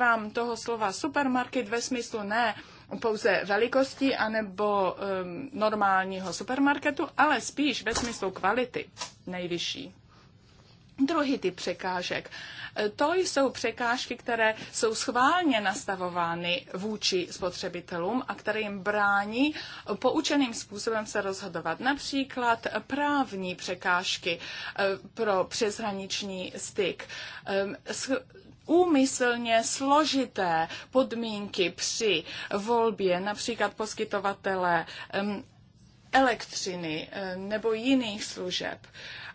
vám toho slova supermarket ve smyslu ne pouze velikosti anebo um, normálního supermarketu, ale spíš ve smyslu kvality nejvyšší. Druhý typ překážek. To jsou překážky, které jsou schválně nastavovány vůči spotřebitelům a které jim brání poučeným způsobem se rozhodovat. Například právní překážky eh, pro přeshraniční styk eh, úmyslně složité podmínky při volbě například poskytovatele elektřiny eh, nebo jiných služeb.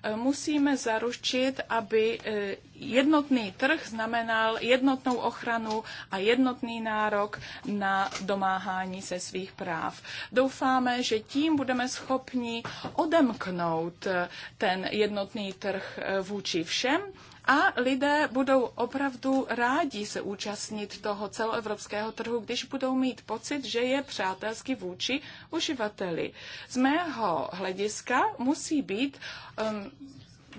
Eh, musíme zaručit, aby eh, jednotný trh znamenal jednotnou ochranu a jednotný nárok na domáhání se svých práv. Doufáme, že tím budeme schopni odemknout ten jednotný trh vůči všem a lidé budou opravdu rádi se účastnit toho celoevropského trhu, když budou mít pocit, že je přátelsky vůči uživateli. Z mého hlediska musí být um,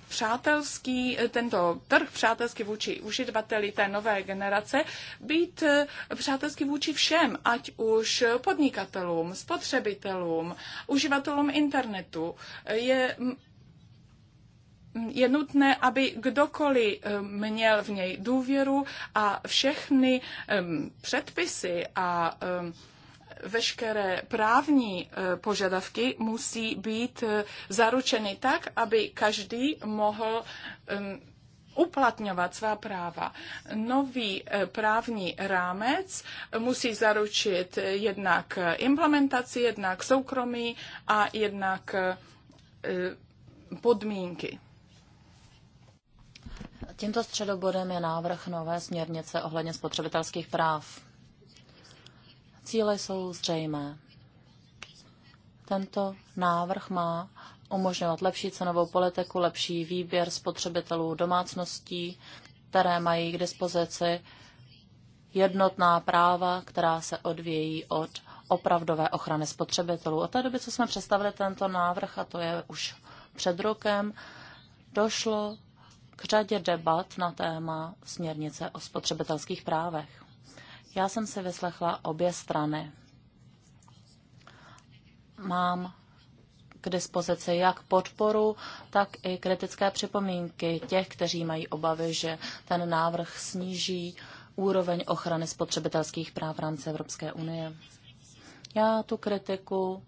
přátelský, tento trh přátelský vůči uživateli té nové generace, být eh, přátelský vůči všem, ať už podnikatelům, spotřebitelům, uživatelům internetu. Je je nutné, aby kdokoliv eh, měl v něj důvěru a všechny ehm, předpisy a ehm, veškeré právní eh, požadavky musí být eh, zaručeny tak, aby každý mohl ehm, uplatňovat svá práva. Nový právní rámec musí zaručit jednak implementaci, jednak soukromí a jednak podmínky. Tímto středobodem je návrh nové směrnice ohledně spotřebitelských práv. Cíle jsou zřejmé. Tento návrh má umožňovat lepší cenovou politiku, lepší výběr spotřebitelů domácností, které mají k dispozici jednotná práva, která se odvějí od opravdové ochrany spotřebitelů. Od té doby, co jsme představili tento návrh, a to je už před rokem, došlo k řadě debat na téma směrnice o spotřebitelských právech. Já jsem si vyslechla obě strany. Mám k dispozici jak podporu, tak i kritické připomínky těch, kteří mají obavy, že ten návrh sníží úroveň ochrany spotřebitelských práv v rámci Evropské unie. Já tu kritiku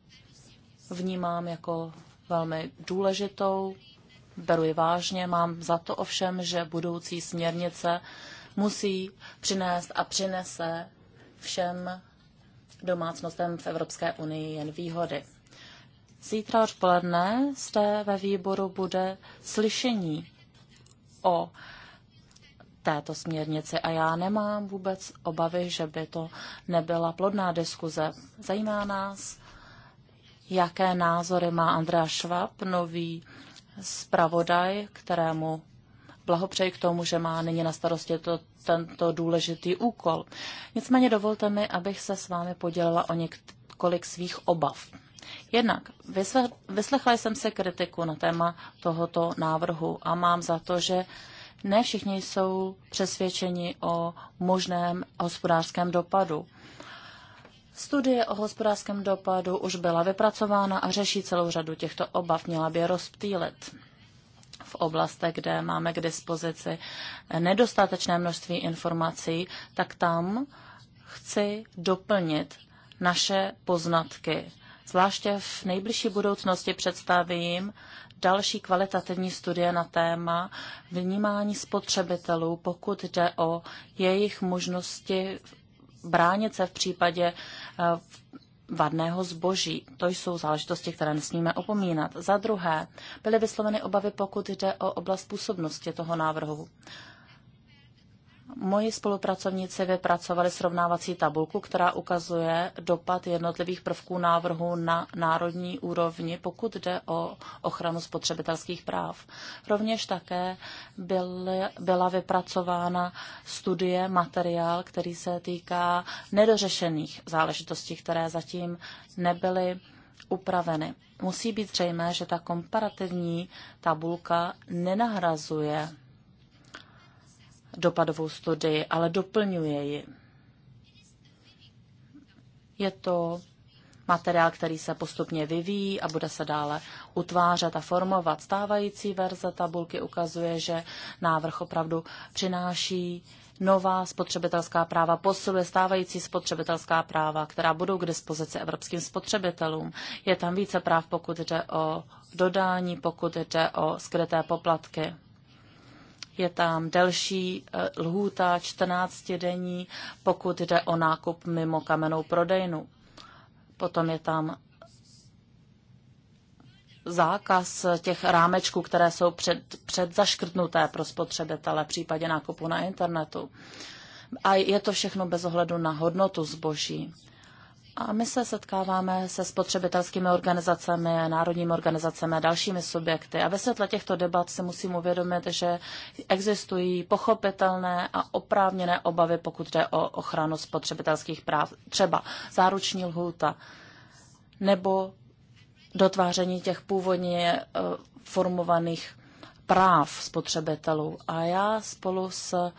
vnímám jako velmi důležitou beru je vážně. Mám za to ovšem, že budoucí směrnice musí přinést a přinese všem domácnostem v Evropské unii jen výhody. Zítra odpoledne zde ve výboru bude slyšení o této směrnici a já nemám vůbec obavy, že by to nebyla plodná diskuze. Zajímá nás, jaké názory má Andrea Schwab, nový zpravodaj, kterému blahopřeji k tomu, že má nyní na starosti to, tento důležitý úkol. Nicméně dovolte mi, abych se s vámi podělila o několik svých obav. Jednak vyslechla jsem se kritiku na téma tohoto návrhu a mám za to, že ne všichni jsou přesvědčeni o možném hospodářském dopadu. Studie o hospodářském dopadu už byla vypracována a řeší celou řadu těchto obav, měla by je rozptýlit v oblastech, kde máme k dispozici nedostatečné množství informací, tak tam chci doplnit naše poznatky. Zvláště v nejbližší budoucnosti představím další kvalitativní studie na téma vnímání spotřebitelů, pokud jde o jejich možnosti bránit se v případě eh, vadného zboží. To jsou záležitosti, které nesmíme opomínat. Za druhé, byly vysloveny obavy, pokud jde o oblast působnosti toho návrhu. Moji spolupracovníci vypracovali srovnávací tabulku, která ukazuje dopad jednotlivých prvků návrhu na národní úrovni, pokud jde o ochranu spotřebitelských práv. Rovněž také byly, byla vypracována studie, materiál, který se týká nedořešených záležitostí, které zatím nebyly upraveny. Musí být zřejmé, že ta komparativní tabulka nenahrazuje dopadovou studii, ale doplňuje ji. Je to materiál, který se postupně vyvíjí a bude se dále utvářet a formovat. Stávající verze tabulky ukazuje, že návrh opravdu přináší nová spotřebitelská práva, posiluje stávající spotřebitelská práva, která budou k dispozici evropským spotřebitelům. Je tam více práv, pokud jde o dodání, pokud jde o skryté poplatky je tam delší eh, lhůta 14 denní, pokud jde o nákup mimo kamenou prodejnu. Potom je tam zákaz těch rámečků, které jsou před, zaškrtnuté pro spotřebitele v případě nákupu na internetu. A je to všechno bez ohledu na hodnotu zboží. A my se setkáváme se spotřebitelskými organizacemi, národními organizacemi a dalšími subjekty. A ve světle těchto debat se musím uvědomit, že existují pochopitelné a oprávněné obavy, pokud jde o ochranu spotřebitelských práv. Třeba záruční lhůta nebo dotváření těch původně eh, formovaných práv spotřebitelů. A já spolu s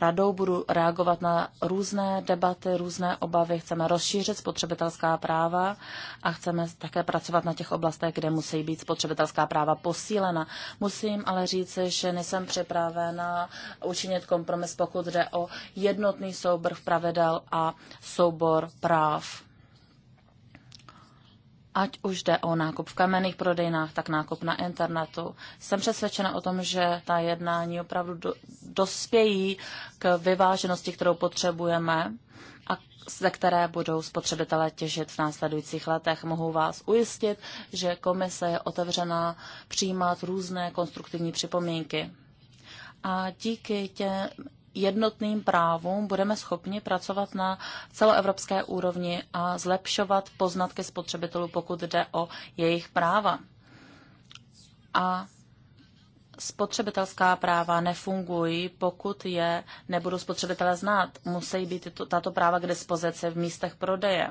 radou budu reagovat na různé debaty, různé obavy. Chceme rozšířit spotřebitelská práva a chceme také pracovat na těch oblastech, kde musí být spotřebitelská práva posílena. Musím ale říci, že nejsem připravena učinit kompromis, pokud jde o jednotný soubor pravidel a soubor práv ať už jde o nákup v kamenných prodejnách, tak nákup na internetu. Jsem přesvědčena o tom, že ta jednání opravdu do, dospějí k vyváženosti, kterou potřebujeme a ze které budou spotřebitelé těžit v následujících letech. Mohu vás ujistit, že komise je otevřená přijímat různé konstruktivní připomínky. A díky těm jednotným právům budeme schopni pracovat na celoevropské úrovni a zlepšovat poznatky spotřebitelů, pokud jde o jejich práva. A spotřebitelská práva nefungují, pokud je nebudou spotřebitelé znát. Musí být tato práva k dispozici v místech prodeje.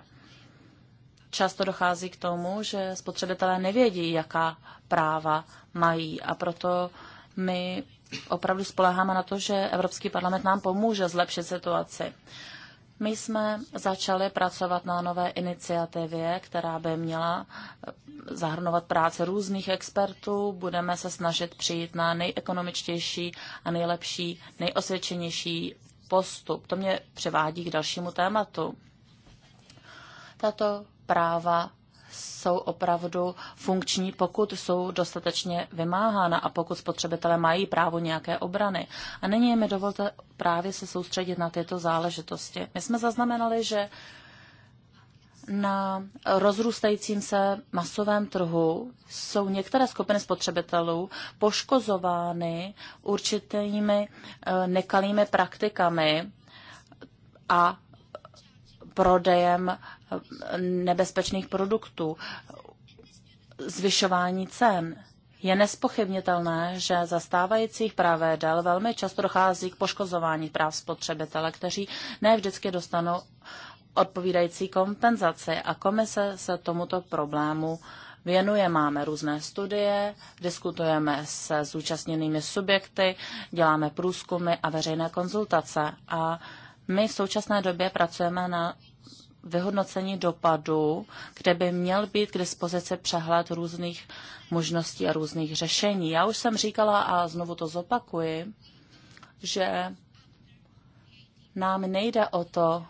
Často dochází k tomu, že spotřebitelé nevědí, jaká práva mají a proto my opravdu spoleháme na to, že Evropský parlament nám pomůže zlepšit situaci. My jsme začali pracovat na nové iniciativě, která by měla eh, zahrnovat práce různých expertů. Budeme se snažit přijít na nejekonomičtější a nejlepší, nejosvědčenější postup. To mě přivádí k dalšímu tématu. Tato práva jsou opravdu funkční, pokud jsou dostatečně vymáhána a pokud spotřebitelé mají právo nějaké obrany. A nyní mi dovolte právě se soustředit na tyto záležitosti. My jsme zaznamenali, že na rozrůstajícím se masovém trhu jsou některé skupiny spotřebitelů poškozovány určitými eh, nekalými praktikami a prodejem nebezpečných produktů, zvyšování cen. Je nespochybnitelné, že za stávajících pravidel velmi často dochází k poškozování práv spotřebitele, kteří ne vždycky dostanou odpovídající kompenzaci a komise se tomuto problému věnuje. Máme různé studie, diskutujeme se zúčastněnými subjekty, děláme průzkumy a veřejné konzultace a my v současné době pracujeme na vyhodnocení dopadu, kde by měl být k dispozici přehled různých možností a různých řešení. Já už jsem říkala a znovu to zopakuji, že nám nejde o to,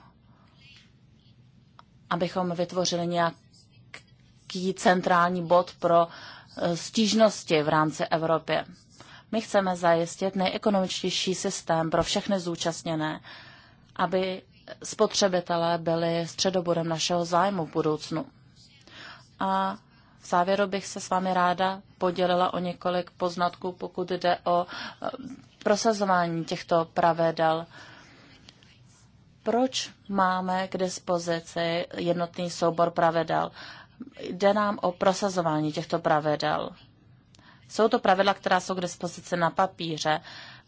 abychom vytvořili nějaký centrální bod pro eh, stížnosti v rámci Evropy. My chceme zajistit nejekonomičtější systém pro všechny zúčastněné, aby spotřebitelé byli středobodem našeho zájmu v budoucnu. A v závěru bych se s vámi ráda podělila o několik poznatků, pokud jde o eh, prosazování těchto pravidel. Proč máme k dispozici jednotný soubor pravidel? Jde nám o prosazování těchto pravidel. Jsou to pravidla, která jsou k dispozici na papíře.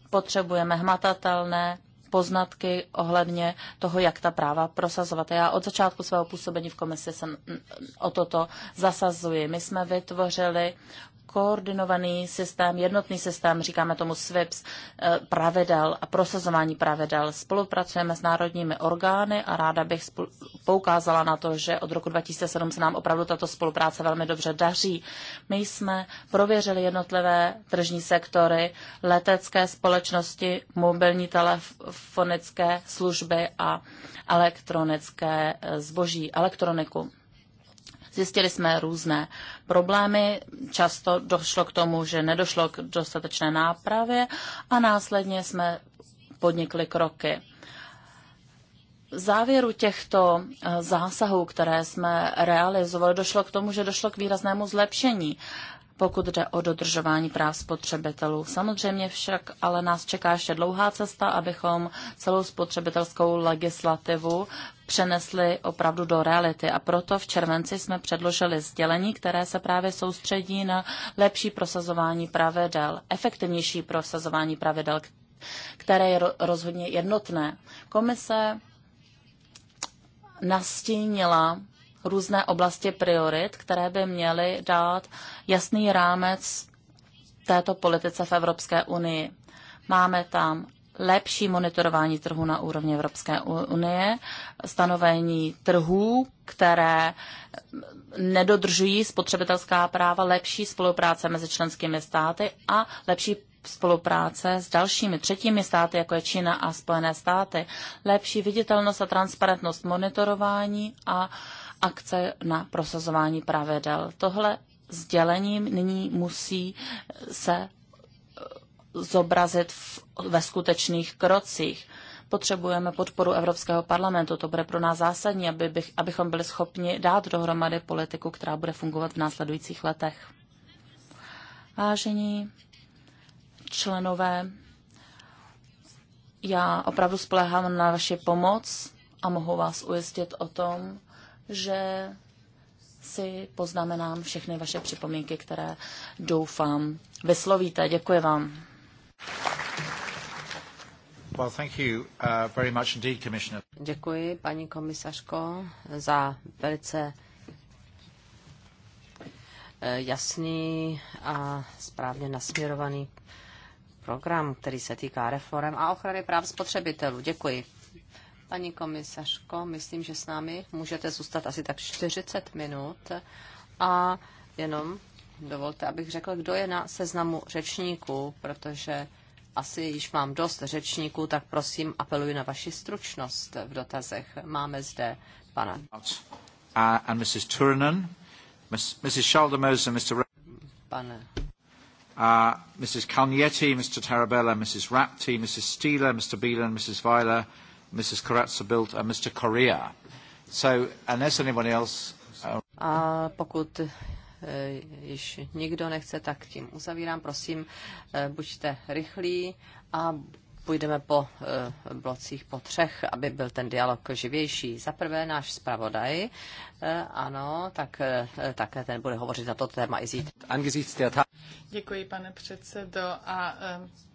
Potřebujeme hmatatelné poznatky ohledně toho, jak ta práva prosazovat. Já od začátku svého působení v komisi jsem mm, o toto zasazuji. My jsme vytvořili koordinovaný systém, jednotný systém, říkáme tomu SWIPS, eh, pravidel a prosazování pravidel. Spolupracujeme s národními orgány a ráda bych poukázala na to, že od roku 2007 se nám opravdu tato spolupráce velmi dobře daří. My jsme prověřili jednotlivé tržní sektory, letecké společnosti, mobilní telefonické služby a elektronické eh, zboží, elektroniku. Zjistili jsme různé problémy, často došlo k tomu, že nedošlo k dostatečné nápravě a následně jsme podnikli kroky. V závěru těchto eh, zásahů, které jsme realizovali, došlo k tomu, že došlo k výraznému zlepšení pokud jde o dodržování práv spotřebitelů. Samozřejmě však ale nás čeká ještě dlouhá cesta, abychom celou spotřebitelskou legislativu přenesli opravdu do reality. A proto v červenci jsme předložili sdělení, které se právě soustředí na lepší prosazování pravidel, efektivnější prosazování pravidel, které je rozhodně jednotné. Komise nastínila různé oblasti priorit, které by měly dát jasný rámec této politice v Evropské unii. Máme tam lepší monitorování trhu na úrovni Evropské unie, stanovení trhů, které nedodržují spotřebitelská práva, lepší spolupráce mezi členskými státy a lepší spolupráce s dalšími třetími státy, jako je Čína a Spojené státy, lepší viditelnost a transparentnost monitorování a uh, akce na prosazování pravidel. Tohle sdělením nyní musí se eh, zobrazit v, ve skutečných krocích. Potřebujeme podporu Evropského parlamentu. To bude pro nás zásadní, aby bych, abychom byli schopni dát dohromady politiku, která bude fungovat v následujících letech. Vážení členové, já opravdu spolehám na vaši pomoc a mohu vás ujistit o tom, že si poznamenám všechny vaše připomínky, které doufám vyslovíte. Děkuji vám. Well, thank you, uh, very much indeed, Commissioner. Děkuji, paní komisařko, za velice eh, jasný a správně nasměrovaný program, který se týká reform a ochrany práv spotřebitelů. Děkuji. Paní komisařko, myslím, že s námi můžete zůstat asi tak 40 minut a jenom dovolte, abych řekl, kdo je na seznamu řečníků, protože asi již mám dost řečníků, tak prosím, apeluji na vaši stručnost v dotazech. Máme zde pana. Uh, and Mrs. Turinen, Mrs. Schaldemose, Mr. Pane. Uh, Mrs. Calnietti, Mr. Tarabella, Mrs. Rapti, Mrs. Steele, Mr. Beelan, Mrs. Weiler, Mrs. Karatsa-Bilt a Mr. Correa. So, unless anyone else... A pokud eh, již nikdo nechce, tak tím uzavírám. Prosím, eh, buďte rychlí a půjdeme po eh, blocích po třech, aby byl ten dialog živější. Za prvé náš zpravodaj, eh, ano, tak eh, také ten bude hovořit na to téma i zítra. Děkuji, pane předsedo. A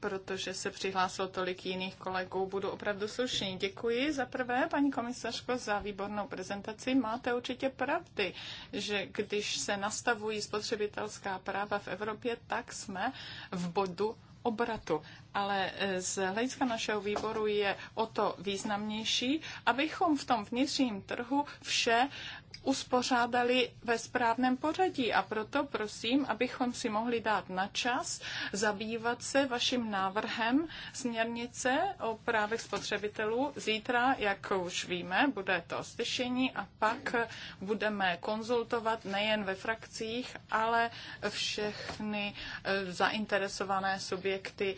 protože se přihlásilo tolik jiných kolegů, budu opravdu slušný. Děkuji za prvé, paní komisařko, za výbornou prezentaci. Máte určitě pravdy, že když se nastavují spotřebitelská práva v Evropě, tak jsme v bodu obratu, ale e, z hlediska našeho výboru je o to významnější, abychom v tom vnitřním trhu vše uspořádali ve správném pořadí a proto prosím, abychom si mohli dát na čas zabývat se vaším návrhem směrnice o právech spotřebitelů. Zítra, jak už víme, bude to slyšení a pak budeme konzultovat nejen ve frakcích, ale všechny eh, zainteresované subjekty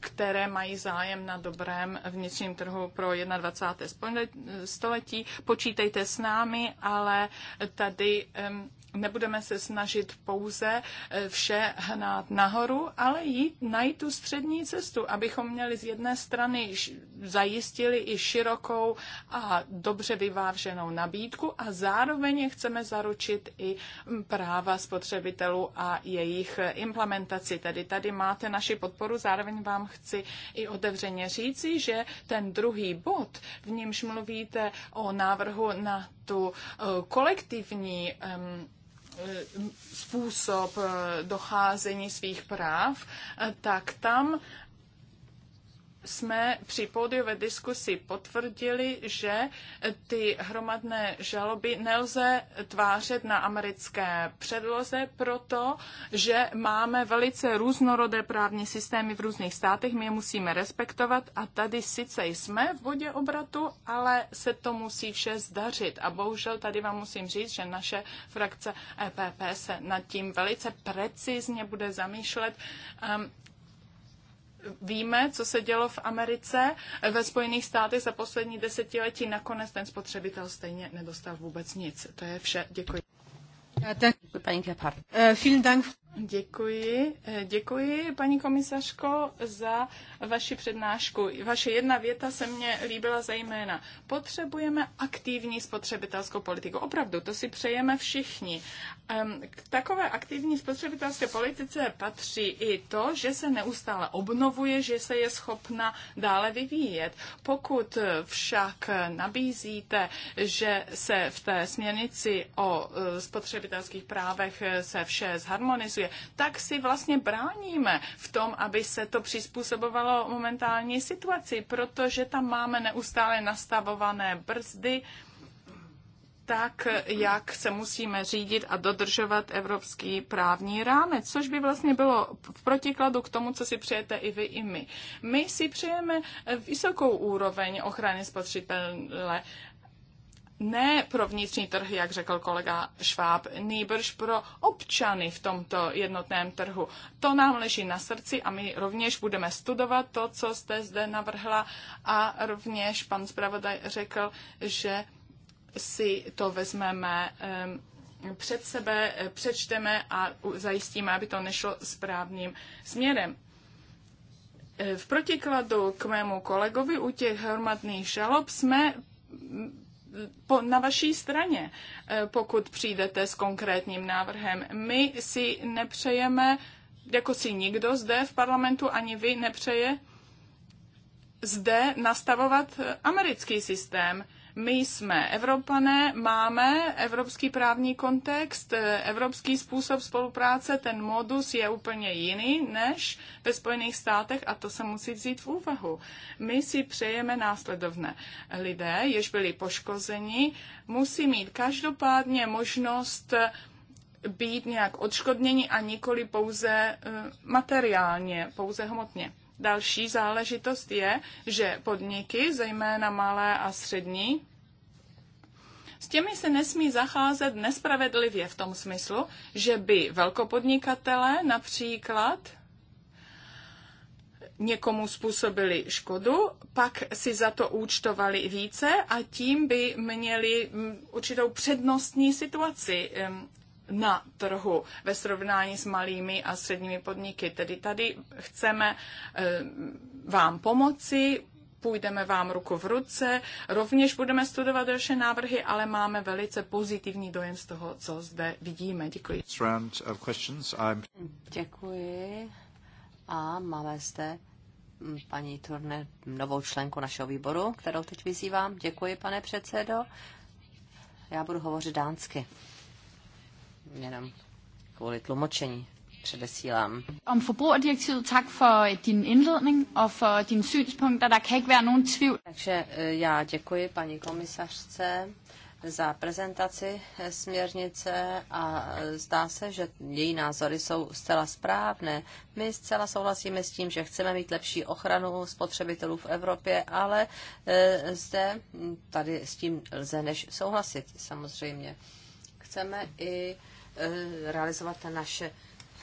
které mají zájem na dobrém vnitřním trhu pro 21. století. Počítejte s námi, ale tady um, nebudeme se snažit pouze eh, vše hnát nahoru, ale jít, najít tu střední cestu, abychom měli z jedné strany zajistili i širokou a dobře vyváženou nabídku a zároveň chceme zaručit i mm, práva spotřebitelů a jejich eh, implementaci. Tedy tady máte naši podporu, zároveň vám chci i otevřeně říci, že ten druhý bod, v němž mluvíte o návrhu na tu eh, kolektivní E, způsob e, docházení svých práv, e, tak tam jsme při pódiové diskusi potvrdili, že ty hromadné žaloby nelze tvářet na americké předloze, proto, že máme velice různorodé právní systémy v různých státech, my je musíme respektovat a tady sice jsme v bodě obratu, ale se to musí vše zdařit. A bohužel tady vám musím říct, že naše frakce EPP se nad tím velice precizně bude zamýšlet. Ehm, víme, co se dělo v Americe, ve Spojených státech za poslední desetiletí. Nakonec ten spotřebitel stejně nedostal vůbec nic. To je vše. Děkuji. Děkuji, paní Gephardt. Eh, Děkuji, eh, děkuji paní komisařko za vaši přednášku. Vaše jedna věta se mně líbila zejména. Potřebujeme aktivní spotřebitelskou politiku. Opravdu, to si přejeme všichni. K takové aktivní spotřebitelské politice patří i to, že se neustále obnovuje, že se je schopna dále vyvíjet. Pokud však nabízíte, že se v té směrnici o eh, spotřebitelských právech eh, se vše zharmonizuje, snižuje, tak si vlastně bráníme v tom, aby se to přizpůsobovalo momentální situaci, protože tam máme neustále nastavované brzdy, tak, jak se musíme řídit a dodržovat evropský právní rámec, což by vlastně bylo v protikladu k tomu, co si přejete i vy, i my. My si přejeme vysokou úroveň ochrany spotřebitele, ne pro vnitřní trh, jak řekl kolega Šváb, nejbrž pro občany v tomto jednotném trhu. To nám leží na srdci a my rovněž budeme studovat to, co jste zde navrhla a rovněž pan zpravodaj řekl, že si to vezmeme před sebe, přečteme a zajistíme, aby to nešlo správným směrem. E, v protikladu k mému kolegovi u těch hromadných žalob jsme po, na vaší straně, eh, pokud přijdete s konkrétním návrhem. My si nepřejeme, jako si nikdo zde v parlamentu, ani vy nepřeje, zde nastavovat eh, americký systém. My jsme Evropané, máme evropský právní kontext, eh, evropský způsob spolupráce, ten modus je úplně jiný než ve Spojených státech a to se musí vzít v úvahu. My si přejeme následovné. Lidé, jež byli poškozeni, musí mít každopádně možnost eh, být nějak odškodněni a nikoli pouze eh, materiálně, pouze hmotně. Další záležitost je, že podniky, zejména malé a střední, s těmi se nesmí zacházet nespravedlivě v tom smyslu, že by velkopodnikatele například někomu způsobili škodu, pak si za to účtovali více a tím by měli mm, určitou přednostní situaci mm, na trhu ve srovnání s malými a středními podniky. Tedy tady chceme eh, vám pomoci, půjdeme vám ruku v ruce, rovněž budeme studovat další návrhy, ale máme velice pozitivní dojem z toho, co zde vidíme. Děkuji. Děkuji. A máme zde mm, paní Turner, novou členku našeho výboru, kterou teď vyzývám. Děkuji, pane předsedo. Já budu hovořit dánsky jenom kvůli tlumočení předesílám. Om forbrugerdirektivet, tak for øh, din indledning og for øh, din synspunkter. Der kan ikke være nogen tvivl. Takže øh, já děkuji paní komisařce za prezentaci eh, směrnice a eh, zdá se, že její názory jsou zcela správné. My zcela souhlasíme s tím, že chceme mít lepší ochranu spotřebitelů v Evropě, ale eh, zde hm, tady s tím lze než souhlasit samozřejmě. Chceme i Eh, realizovat naše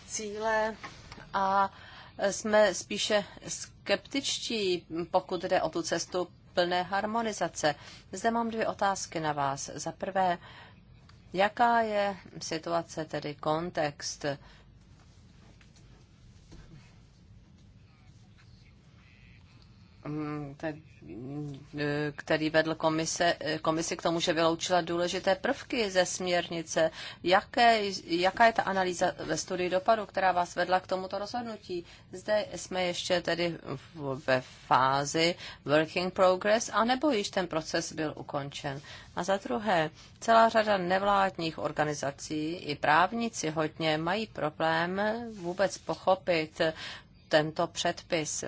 cíle a jsme spíše skeptičtí, pokud jde o tu cestu plné harmonizace. Zde mám dvě otázky na vás. Za prvé, jaká je situace, tedy kontext Mm, mm, e, který vedl komise, e, komisi k tomu, že vyloučila důležité prvky ze směrnice. Jaké, jaká je ta analýza ve studii dopadu, která vás vedla k tomuto rozhodnutí? Zde jsme ještě tedy ve fázi working progress, anebo již ten proces byl ukončen. A za druhé, celá řada nevládních organizací i právníci hodně mají problém vůbec pochopit tento předpis.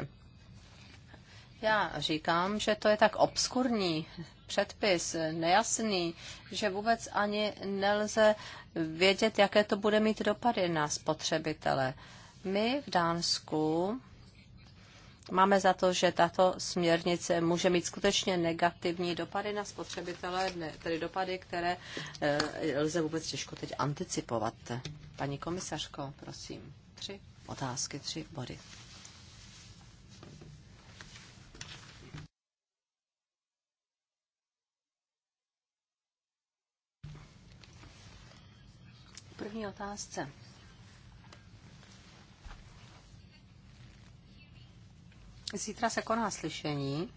Já říkám, že to je tak obskurní předpis, nejasný, že vůbec ani nelze vědět, jaké to bude mít dopady na spotřebitele. My v Dánsku máme za to, že tato směrnice může mít skutečně negativní dopady na spotřebitele, tedy dopady, které eh, lze vůbec těžko teď anticipovat. Paní komisařko, prosím, tři otázky, tři body. první otázce. Zítra se koná slyšení.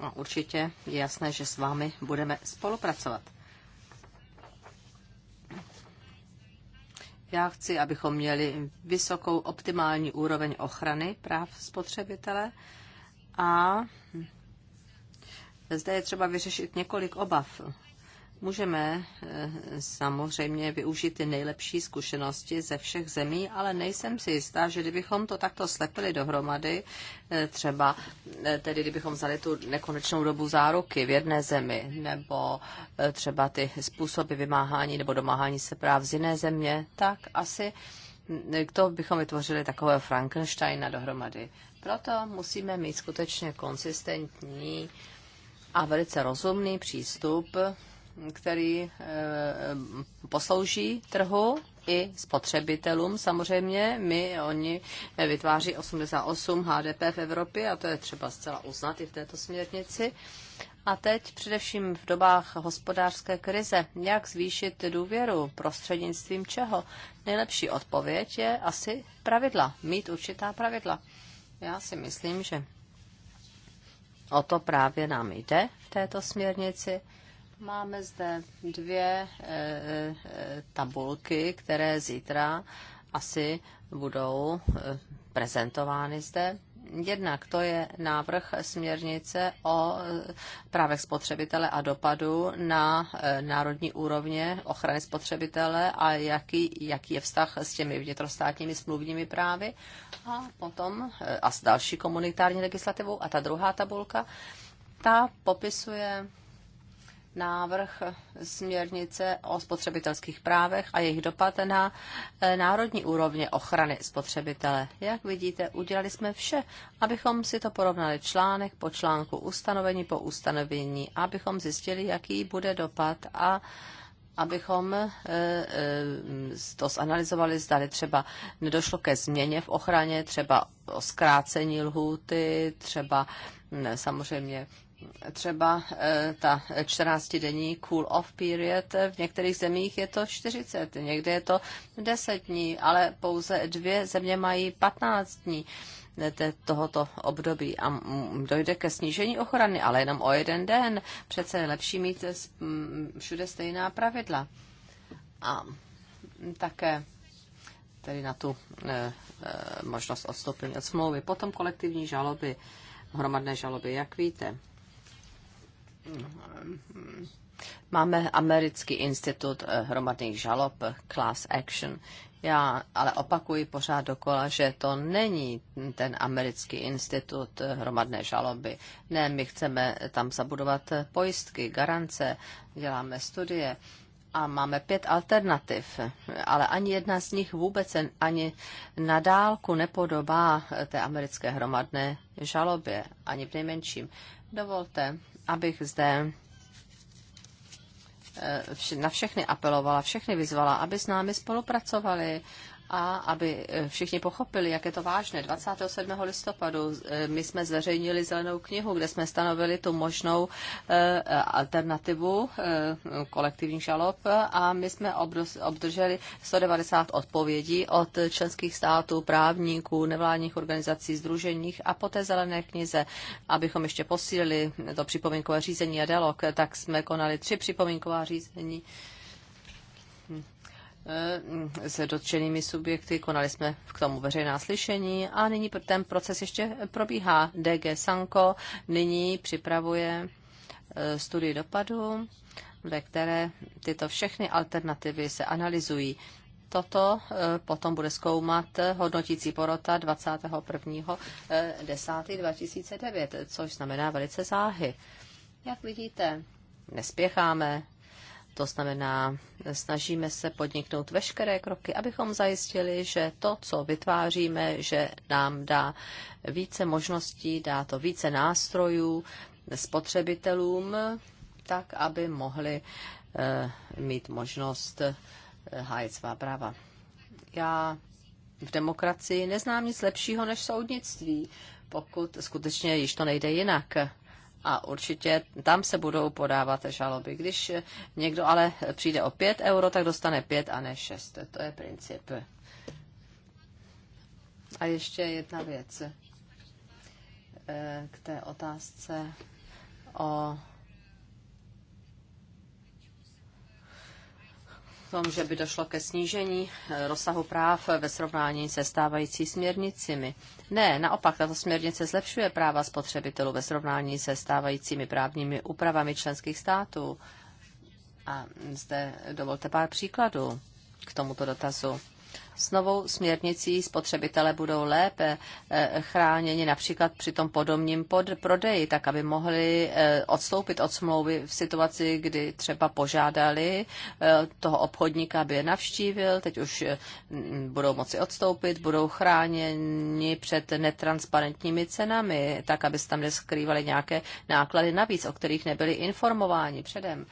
No, určitě je jasné, že s vámi budeme spolupracovat. Já chci, abychom měli vysokou optimální úroveň ochrany práv spotřebitele a zde je třeba vyřešit několik obav Můžeme eh, samozřejmě využít ty nejlepší zkušenosti ze všech zemí, ale nejsem si jistá, že kdybychom to takto slepili dohromady, eh, třeba eh, tedy kdybychom vzali tu nekonečnou dobu záruky v jedné zemi, nebo třeba ty způsoby vymáhání nebo domáhání se práv z jiné země, tak asi k mm, bychom vytvořili takového Frankensteina dohromady. Proto musíme mít skutečně konsistentní a velice rozumný přístup který eh, poslouží trhu i spotřebitelům. Samozřejmě my, oni eh, vytváří 88 HDP v Evropě a to je třeba zcela uznat i v této směrnici. A teď především v dobách hospodářské krize, jak zvýšit důvěru, prostřednictvím čeho? Nejlepší odpověď je asi pravidla, mít určitá pravidla. Já si myslím, že o to právě nám jde v této směrnici Máme zde dvě eh, eh, tabulky, které zítra asi budou eh, prezentovány zde. Jednak to je návrh směrnice o právech spotřebitele a dopadu na národní úrovně ochrany spotřebitele a jaký, jaký je vztah s těmi vnitrostátními smluvními právy a potom a s další komunitární legislativou. A ta druhá tabulka, ta popisuje návrh směrnice o spotřebitelských právech a jejich dopad na eh, národní úrovně ochrany spotřebitele. Jak vidíte, udělali jsme vše, abychom si to porovnali článek po článku, ustanovení po ustanovení, abychom zjistili, jaký bude dopad a abychom eh, eh, to zanalizovali, zdali třeba nedošlo ke změně v ochraně, třeba o zkrácení lhůty, třeba mm, samozřejmě třeba e, ta 14-denní cool-off period, e, v některých zemích je to 40, někde je to 10 dní, ale pouze dvě země mají 15 dní e, tohoto období a dojde ke snížení ochrany, ale jenom o jeden den. Přece je lepší mít všude stejná pravidla. A také tedy na tu možnost odstoupení od smlouvy. Potom kolektivní žaloby, hromadné žaloby, jak víte, Máme americký institut eh, hromadných žalob, class action. Já ale opakuji pořád dokola, že to není ten americký institut eh, hromadné žaloby. Ne, my chceme tam zabudovat eh, pojistky, garance, děláme studie a máme pět alternativ, ale ani jedna z nich vůbec ani na dálku nepodobá té americké hromadné žalobě, ani v nejmenším. Dovolte, abych zde eh, na všechny apelovala, všechny vyzvala, aby s námi spolupracovali, a aby eh, všichni pochopili, jak je to vážné, 27. listopadu eh, my jsme zveřejnili zelenou knihu, kde jsme stanovili tu možnou eh, alternativu kolektivních žalob a my jsme obdrželi 190 odpovědí od členských států, právníků, nevládních organizací, združeních a po té zelené knize, abychom ještě posílili to připomínkové řízení a dialog, tak jsme konali tři připomínková řízení Eh, se dotčenými subjekty, konali jsme k tomu veřejná slyšení a nyní ten proces ještě probíhá. DG Sanko nyní připravuje eh, studii dopadu, ve které tyto všechny alternativy se analyzují. Toto eh, potom bude zkoumat hodnotící porota 21.10.2009, což znamená velice záhy. Jak vidíte, nespěcháme, to znamená, snažíme se podniknout veškeré kroky, abychom zajistili, že to, co vytváříme, že nám dá více možností, dá to více nástrojů spotřebitelům, tak, aby mohli e, mít možnost eh, hájit svá práva. Já v demokracii neznám nic lepšího než soudnictví, pokud skutečně již to nejde jinak a určitě tam se budou podávat žaloby. Když někdo ale přijde o 5 euro, tak dostane 5 a ne 6. To je princip. A ještě jedna věc eh, k té otázce o tom, že by došlo ke snížení eh, rozsahu práv ve srovnání se stávající směrnicemi. Ne, naopak, tato směrnice zlepšuje práva spotřebitelů ve srovnání se stávajícími právními úpravami členských států. A zde dovolte pár příkladů k tomuto dotazu. S novou směrnicí spotřebitele budou lépe eh, chráněni například při tom podobním pod prodeji, tak aby mohli eh, odstoupit od smlouvy v situaci, kdy třeba požádali eh, toho obchodníka, aby je navštívil, teď už budou moci odstoupit, budou chráněni před netransparentními cenami, tak aby se tam neskrývaly nějaké náklady navíc, o kterých nebyli informováni předem.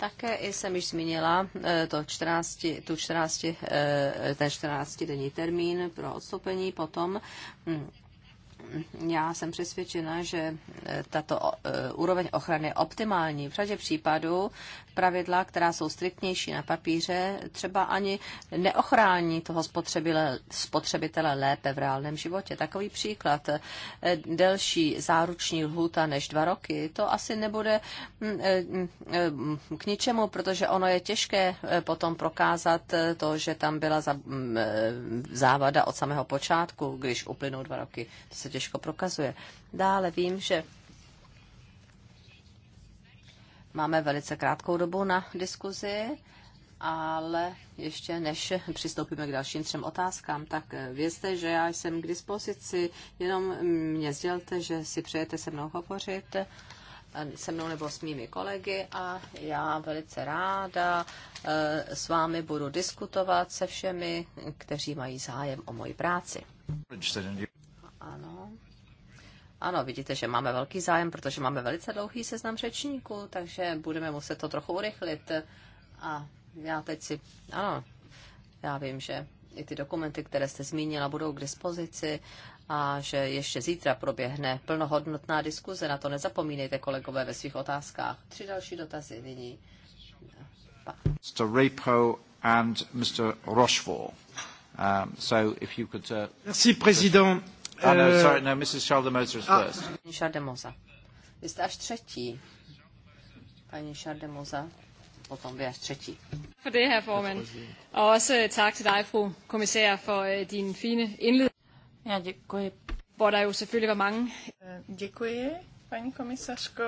Také jsem již zmínila eh, to 14, tu 14, eh, ten 14 denní termín pro odstoupení potom. Hm, já jsem přesvědčena, že eh, tato úroveň ochrany je optimální. V řadě případů pravidla, která jsou striktnější na papíře, třeba ani neochrání toho spotřebitele, spotřebitele lépe v reálném životě. Takový příklad, eh, delší záruční lhůta než dva roky, to asi nebude mm, eh, mm, eh, k ničemu, protože ono je těžké potom prokázat to, že tam byla mm, závada od samého počátku, když uplynou dva roky. To se těžko prokazuje. Dále vím, že Máme velice krátkou dobu na diskuzi, ale ještě než přistoupíme k dalším třem otázkám, tak eh, vězte, že já jsem k dispozici, jenom mě sdělte, že si přejete se mnou hovořit eh, se mnou nebo s mými kolegy a já velice ráda eh, s vámi budu diskutovat se všemi, kteří mají zájem o moji práci. Ano, ano, vidíte, že máme velký zájem, protože máme velice dlouhý seznam řečníků, takže budeme muset to trochu urychlit. A já teď si, ano, já vím, že i ty dokumenty, které jste zmínila, budou k dispozici a že ještě zítra proběhne plnohodnotná diskuze. Na to nezapomínejte, kolegové, ve svých otázkách. Tři další dotazy nyní. Mr. and Mr. Rochefort. Um, so if you could, uh... Merci, président. Oh, no, sorry, no, Mrs. Schaldemose is first. Paní Šardemoza. Vy jste až třetí. Paní Šardemoza, potom vy až třetí. For det, herr formand. Og også tak til dig, fru kommissær, for øh, din fine indledning. Já děkuji. Hvor der jo selvfølgelig var mange. Eh, děkuji, paní komisařko,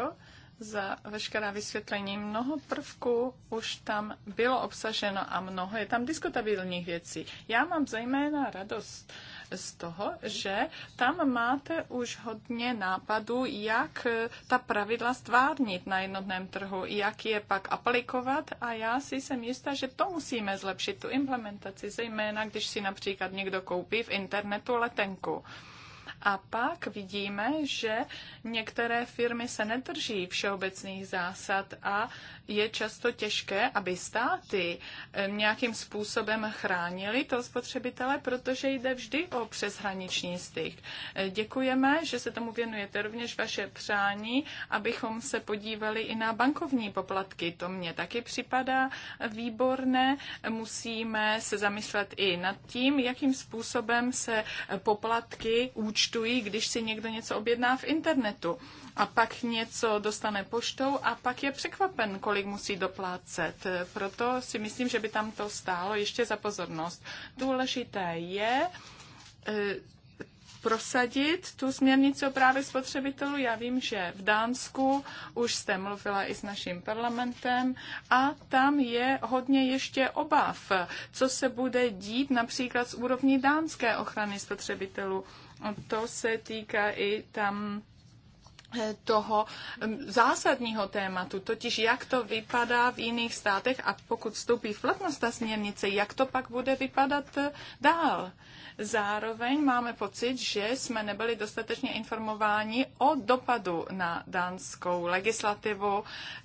za veškerá vysvětlení. Mnoho prvků už tam bylo obsaženo a mnoho je tam diskutabilních věcí. Já mám zejména radost z toho, že tam máte už hodně nápadů, jak ta pravidla stvárnit na jednotném trhu, jak je pak aplikovat a já si jsem jistá, že to musíme zlepšit, tu implementaci, zejména když si například někdo koupí v internetu letenku a pak vidíme, že některé firmy se nedrží všeobecných zásad a je často těžké, aby státy eh, nějakým způsobem chránili to spotřebitele, protože jde vždy o přeshraniční styk. Eh, děkujeme, že se tomu věnujete rovněž vaše přání, abychom se podívali i na bankovní poplatky. To mně taky připadá výborné. Musíme se zamyslet i nad tím, jakým způsobem se poplatky účtují účtují, když si někdo něco objedná v internetu a pak něco dostane poštou a pak je překvapen, kolik musí doplácet. Proto si myslím, že by tam to stálo ještě za pozornost. Důležité je e, prosadit tu směrnici o právě spotřebitelů. Já vím, že v Dánsku už jste mluvila i s naším parlamentem a tam je hodně ještě obav, co se bude dít například z úrovní dánské ochrany spotřebitelů to se týká i tam eh, toho mm, zásadního tématu, totiž jak to vypadá v jiných státech a pokud vstoupí v platnost ta směrnice, jak to pak bude vypadat eh, dál. Zároveň máme pocit, že jsme nebyli dostatečně informováni o dopadu na dánskou legislativu,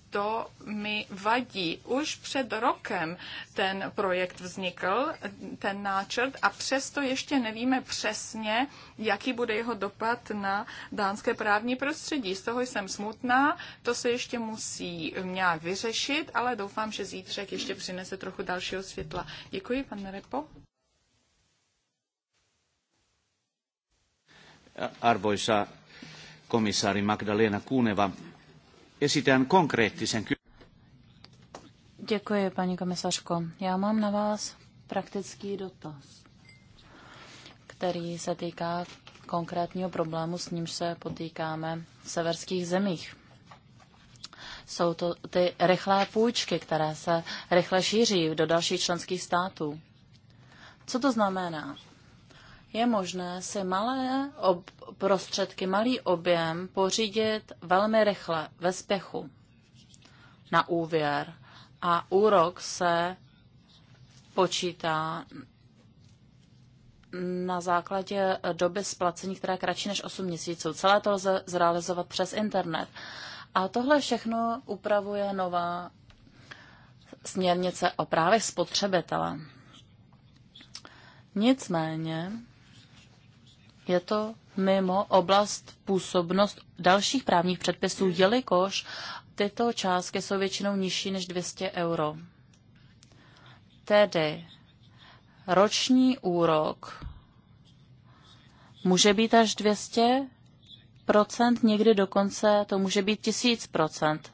to mi vadí. Už před rokem ten projekt vznikl, ten náčrt, a přesto ještě nevíme přesně, jaký bude jeho dopad na dánské právní prostředí. Z toho jsem smutná, to se ještě musí nějak vyřešit, ale doufám, že zítřek ještě přinese trochu dalšího světla. Děkuji, pan Repo. Arvoisa komisaari Magdalena Kuneva, esitän konkreettisen Děkuji, paní komisařko. Já mám na vás praktický dotaz, který se týká konkrétního problému, s nímž se potýkáme v severských zemích. Jsou to ty rychlé půjčky, které se rychle šíří do dalších členských států. Co to znamená? je možné si malé ob- prostředky, malý objem pořídit velmi rychle, ve spěchu, na úvěr. A úrok se počítá na základě doby splacení, která je kratší než 8 měsíců. Celé to lze zrealizovat přes internet. A tohle všechno upravuje nová směrnice o právech spotřebitele. Nicméně je to mimo oblast působnost dalších právních předpisů, jelikož tyto částky jsou většinou nižší než 200 euro. Tedy roční úrok může být až 200 procent, někdy dokonce to může být 1000 procent.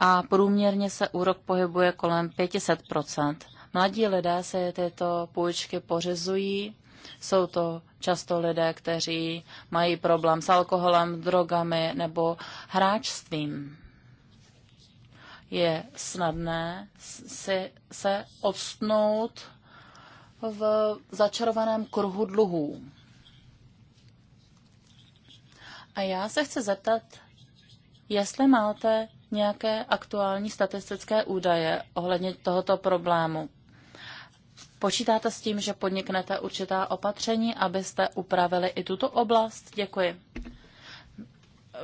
A průměrně se úrok pohybuje kolem 500 procent. Mladí lidé se tyto půjčky pořizují jsou to často lidé, kteří mají problém s alkoholem, drogami nebo hráčstvím. Je snadné si se odstnout v začarovaném kruhu dluhů. A já se chci zeptat, jestli máte nějaké aktuální statistické údaje ohledně tohoto problému. Počítáte s tím, že podniknete určitá opatření, abyste upravili i tuto oblast? Děkuji.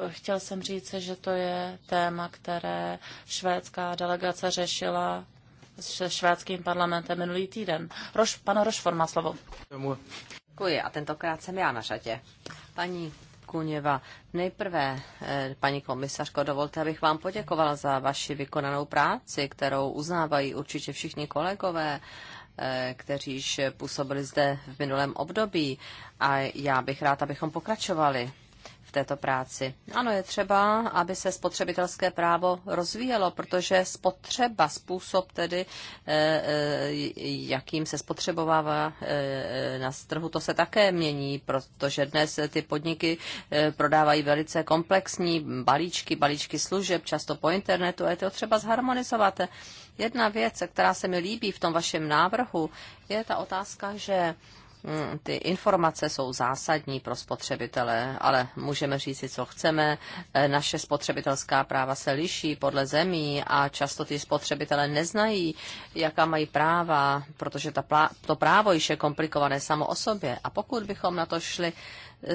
Chtěl jsem říct, že to je téma, které švédská delegace řešila se švédským parlamentem minulý týden. Roš, pan Rošfor má slovo. Děkuji a tentokrát jsem já na řadě. Paní Kuněva, nejprve, eh, paní komisařko, dovolte, abych vám poděkovala za vaši vykonanou práci, kterou uznávají určitě všichni kolegové Eh, kteří již působili zde v minulém období a já bych rád, abychom pokračovali v této práci. Ano, je třeba, aby se spotřebitelské právo rozvíjelo, protože spotřeba, způsob tedy, eh, eh, jakým se spotřebovává na trhu, to se také mění, protože dnes ty podniky prodávají velice komplexní balíčky, balíčky služeb, často po internetu a je to třeba zharmonizovat Jedna věc, která se mi líbí v tom vašem návrhu, je ta otázka, že hm, ty informace jsou zásadní pro spotřebitele, ale můžeme říct si, co chceme. E, naše spotřebitelská práva se liší podle zemí a často ty spotřebitele neznají, jaká mají práva, protože ta plá- to právo již je komplikované samo o sobě. A pokud bychom na to šli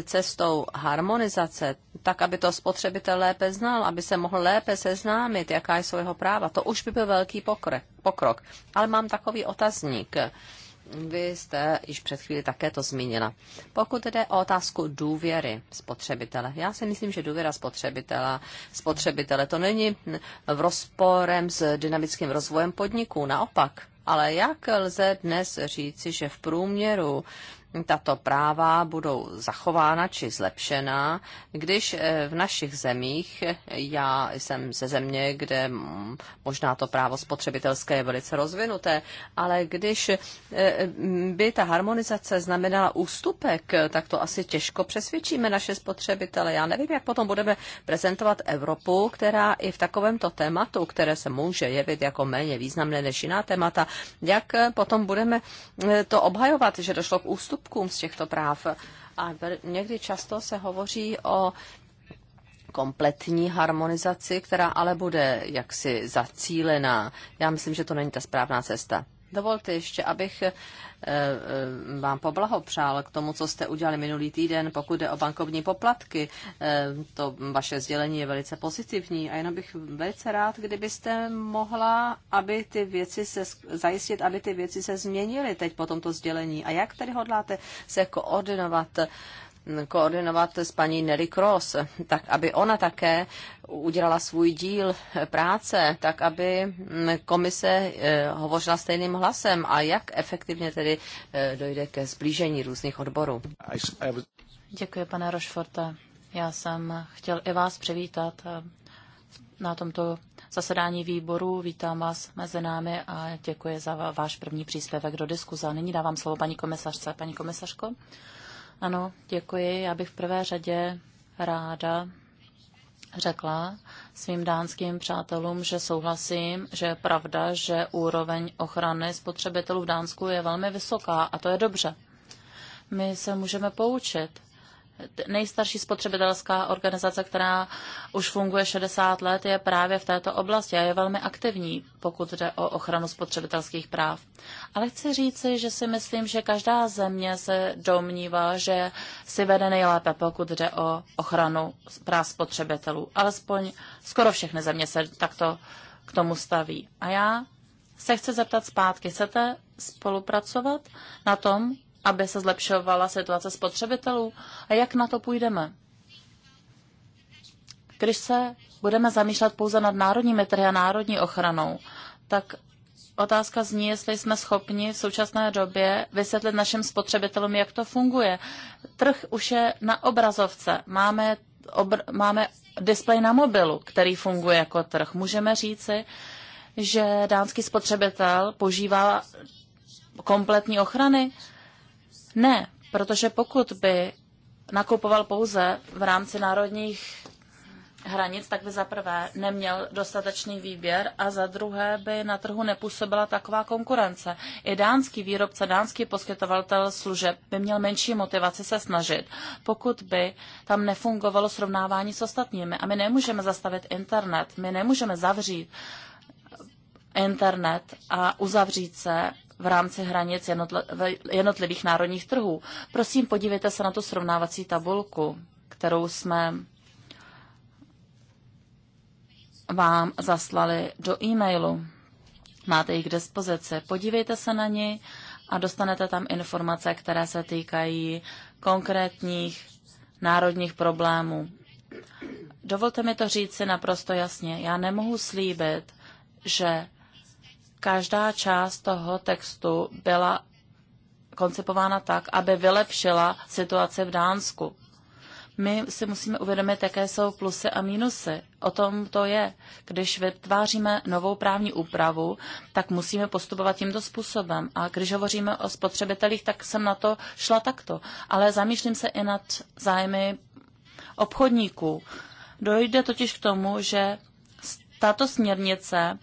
cestou harmonizace, tak aby to spotřebitel lépe znal, aby se mohl lépe seznámit, jaká jsou jeho práva. To už by byl velký pokrok. Ale mám takový otazník. Vy jste již před chvíli také to zmínila. Pokud jde o otázku důvěry spotřebitele, já si myslím, že důvěra spotřebitela, spotřebitele to není v rozporem s dynamickým rozvojem podniků, naopak. Ale jak lze dnes říci, že v průměru tato práva budou zachována či zlepšena, když eh, v našich zemích, já jsem ze země, kde možná to právo spotřebitelské je velice rozvinuté, ale když eh, by ta harmonizace znamenala ústupek, tak to asi těžko přesvědčíme naše spotřebitele. Já nevím, jak potom budeme prezentovat Evropu, která i v takovémto tématu, které se může jevit jako méně významné než jiná témata, jak potom budeme eh, to obhajovat, že došlo k ústupku ústupkům z těchto práv. A někdy často se hovoří o kompletní harmonizaci, která ale bude jaksi zacílená. Já myslím, že to není ta správná cesta. Dovolte ještě, abych eh, eh, vám poblahopřál k tomu, co jste udělali minulý týden, pokud jde o bankovní poplatky. Eh, to vaše sdělení je velice pozitivní a jenom bych velice rád, kdybyste mohla aby ty věci se, zajistit, aby ty věci se změnily teď po tomto sdělení. A jak tedy hodláte se koordinovat? Jako koordinovat s paní Nelly Cross, tak aby ona také udělala svůj díl práce, tak aby mm, komise eh, hovořila stejným hlasem a jak efektivně tedy eh, dojde ke zblížení různých odborů. Děkuji, pane Rošforte. Já jsem chtěl i vás přivítat eh, na tomto zasedání výboru. Vítám vás mezi námi a děkuji za váš první příspěvek do diskuze. Nyní dávám slovo paní komisařce. Paní komisařko. Ano, děkuji. Já bych v prvé řadě ráda řekla svým dánským přátelům, že souhlasím, že je pravda, že úroveň ochrany spotřebitelů v Dánsku je velmi vysoká a to je dobře. My se můžeme poučit nejstarší spotřebitelská organizace, která už funguje 60 let, je právě v této oblasti a je velmi aktivní, pokud jde o ochranu spotřebitelských práv. Ale chci říci, že si myslím, že každá země se domnívá, že si vede nejlépe, pokud jde o ochranu práv spotřebitelů. Alespoň skoro všechny země se takto k tomu staví. A já se chci zeptat zpátky, chcete spolupracovat na tom, aby se zlepšovala situace spotřebitelů a jak na to půjdeme. Když se budeme zamýšlet pouze nad národními trhy a národní ochranou, tak otázka zní, jestli jsme schopni v současné době vysvětlit našim spotřebitelům, jak to funguje. Trh už je na obrazovce. Máme, obr- máme displej na mobilu, který funguje jako trh. Můžeme říci, že dánský spotřebitel požívá kompletní ochrany. Ne, protože pokud by nakupoval pouze v rámci národních hranic, tak by za prvé neměl dostatečný výběr a za druhé by na trhu nepůsobila taková konkurence. I dánský výrobce, dánský poskytovatel služeb by měl menší motivaci se snažit, pokud by tam nefungovalo srovnávání s ostatními. A my nemůžeme zastavit internet, my nemůžeme zavřít internet a uzavřít se v rámci hranic jednotlivých národních trhů. Prosím, podívejte se na tu srovnávací tabulku, kterou jsme vám zaslali do e-mailu. Máte ji k dispozici. Podívejte se na ní a dostanete tam informace, které se týkají konkrétních národních problémů. Dovolte mi to říct si naprosto jasně. Já nemohu slíbit, že Každá část toho textu byla koncipována tak, aby vylepšila situaci v Dánsku. My si musíme uvědomit, jaké jsou plusy a mínusy. O tom to je. Když vytváříme novou právní úpravu, tak musíme postupovat tímto způsobem. A když hovoříme o spotřebitelích, tak jsem na to šla takto. Ale zamýšlím se i nad zájmy obchodníků. Dojde totiž k tomu, že tato směrnice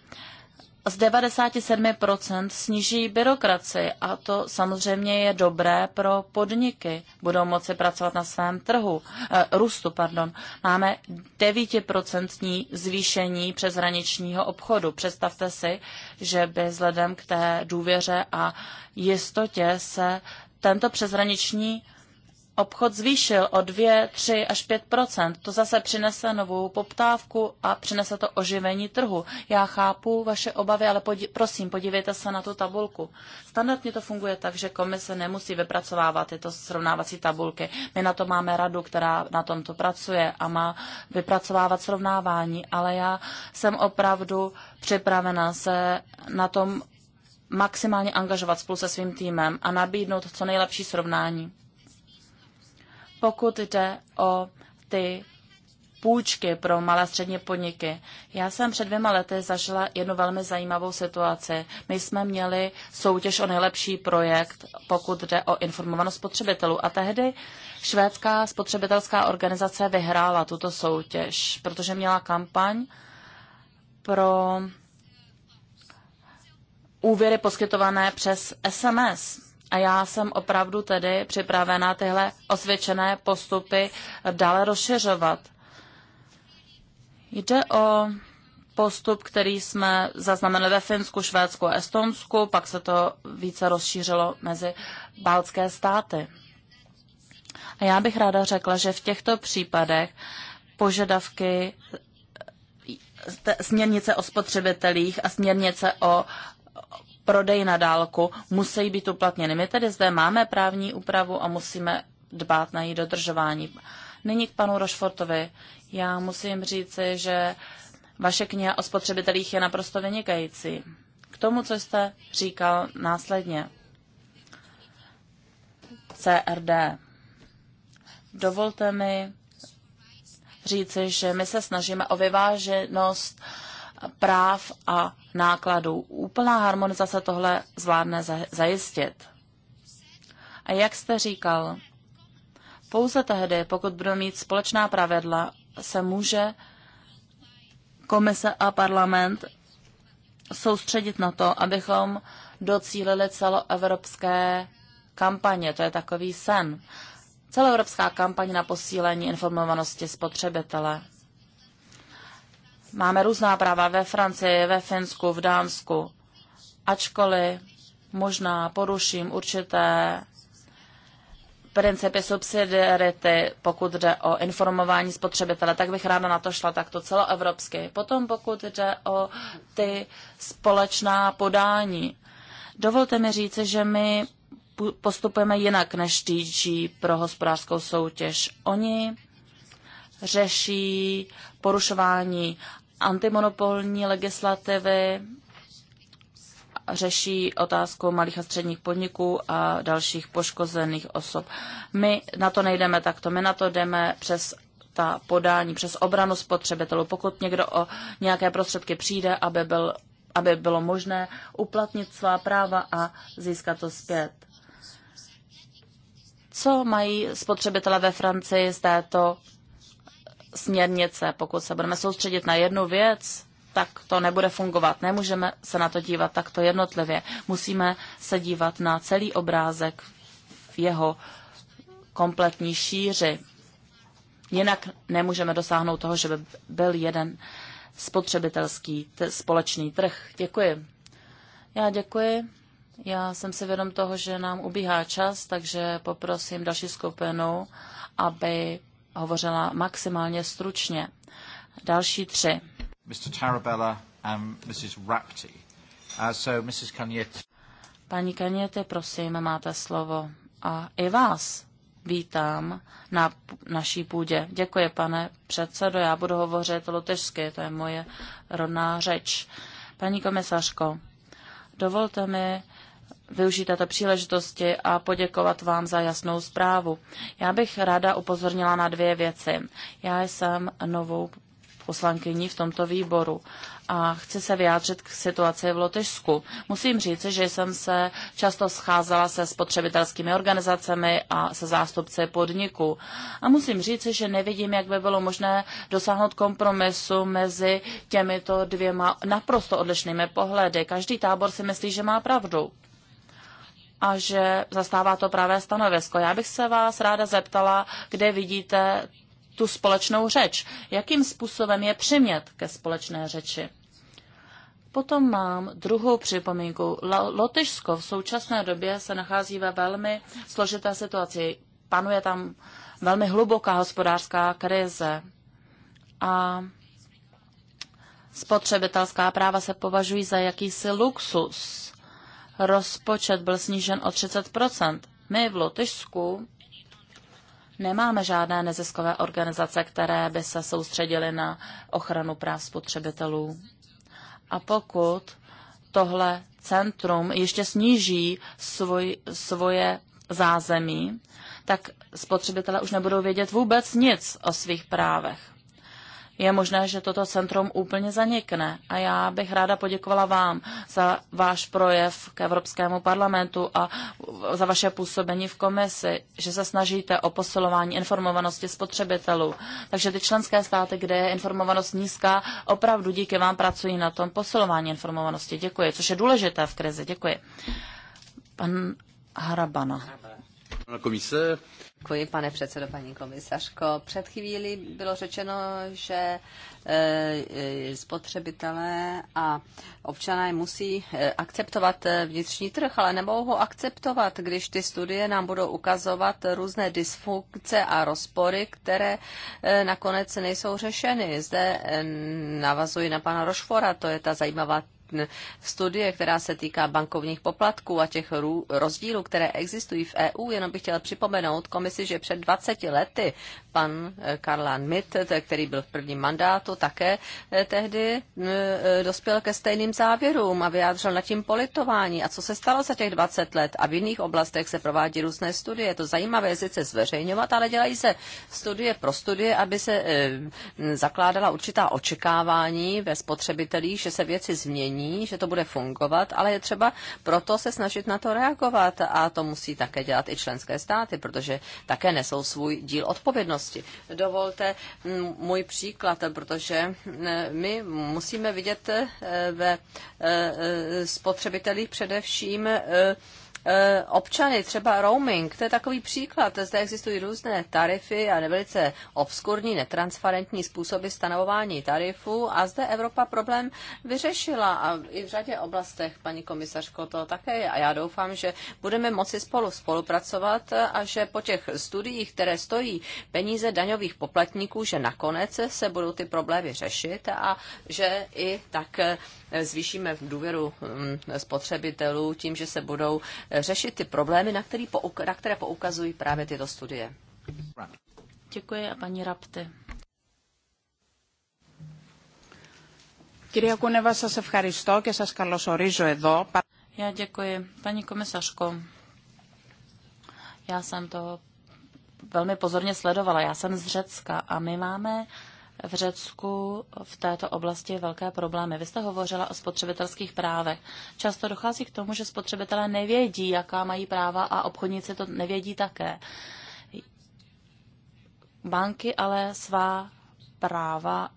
z 97% sníží byrokracii a to samozřejmě je dobré pro podniky. Budou moci pracovat na svém trhu, eh, růstu. Pardon. Máme 9% zvýšení přeshraničního obchodu. Představte si, že by vzhledem k té důvěře a jistotě se tento přeshraniční obchod zvýšil o 2, 3 až 5 To zase přinese novou poptávku a přinese to oživení trhu. Já chápu vaše obavy, ale podí- prosím, podívejte se na tu tabulku. Standardně to funguje tak, že komise nemusí vypracovávat tyto srovnávací tabulky. My na to máme radu, která na tomto pracuje a má vypracovávat srovnávání, ale já jsem opravdu připravena se na tom maximálně angažovat spolu se svým týmem a nabídnout co nejlepší srovnání pokud jde o ty půjčky pro malé a střední podniky. Já jsem před dvěma lety zažila jednu velmi zajímavou situaci. My jsme měli soutěž o nejlepší projekt, pokud jde o informovanost spotřebitelů. A tehdy švédská spotřebitelská organizace vyhrála tuto soutěž, protože měla kampaň pro úvěry poskytované přes SMS. A já jsem opravdu tedy připravená tyhle osvědčené postupy dále rozšiřovat. Jde o postup, který jsme zaznamenali ve Finsku, Švédsku a Estonsku, pak se to více rozšířilo mezi baltské státy. A já bych ráda řekla, že v těchto případech požadavky směrnice o spotřebitelích a směrnice o prodej na dálku musí být uplatněny. My tedy zde máme právní úpravu a musíme dbát na její dodržování. Nyní k panu Rošfortovi. Já musím říci, že vaše kniha o spotřebitelích je naprosto vynikající. K tomu, co jste říkal následně. CRD. Dovolte mi říci, že my se snažíme o vyváženost uh, práv a nákladů. Úplná harmonizace tohle zvládne zajistit. A jak jste říkal, pouze tehdy, pokud budou mít společná pravidla, se může komise a parlament soustředit na to, abychom docílili celoevropské kampaně. To je takový sen. Celoevropská kampaň na posílení informovanosti spotřebitele. Máme různá práva ve Francii, ve Finsku, v Dánsku. Ačkoliv možná poruším určité principy subsidiarity, pokud jde o informování spotřebitele, tak bych ráda na to šla takto celoevropsky. Potom pokud jde o ty společná podání, dovolte mi říct, že my postupujeme jinak než TG pro hospodářskou soutěž. Oni řeší porušování antimonopolní legislativy, řeší otázku malých a středních podniků a dalších poškozených osob. My na to nejdeme takto, my na to jdeme přes ta podání, přes obranu spotřebitelů. Pokud někdo o nějaké prostředky přijde, aby, byl, aby bylo možné uplatnit svá práva a získat to zpět. Co mají spotřebitele ve Francii z této směrnice. Pokud se budeme soustředit na jednu věc, tak to nebude fungovat. Nemůžeme se na to dívat takto jednotlivě. Musíme se dívat na celý obrázek v jeho kompletní šíři. Jinak nemůžeme dosáhnout toho, že by byl jeden spotřebitelský společný trh. Děkuji. Já děkuji. Já jsem si vědom toho, že nám ubíhá čas, takže poprosím další skupinu, aby hovořila maximálně stručně. Další tři. Mr. Tarabella and Mrs. Rapti. Uh, so Mrs. Kanyet. Paní Kanyete, prosím, máte slovo. A i vás vítám na naší půdě. Děkuji, pane předsedo, já budu hovořit lotyšsky, to je moje rodná řeč. Paní komisařko, dovolte mi využít této příležitosti a poděkovat vám za jasnou zprávu. Já bych ráda upozornila na dvě věci. Já jsem novou poslankyní v tomto výboru a chci se vyjádřit k situaci v Lotyšsku. Musím říct, že jsem se často scházela se spotřebitelskými organizacemi a se zástupci podniků. A musím říct, že nevidím, jak by bylo možné dosáhnout kompromisu mezi těmito dvěma naprosto odlišnými pohledy. Každý tábor si myslí, že má pravdu a že zastává to pravé stanovisko. Já bych se vás ráda zeptala, kde vidíte tu společnou řeč. Jakým způsobem je přimět ke společné řeči? Potom mám druhou připomínku. Lotyšsko v současné době se nachází ve velmi složité situaci. Panuje tam velmi hluboká hospodářská krize a spotřebitelská práva se považují za jakýsi luxus rozpočet byl snížen o 30 My v Lotyšsku nemáme žádné neziskové organizace, které by se soustředily na ochranu práv spotřebitelů. A pokud tohle centrum ještě sníží svoj, svoje zázemí, tak spotřebitelé už nebudou vědět vůbec nic o svých právech je možné, že toto centrum úplně zanikne. A já bych ráda poděkovala vám za váš projev k Evropskému parlamentu a za vaše působení v komisi, že se snažíte o posilování informovanosti spotřebitelů. Takže ty členské státy, kde je informovanost nízká, opravdu díky vám pracují na tom posilování informovanosti. Děkuji, což je důležité v krizi. Děkuji. Pan Harabana. Komisér. Děkuji, pane předsedo, paní komisařko. Před chvíli bylo řečeno, že e, e, spotřebitelé a občané musí e, akceptovat vnitřní trh, ale nemohou ho akceptovat, když ty studie nám budou ukazovat různé dysfunkce a rozpory, které nakonec nejsou řešeny. Zde navazuji na pana Rošfora, to je ta zajímavá studie, která se týká bankovních poplatků a těch rozdílů, které existují v EU. Jenom bych chtěla připomenout komisi, že před 20 lety pan eh, Karlán Mitt, který byl v prvním mandátu, také eh, tehdy eh, dospěl ke stejným závěrům a vyjádřil nad tím politování. A co se stalo za těch 20 let? A v jiných oblastech se provádí různé studie. Je to zajímavé sice zveřejňovat, ale dělají se studie pro studie, aby se zakládala určitá očekávání ve spotřebitelích, že se věci změní není, že to bude fungovat, ale je třeba proto se snažit na to reagovat a to musí také dělat i členské státy, protože také nesou svůj díl odpovědnosti. Dovolte mm, můj příklad, protože mm, my musíme vidět eh, ve eh, eh, spotřebitelích především Eh, občany, třeba roaming, to je takový příklad. Zde existují různé tarify a nevelice obskurní, netransparentní způsoby stanovování tarifů a zde Evropa problém vyřešila a i v řadě oblastech, paní komisařko, to také je. A já doufám, že budeme moci spolu spolupracovat a že po těch studiích, které stojí peníze daňových poplatníků, že nakonec se budou ty problémy řešit a že i tak eh, zvýšíme důvěru hm, spotřebitelů tím, že se budou řešit ty problémy, na, který pouk- na které poukazují právě tyto studie. Děkuji a paní Rapty. se Κούνεβα, σας ευχαριστώ και σας καλωσορίζω εδώ. Já děkuji. Paní komisařko, já jsem to velmi pozorně sledovala. Já jsem z Řecka a my máme v Řecku v této oblasti velké problémy. Vy jste hovořila o spotřebitelských právech. Často dochází k tomu, že spotřebitelé nevědí, jaká mají práva a obchodníci to nevědí také. Banky ale svá práva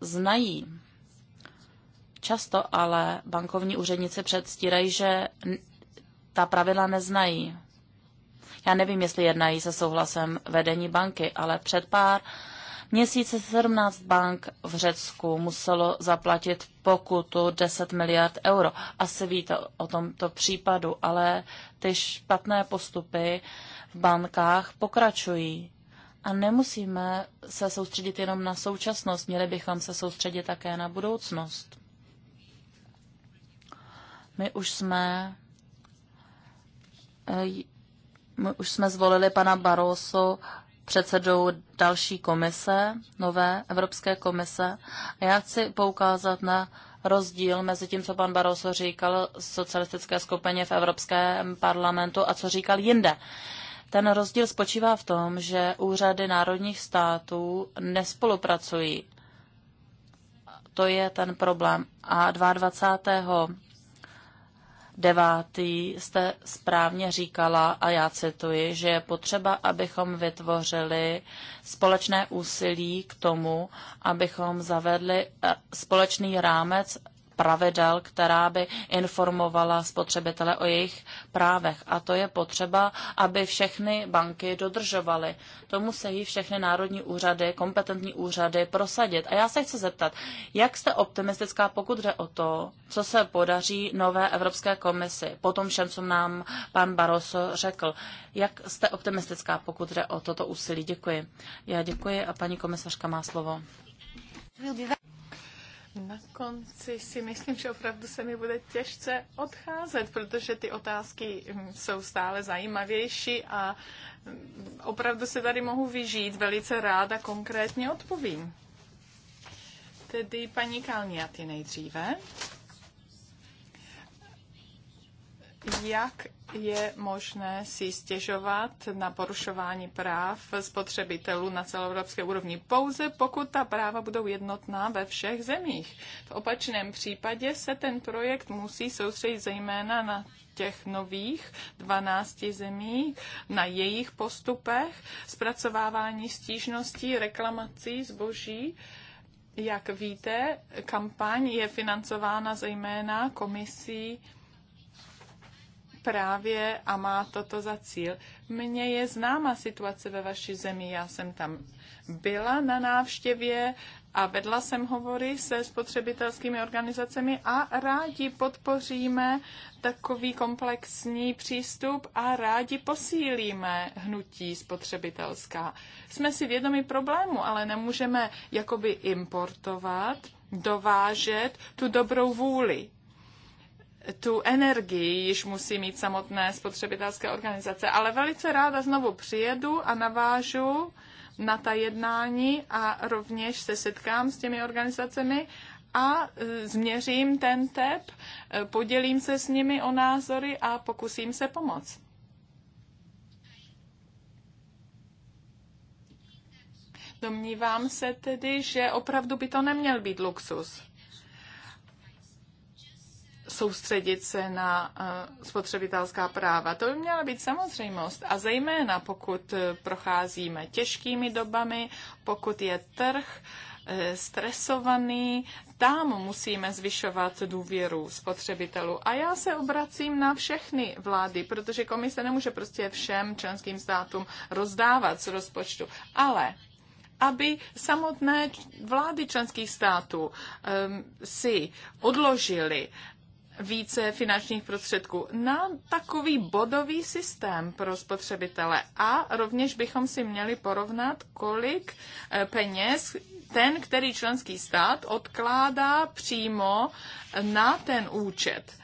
znají. Často ale bankovní úředníci předstírají, že ta pravidla neznají. Já nevím, jestli jednají se souhlasem vedení banky, ale před pár měsíce 17 bank v Řecku muselo zaplatit pokutu 10 miliard euro. Asi víte o tomto případu, ale ty špatné postupy v bankách pokračují. A nemusíme se soustředit jenom na současnost, měli bychom se soustředit také na budoucnost. My už jsme eh, my už jsme zvolili pana Barroso předsedou další komise, nové Evropské komise. A já chci poukázat na rozdíl mezi tím, co pan Barroso říkal socialistické skupině v Evropském parlamentu a co říkal jinde. Ten rozdíl spočívá v tom, že úřady národních států nespolupracují. To je ten problém. A 22 devátý jste správně říkala, a já cituji, že je potřeba, abychom vytvořili společné úsilí k tomu, abychom zavedli eh, společný rámec pravidel, která by informovala spotřebitele o jejich právech. A to je potřeba, aby všechny banky dodržovaly. To musí všechny národní úřady, kompetentní úřady prosadit. A já se chci zeptat, jak jste optimistická, pokud jde o to, co se podaří nové Evropské komisi, po tom všem, co nám pan Barroso řekl. Jak jste optimistická, pokud jde o toto úsilí? Děkuji. Já děkuji a paní komisařka má slovo. Na konci si myslím, že opravdu se mi bude těžce odcházet, protože ty otázky mm, jsou stále zajímavější a mm, opravdu se tady mohu vyžít. Velice ráda konkrétně odpovím. Tedy paní Kalniaty nejdříve jak je možné si stěžovat na porušování práv spotřebitelů na celoevropské úrovni pouze, pokud ta práva budou jednotná ve všech zemích. V opačném případě se ten projekt musí soustředit zejména na těch nových 12 zemí, na jejich postupech, zpracovávání stížností, reklamací zboží. Jak víte, kampaň je financována zejména komisí právě a má toto za cíl. Mně je známa situace ve vaší zemi, já jsem tam byla na návštěvě a vedla jsem hovory se spotřebitelskými organizacemi a rádi podpoříme takový komplexní přístup a rádi posílíme hnutí spotřebitelská. Jsme si vědomi problému, ale nemůžeme jakoby importovat, dovážet tu dobrou vůli tu energii již musí mít samotné spotřebitelské organizace. Ale velice ráda znovu přijedu a navážu na ta jednání a rovněž se setkám s těmi organizacemi a e, změřím ten tep, e, podělím se s nimi o názory a pokusím se pomoct. Domnívám se tedy, že opravdu by to neměl být luxus soustředit se na eh, spotřebitelská práva. To by měla být samozřejmost. A zejména pokud eh, procházíme těžkými dobami, pokud je trh eh, stresovaný, tam musíme zvyšovat důvěru spotřebitelů. A já se obracím na všechny vlády, protože komise nemůže prostě všem členským státům rozdávat z rozpočtu. Ale aby samotné vlády členských států um, si odložili více finančních prostředků na takový bodový systém pro spotřebitele. A rovněž bychom si měli porovnat, kolik eh, peněz ten, který členský stát odkládá přímo eh, na ten účet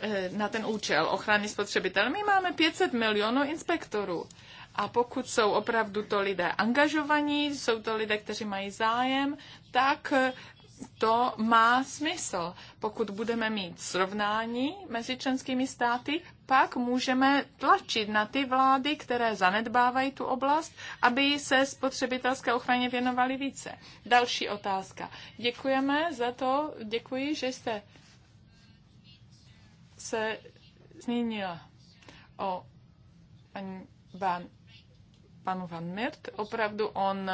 eh, na ten účel ochrany spotřebitele. My máme 500 milionů inspektorů. A pokud jsou opravdu to lidé angažovaní, jsou to lidé, kteří mají zájem, tak to má smysl. Pokud budeme mít srovnání mezi členskými státy, pak můžeme tlačit na ty vlády, které zanedbávají tu oblast, aby se spotřebitelské ochraně věnovaly více. Další otázka. Děkujeme za to, děkuji, že jste se zmínila o paní, pan, panu Van Mirt. Opravdu on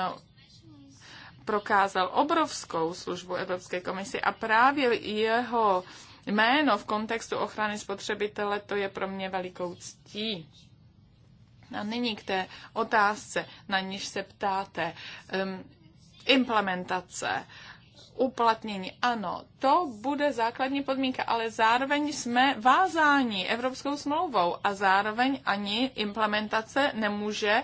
prokázal obrovskou službu Evropské komisi a právě jeho jméno v kontextu ochrany spotřebitele, to je pro mě velikou ctí. A nyní k té otázce, na níž se ptáte. Um, implementace, uplatnění, ano, to bude základní podmínka, ale zároveň jsme vázáni Evropskou smlouvou a zároveň ani implementace nemůže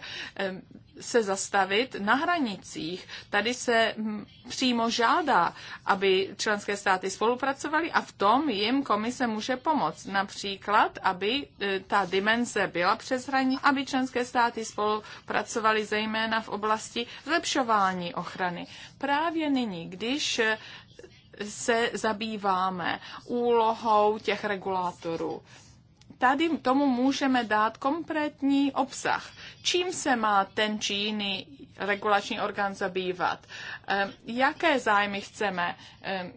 um, se zastavit na hranicích. Tady se hm, přímo žádá, aby členské státy spolupracovaly a v tom jim komise může pomoct. Například, aby e, ta dimenze byla přes hraní, aby členské státy spolupracovaly zejména v oblasti zlepšování ochrany. Právě nyní, když e, se zabýváme úlohou těch regulátorů, tady tomu můžeme dát konkrétní obsah. Čím se má ten či jiný regulační orgán zabývat? Ehm, jaké zájmy chceme ehm,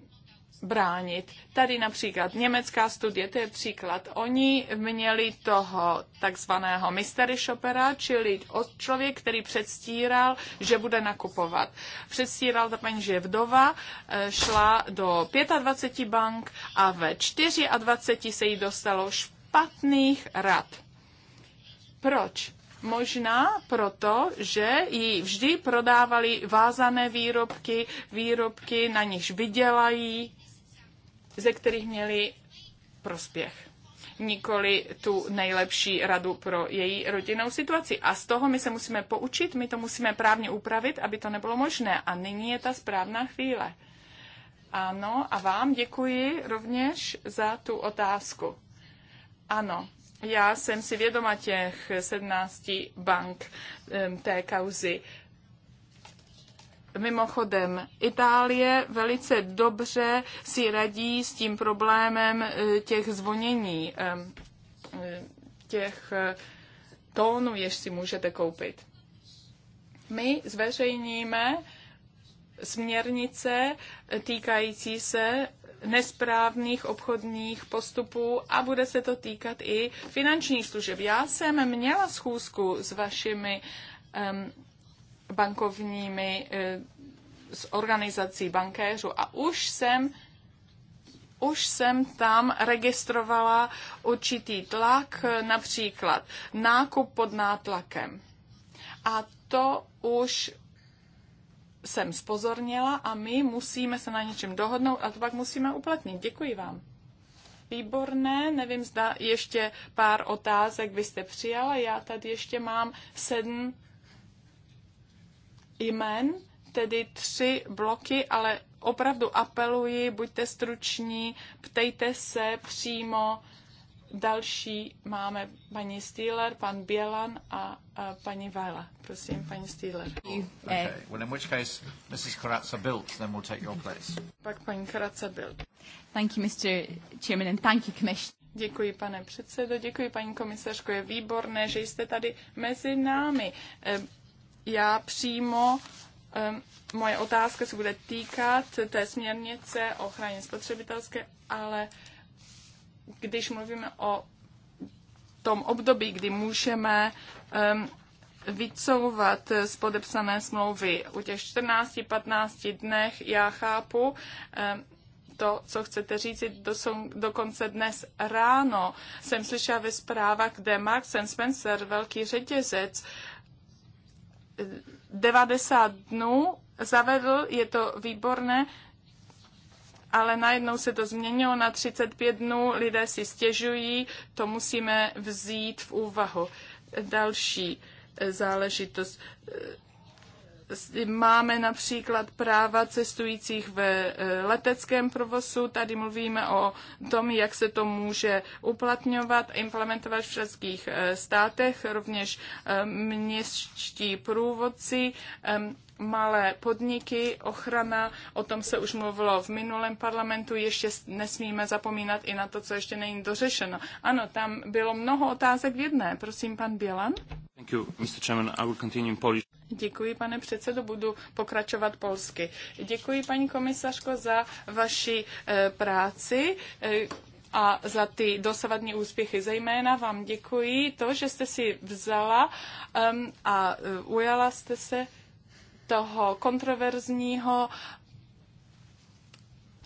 bránit. Tady například německá studie, to je příklad. Oni měli toho takzvaného mystery shopera, čili člověk, který předstíral, že bude nakupovat. Předstíral to paní, že je vdova, eh, šla do 25 bank a ve 24 se jí dostalo špatně špatných rad. Proč? Možná proto, že jí vždy prodávali vázané výrobky, výrobky, na nichž vydělají, ze kterých měli prospěch. Nikoli tu nejlepší radu pro její rodinnou situaci. A z toho my se musíme poučit, my to musíme právně upravit, aby to nebylo možné. A nyní je ta správná chvíle. Ano, a vám děkuji rovněž za tu otázku. Ano, já jsem si vědoma těch 17 bank té kauzy. Mimochodem, Itálie velice dobře si radí s tím problémem e, těch zvonění, e, těch e, tónů, jež si můžete koupit. My zveřejníme směrnice týkající se nesprávných obchodních postupů a bude se to týkat i finančních služeb. Já jsem měla schůzku s vašimi um, bankovními, uh, s organizací bankéřů a už jsem už jsem tam registrovala určitý tlak, například nákup pod nátlakem. A to už jsem spozornila a my musíme se na něčem dohodnout a to pak musíme uplatnit. Děkuji vám. Výborné, nevím, zda ještě pár otázek byste přijala. Já tady ještě mám sedm jmen, tedy tři bloky, ale opravdu apeluji, buďte struční, ptejte se přímo Další máme paní Steeler, pan Bělan a, paní Vela. Prosím, paní Steeler. Okay. Well, in which case, Mrs. Karatza then we'll take your place. Pak paní Karatza Bilt. Thank you, Mr. Chairman, and thank you, Commissioner. Děkuji, pane předsedo, děkuji, paní komisařko. Je výborné, že jste tady mezi námi. Ehm, já přímo ehm, moje otázka se bude týkat té směrnice o ochraně spotřebitelské, ale když mluvíme o tom období, kdy můžeme um, vycouvat z podepsané smlouvy. U těch 14-15 dnech já chápu um, to, co chcete říct, do, dokonce dnes ráno jsem slyšela ve zprávách, kde Mark Spencer, velký řetězec, 90 dnů zavedl, je to výborné, ale najednou se to změnilo na 35 dnů, lidé si stěžují, to musíme vzít v úvahu. Další eh, záležitost. Eh, máme například práva cestujících ve eh, leteckém provozu. Tady mluvíme o tom, jak se to může uplatňovat, implementovat v českých státech, rovněž městští průvodci malé podniky, ochrana, o tom se už mluvilo v minulém parlamentu, ještě nesmíme zapomínat i na to, co ještě není dořešeno. Ano, tam bylo mnoho otázek v jedné. Prosím, pan Bělan. Thank you, Mr. Chairman. I will continue in Polish. Děkuji, pane předsedo, budu pokračovat polsky. Děkuji, paní komisařko, za vaši e, práci. E, a za ty dosavadní úspěchy. Zejména vám děkuji to, že jste si vzala um, a eh, ujala jste se toho kontroverzního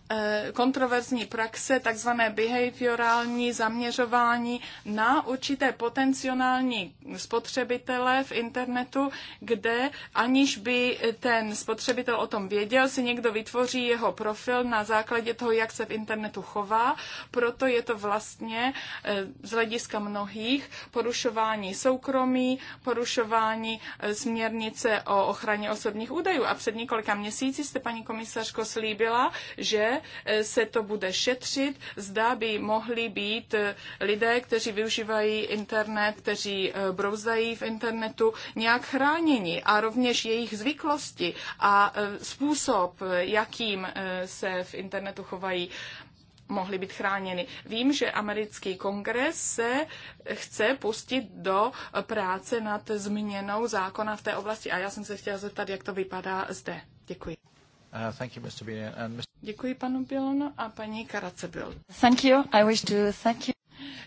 Eh, kontroverzní praxe, takzvané behaviorální zaměřování na určité potenciální spotřebitele v internetu, kde aniž by ten spotřebitel o tom věděl, si někdo vytvoří jeho profil na základě toho, jak se v internetu chová, proto je to vlastně eh, z hlediska mnohých porušování soukromí, porušování eh, směrnice o ochraně osobních údajů. A před několika měsíci jste, paní komisařko, slíbila, že Eh, se to bude šetřit, zda by mohli být eh, lidé, kteří využívají internet, kteří eh, brouzají v internetu, nějak chráněni a rovněž jejich zvyklosti a způsob, jakým se v internetu chovají mohly být chráněny. Vím, že americký kongres se chce pustit do práce nad změnou zákona v té oblasti a já jsem se chtěla zeptat, jak to vypadá zde. Děkuji. Uh, Děkuji panu Bělon a paní Karacebil. Thank you. I wish to thank you.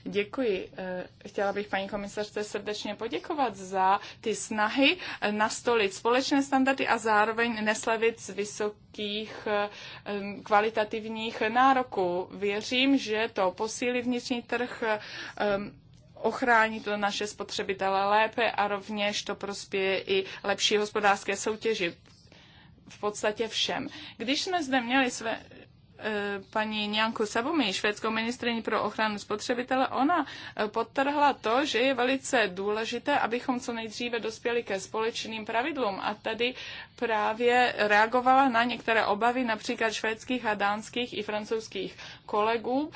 Děkuji. Eh, chtěla bych paní komisařce srdečně poděkovat za ty snahy eh, nastolit společné standardy a zároveň neslavit z vysokých eh, kvalitativních nároků. Věřím, že to posílí vnitřní trh ochrání to naše spotřebitele lépe a rovněž to prospěje i lepší hospodářské soutěži v podstatě všem. Když jsme zde měli své, e, paní Nianku Sabumi, švédskou ministrině pro ochranu spotřebitele, ona e, podtrhla to, že je velice důležité, abychom co nejdříve dospěli ke společným pravidlům a tady právě reagovala na některé obavy například švédských a dánských i francouzských kolegů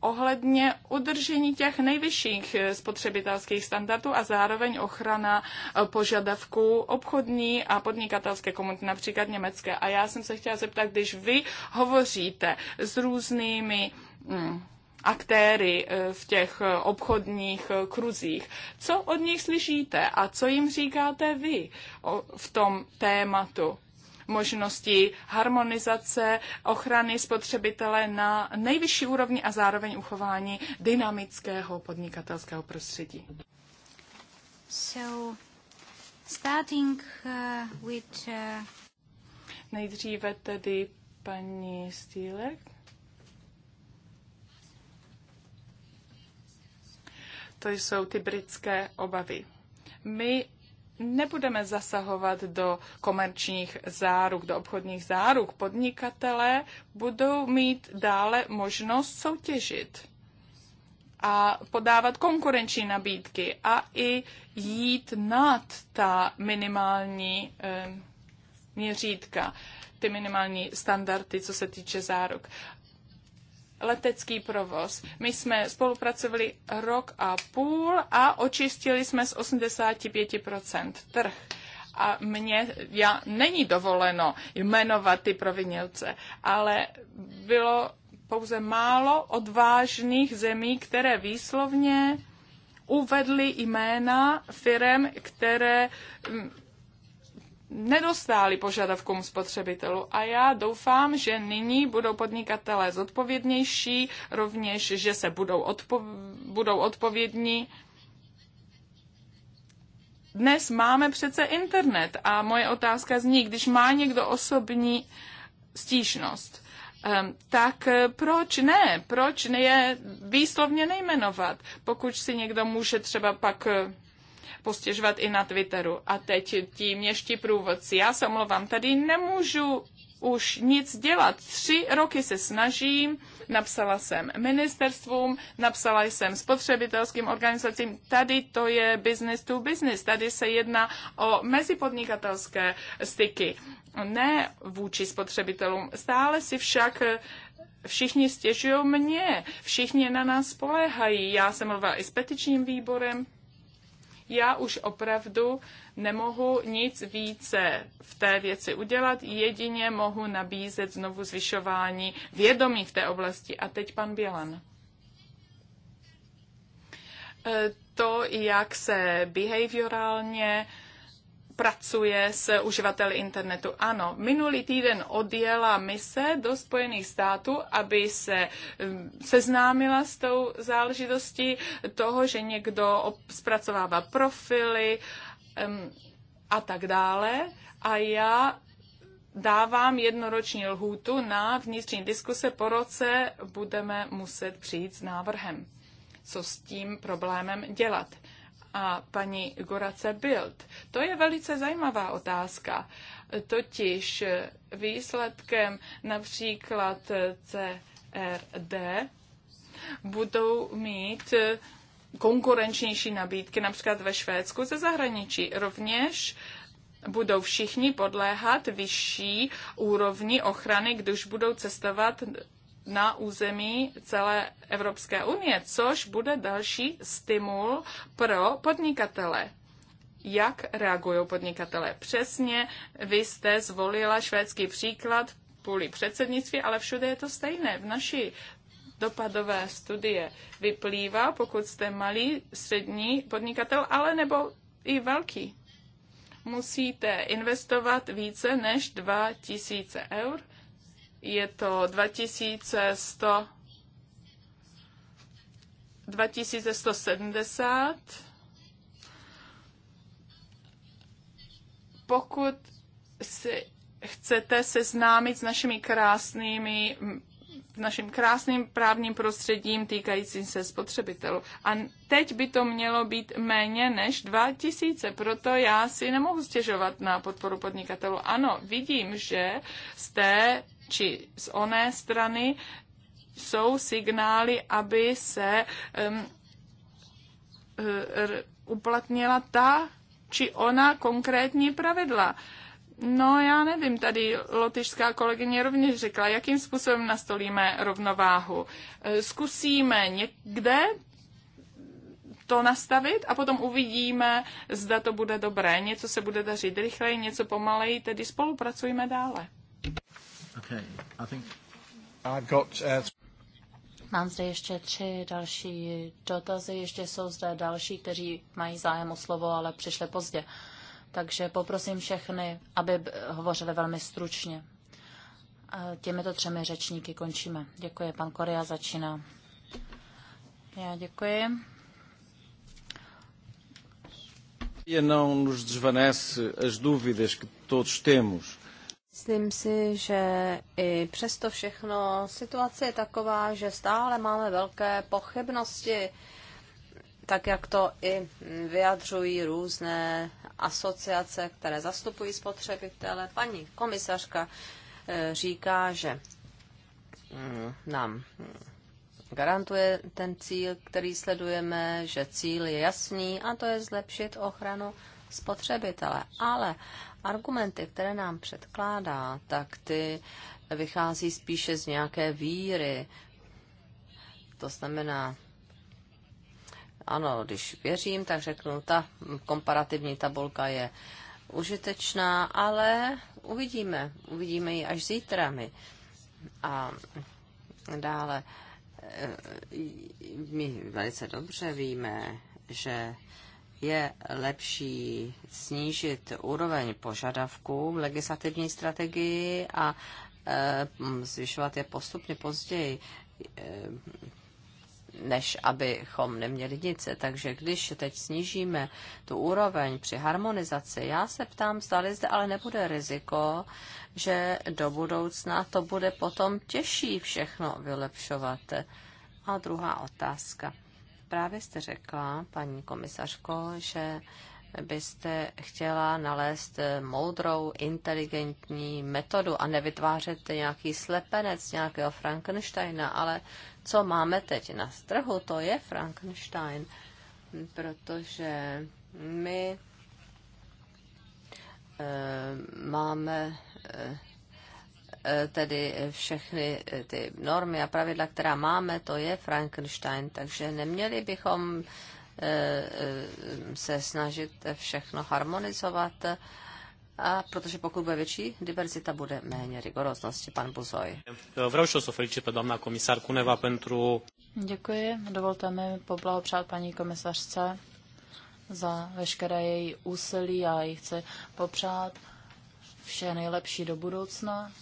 ohledně udržení těch nejvyšších eh, spotřebitelských standardů a zároveň ochrana eh, požadavků obchodní a podnikatelské komunity, například německé. A já jsem se chtěla zeptat, když vy hovoříte s různými hmm, aktéry eh, v těch obchodních kruzích. Co od nich slyšíte a co jim říkáte vy v tom tématu? možností harmonizace, ochrany spotřebitele na nejvyšší úrovni a zároveň uchování dynamického podnikatelského prostředí. So, starting uh, with, uh... Nejdříve tedy paní Stílek. To jsou ty britské obavy. My nebudeme zasahovat do komerčních záruk, do obchodních záruk. Podnikatelé budou mít dále možnost soutěžit a podávat konkurenční nabídky a i jít nad ta minimální eh, měřítka, ty minimální standardy, co se týče záruk letecký provoz. My jsme spolupracovali rok a půl a očistili jsme z 85% trh. A mně já, není dovoleno jmenovat ty provinilce, ale bylo pouze málo odvážných zemí, které výslovně uvedly jména firem, které mm, nedostáli požadavkům spotřebitelů. A já doufám, že nyní budou podnikatelé zodpovědnější, rovněž, že se budou, odpo- budou odpovědní. Dnes máme přece internet a moje otázka zní, když má někdo osobní stížnost, ehm, tak proč ne? Proč je výslovně nejmenovat? Pokud si někdo může třeba pak postěžovat i na Twitteru. A teď ti měští průvodci. Já se omlouvám, tady nemůžu už nic dělat. Tři roky se snažím, napsala jsem ministerstvům, napsala jsem spotřebitelským organizacím, tady to je business to business, tady se jedná o mezipodnikatelské styky, ne vůči spotřebitelům. Stále si však eh, všichni stěžují mě, všichni na nás spoléhají. Já jsem mluvila i s petičním výborem, já už opravdu nemohu nic více v té věci udělat, jedině mohu nabízet znovu zvyšování vědomí v té oblasti. A teď pan Bělan e, to, jak se behaviorálně pracuje s uživateli internetu. Ano, minulý týden odjela mise do Spojených států, aby se mm, seznámila s tou záležitostí toho, že někdo zpracovává profily a tak dále. A já dávám jednoroční lhůtu na vnitřní diskuse. Po roce budeme muset přijít s návrhem, co s tím problémem dělat a paní Gorace Bild. To je velice zajímavá otázka. Totiž výsledkem například CRD budou mít konkurenčnější nabídky, například ve Švédsku ze zahraničí. Rovněž budou všichni podléhat vyšší úrovni ochrany, když budou cestovat na území celé Evropské unie, což bude další stimul pro podnikatele jak reagují podnikatele. Přesně vy jste zvolila švédský příklad kvůli předsednictví, ale všude je to stejné. V naší dopadové studie vyplývá, pokud jste malý, střední podnikatel, ale nebo i velký. Musíte investovat více než 2000 eur je to 2100, 2170. Pokud si chcete seznámit s našimi krásnými naším krásným právním prostředím týkajícím se spotřebitelů. A teď by to mělo být méně než 2000, proto já si nemohu stěžovat na podporu podnikatelů. Ano, vidím, že jste či z oné strany jsou signály, aby se um, uplatnila ta či ona konkrétní pravidla. No, já nevím, tady lotyšská kolegyně rovněž řekla, jakým způsobem nastolíme rovnováhu. Eh, zkusíme někde to nastavit a potom uvidíme, zda to bude dobré. Něco se bude dařit rychleji, něco pomaleji, tedy spolupracujeme dále. Okay, I think I've got, uh... Mám zde ještě tři další dotazy. Ještě jsou zde další, kteří mají zájem o slovo, ale přišli pozdě. Takže poprosím všechny, aby hovořili velmi stručně. Těmito třemi řečníky končíme. Děkuji. Pan Korea začíná. Já děkuji. nám nos desvanece as dúvidas que todos temos Myslím si, že i přesto všechno situace je taková, že stále máme velké pochybnosti, tak jak to i vyjadřují různé asociace, které zastupují spotřebitele. Paní komisařka eh, říká, že mm, nám mm, garantuje ten cíl, který sledujeme, že cíl je jasný a to je zlepšit ochranu spotřebitele. Ale argumenty, které nám předkládá, tak ty vychází spíše z nějaké víry. To znamená, ano, když věřím, tak řeknu, ta komparativní tabulka je užitečná, ale uvidíme. Uvidíme ji až zítra my. A dále eh, my velice dobře víme, že je lepší snížit úroveň požadavků v legislativní strategii a e, zvyšovat je postupně později, e, než abychom neměli nic. Takže když teď snížíme tu úroveň při harmonizaci, já se ptám, zdali zde ale nebude riziko, že do budoucna to bude potom těžší všechno vylepšovat. A druhá otázka Právě jste řekla, paní komisařko, že byste chtěla nalézt eh, moudrou, inteligentní metodu a nevytvářet nějaký slepenec nějakého Frankensteina, ale co máme teď na strhu, to je Frankenstein, protože my eh, máme e, E, tedy všechny e, ty normy a pravidla, která máme, to je Frankenstein, takže neměli bychom e, se snažit všechno harmonizovat, a protože pokud bude větší diverzita, bude méně rigoroznosti. Pan Buzoj. Děkuji. Dovolte mi poblahopřát paní komisařce za veškeré její úsilí a jí chci popřát vše nejlepší do budoucna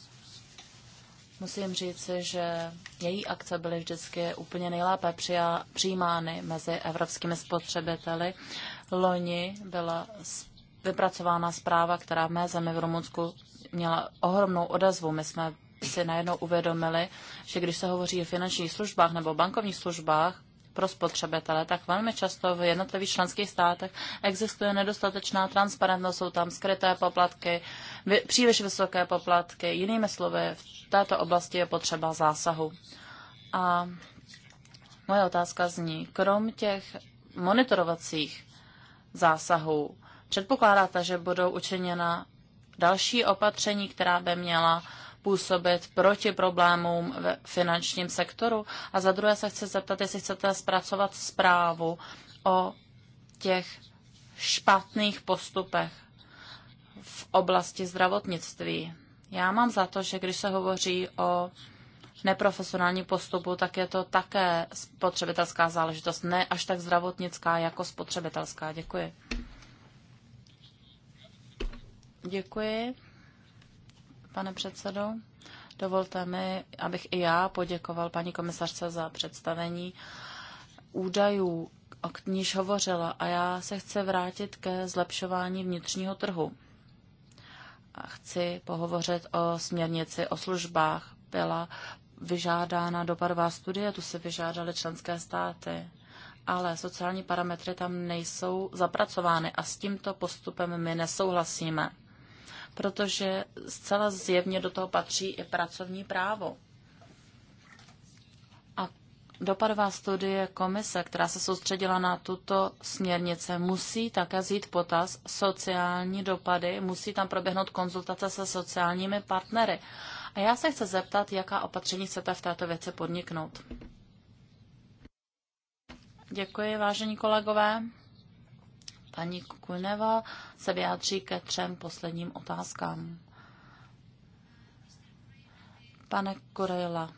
Musím říct, že její akce byly vždycky úplně nejlépe přijímány mezi evropskými spotřebiteli. Loni byla vypracována zpráva, která v mé zemi v Rumunsku měla ohromnou odezvu. My jsme si najednou uvědomili, že když se hovoří o finančních službách nebo bankovních službách, pro spotřebitele, tak velmi často v jednotlivých členských státech existuje nedostatečná transparentnost, jsou tam skryté poplatky, příliš vysoké poplatky. Jinými slovy, v této oblasti je potřeba zásahu. A moje otázka zní, krom těch monitorovacích zásahů, předpokládáte, že budou učiněna další opatření, která by měla působit proti problémům v finančním sektoru? A za druhé se chci zeptat, jestli chcete zpracovat zprávu o těch špatných postupech v oblasti zdravotnictví. Já mám za to, že když se hovoří o neprofesionální postupu, tak je to také spotřebitelská záležitost, ne až tak zdravotnická jako spotřebitelská. Děkuji. Děkuji pane předsedo. Dovolte mi, abych i já poděkoval paní komisařce za představení údajů, o níž hovořila. A já se chci vrátit ke zlepšování vnitřního trhu. A chci pohovořit o směrnici o službách. Byla vyžádána dopadová studie, tu se vyžádaly členské státy ale sociální parametry tam nejsou zapracovány a s tímto postupem my nesouhlasíme protože zcela zjevně do toho patří i pracovní právo. A dopadová studie komise, která se soustředila na tuto směrnice, musí také zít potaz sociální dopady, musí tam proběhnout konzultace se sociálními partnery. A já se chci zeptat, jaká opatření chcete v této věci podniknout. Děkuji, vážení kolegové. Paní Kukuneva se vyjádří ke třem posledním otázkám. Pane Korejla,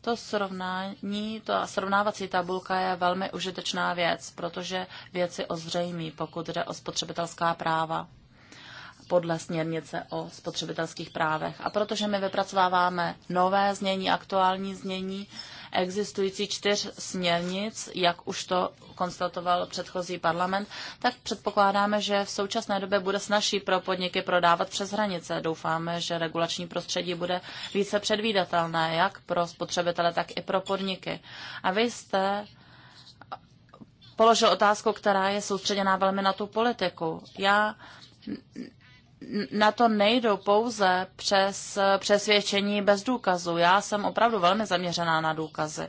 to srovnání, to srovnávací tabulka je velmi užitečná věc, protože věci ozřejmí, pokud jde o spotřebitelská práva podle směrnice o spotřebitelských právech. A protože my vypracováváme nové znění, aktuální znění, existující čtyř směrnic, jak už to konstatoval předchozí parlament, tak předpokládáme, že v současné době bude snažší pro podniky prodávat přes hranice. Doufáme, že regulační prostředí bude více předvídatelné, jak pro spotřebitele, tak i pro podniky. A vy jste položil otázku, která je soustředěná velmi na tu politiku. Já na to nejdou pouze přes přesvědčení bez důkazu. Já jsem opravdu velmi zaměřená na důkazy.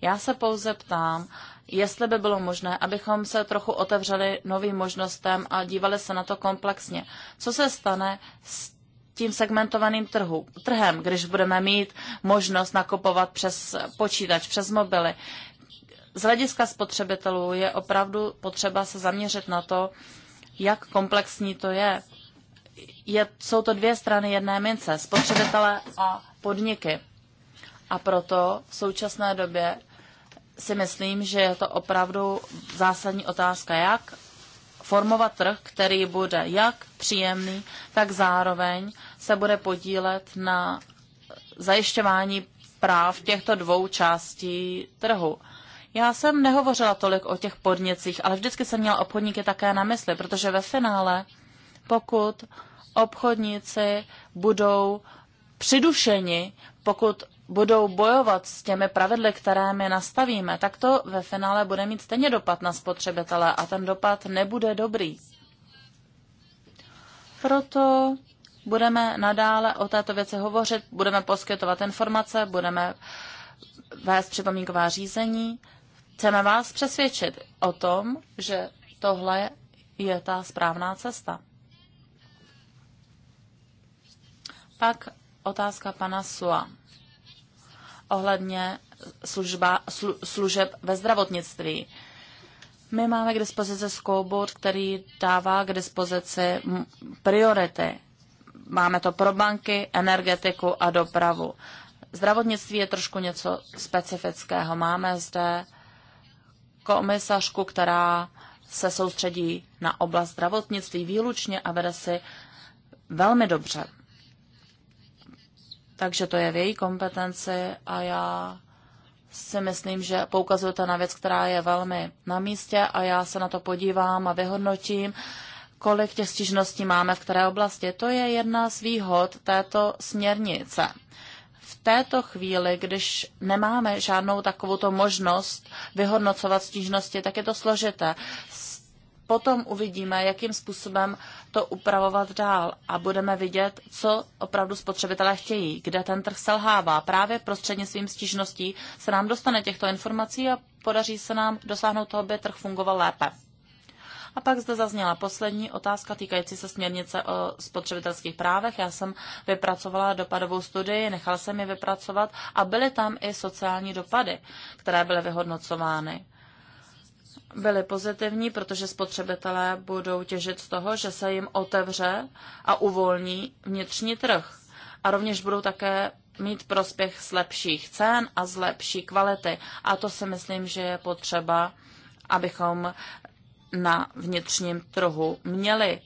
Já se pouze ptám, jestli by bylo možné, abychom se trochu otevřeli novým možnostem a dívali se na to komplexně. Co se stane s tím segmentovaným trhu, trhem, když budeme mít možnost nakupovat přes počítač, přes mobily. Z hlediska spotřebitelů je opravdu potřeba se zaměřit na to, jak komplexní to je je, jsou to dvě strany jedné mince, spotřebitele a podniky. A proto v současné době si myslím, že je to opravdu zásadní otázka, jak formovat trh, který bude jak příjemný, tak zároveň se bude podílet na zajišťování práv těchto dvou částí trhu. Já jsem nehovořila tolik o těch podnicích, ale vždycky jsem měla obchodníky také na mysli, protože ve finále pokud obchodníci budou přidušeni, pokud budou bojovat s těmi pravidly, které my nastavíme, tak to ve finále bude mít stejně dopad na spotřebitele a ten dopad nebude dobrý. Proto budeme nadále o této věci hovořit, budeme poskytovat informace, budeme vést připomínková řízení. Chceme vás přesvědčit o tom, že tohle je ta správná cesta. Pak otázka pana Sua ohledně služba, slu, služeb ve zdravotnictví. My máme k dispozici scoreboard, který dává k dispozici priority. Máme to pro banky, energetiku a dopravu. Zdravotnictví je trošku něco specifického. Máme zde komisařku, která se soustředí na oblast zdravotnictví výlučně a vede si velmi dobře takže to je v její kompetenci a já si myslím, že poukazujete na věc, která je velmi na místě a já se na to podívám a vyhodnotím, kolik těch stížností máme v které oblasti. To je jedna z výhod této směrnice. V této chvíli, když nemáme žádnou takovou možnost vyhodnocovat stížnosti, tak je to složité potom uvidíme, jakým způsobem to upravovat dál a budeme vidět, co opravdu spotřebitelé chtějí, kde ten trh selhává. Právě prostřednictvím stížností se nám dostane těchto informací a podaří se nám dosáhnout toho, aby trh fungoval lépe. A pak zde zazněla poslední otázka týkající se směrnice o spotřebitelských právech. Já jsem vypracovala dopadovou studii, nechala jsem ji vypracovat a byly tam i sociální dopady, které byly vyhodnocovány byly pozitivní, protože spotřebitelé budou těžit z toho, že se jim otevře a uvolní vnitřní trh. A rovněž budou také mít prospěch z lepších cen a z lepší kvality. A to si myslím, že je potřeba, abychom na vnitřním trhu měli.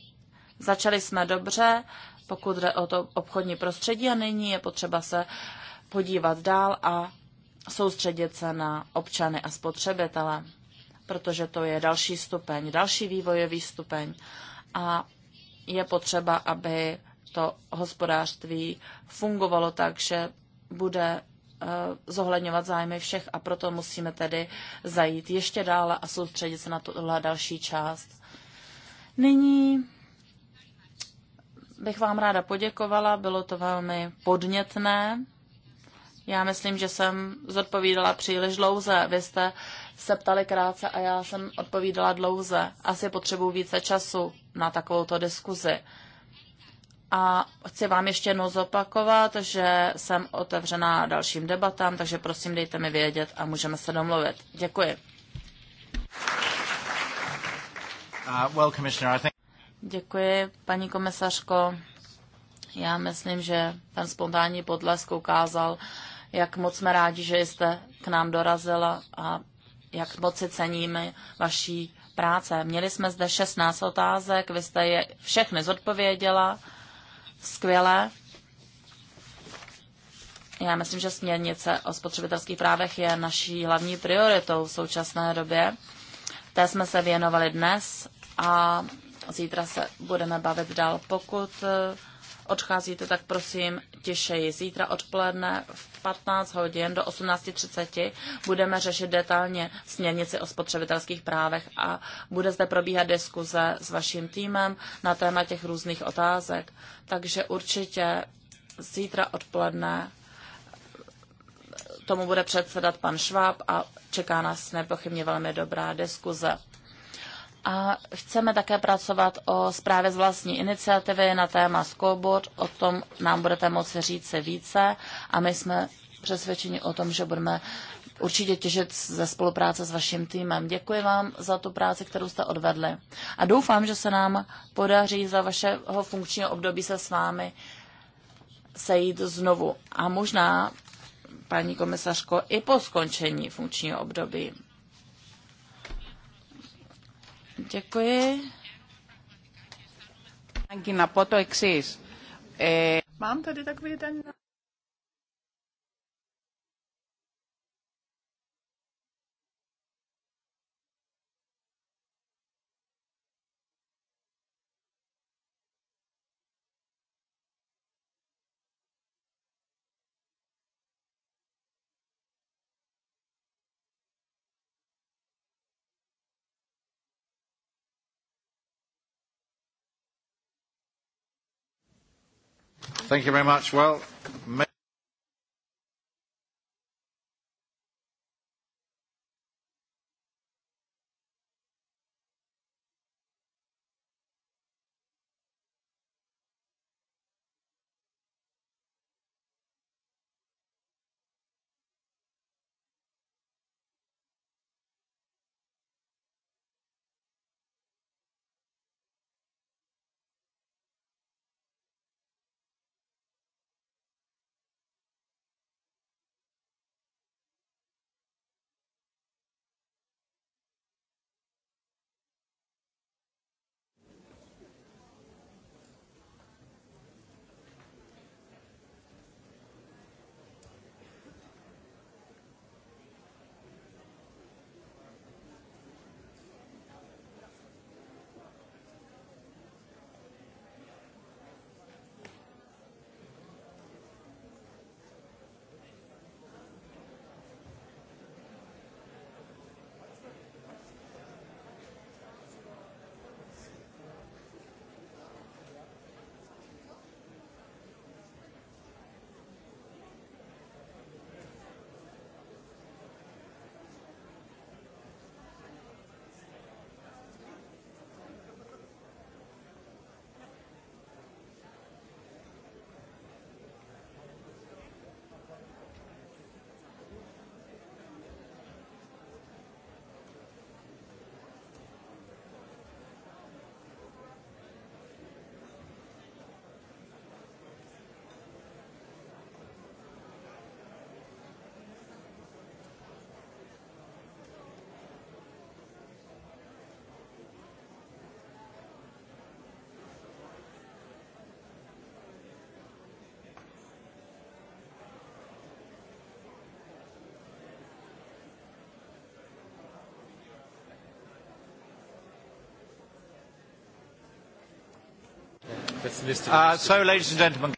Začali jsme dobře, pokud jde o to obchodní prostředí a nyní je potřeba se podívat dál a soustředit se na občany a spotřebitele protože to je další stupeň, další vývojový stupeň a je potřeba, aby to hospodářství fungovalo tak, že bude eh, zohledňovat zájmy všech a proto musíme tedy zajít ještě dále a soustředit se na tuhle další část. Nyní bych vám ráda poděkovala, bylo to velmi podnětné. Já myslím, že jsem zodpovídala příliš dlouze. Vy jste se ptali krátce a já jsem odpovídala dlouze. Asi potřebuji více času na takovouto diskuzi. A chci vám ještě jednou zopakovat, že jsem otevřená dalším debatám, takže prosím dejte mi vědět a můžeme se domluvit. Děkuji. Uh, well, I think... Děkuji, paní komisařko. Já myslím, že ten spontánní podlesk ukázal, jak moc jsme rádi, že jste k nám dorazila a jak moc si ceníme vaší práce. Měli jsme zde 16 otázek, vy jste je všechny zodpověděla. Skvěle. Já myslím, že směrnice o spotřebitelských právech je naší hlavní prioritou v současné době. Té jsme se věnovali dnes a zítra se budeme bavit dál. Pokud eh, odcházíte, tak prosím těšeji. Zítra odpoledne v 15 hodin do 18.30 budeme řešit detailně směrnici o spotřebitelských právech a bude zde probíhat diskuze s vaším týmem na téma těch různých otázek. Takže určitě zítra odpoledne tomu bude předsedat pan Šváb a čeká nás nepochybně velmi dobrá diskuze. A chceme také pracovat o zprávě z vlastní iniciativy na téma Skobor. O tom nám budete moci říct se více a my jsme přesvědčeni o tom, že budeme určitě těžit ze spolupráce s vaším týmem. Děkuji vám za tu práci, kterou jste odvedli. A doufám, že se nám podaří za vašeho funkčního období se s vámi sejít znovu. A možná, paní komisařko, i po skončení funkčního období. Děkuji. Eh, Mám tady takový ten Thank you very much. Well, Uh, so, ladies and gentlemen,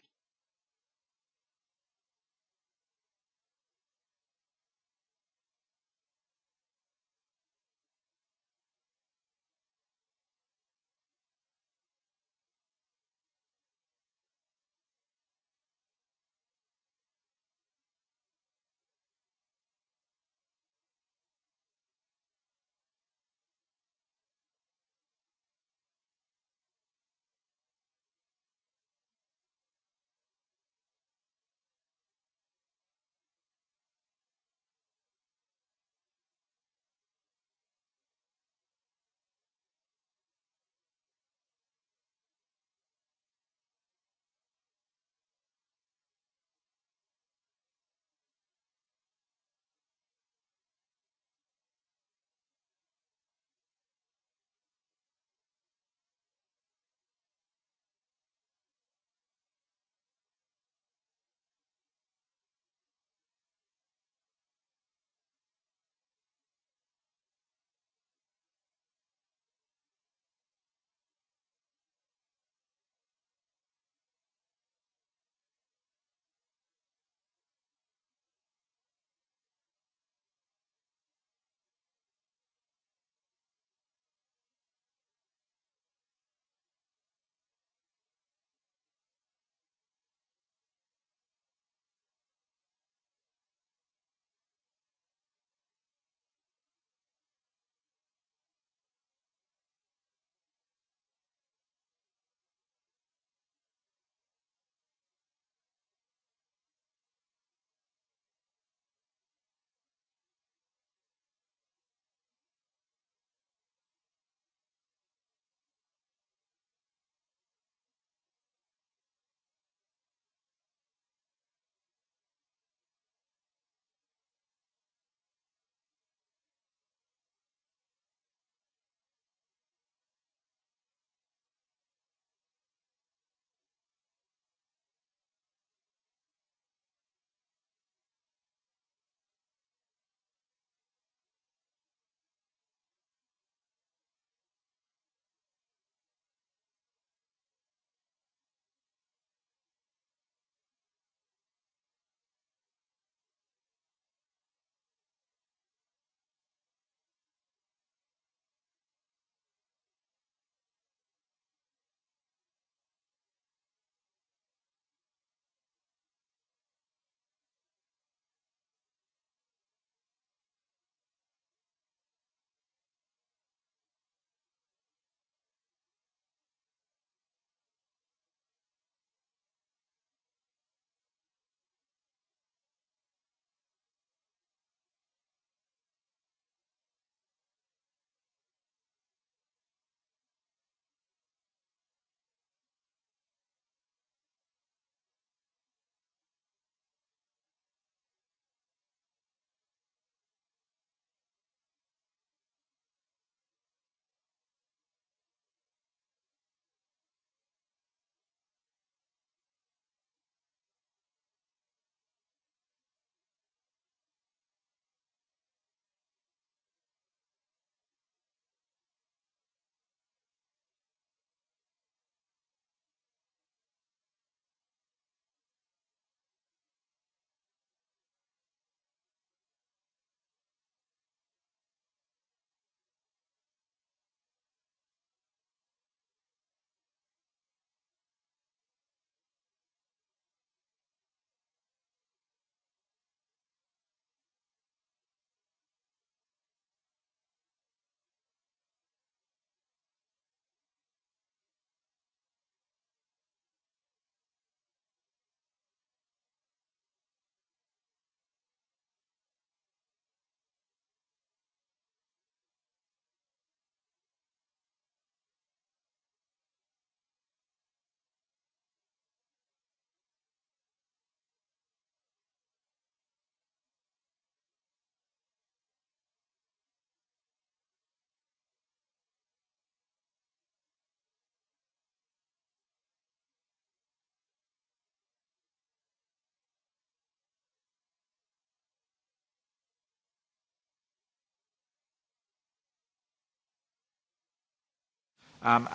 Um,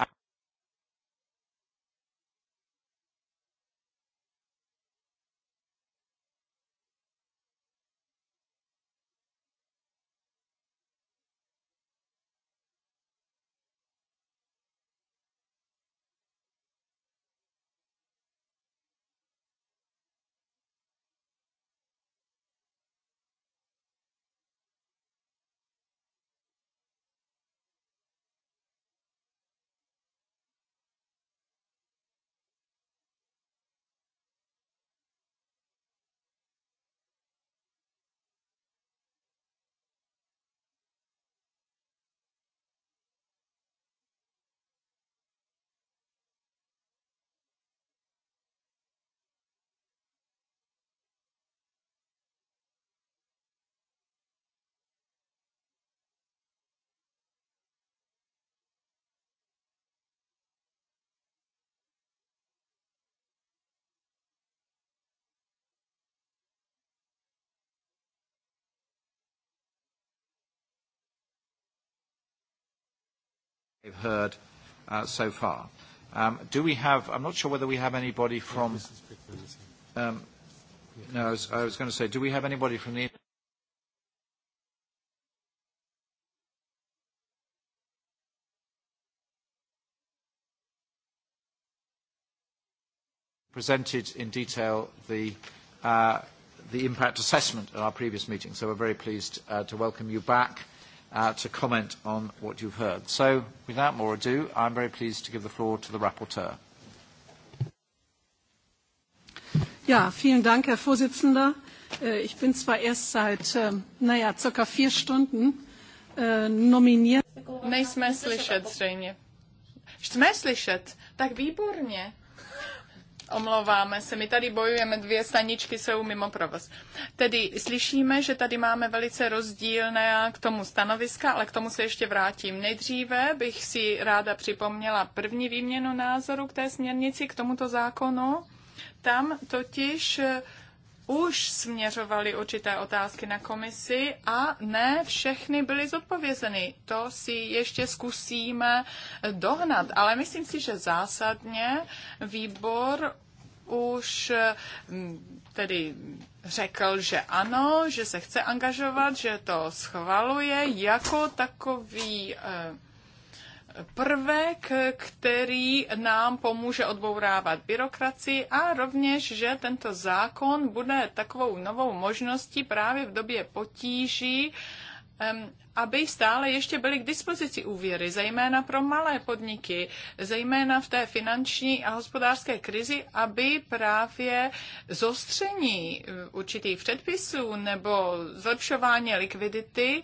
they've heard uh, so far. Um, do we have, I'm not sure whether we have anybody from, um, no, I was, I was going to say, do we have anybody from the presented in detail the, uh, the impact assessment at our previous meeting, so we're very pleased uh, to welcome you back uh, to comment on what you've heard. So without more ado, I'm very pleased to give the floor to the rapporteur. Ja, vielen Dank, Herr Vorsitzender. Äh, ich bin zwar erst seit, ähm, naja, circa vier Stunden äh, nominiert. Nejsme slyšet zřejmě. Jsme slyšet. Tak výborně. Omlouváme se, my tady bojujeme, dvě staničky jsou mimo provoz. Tedy slyšíme, že tady máme velice rozdílné k tomu stanoviska, ale k tomu se ještě vrátím. Nejdříve bych si ráda připomněla první výměnu názoru k té směrnici, k tomuto zákonu. Tam totiž už směřovaly určité otázky na komisi a ne všechny byly zodpovězeny. To si ještě zkusíme dohnat, ale myslím si, že zásadně výbor už mm, tedy řekl, že ano, že se chce angažovat, že to schvaluje jako takový eh, prvek, který nám pomůže odbourávat byrokracii a rovněž, že tento zákon bude takovou novou možností právě v době potíží, aby stále ještě byly k dispozici úvěry, zejména pro malé podniky, zejména v té finanční a hospodářské krizi, aby právě zostření eh, určitých předpisů nebo zlepšování likvidity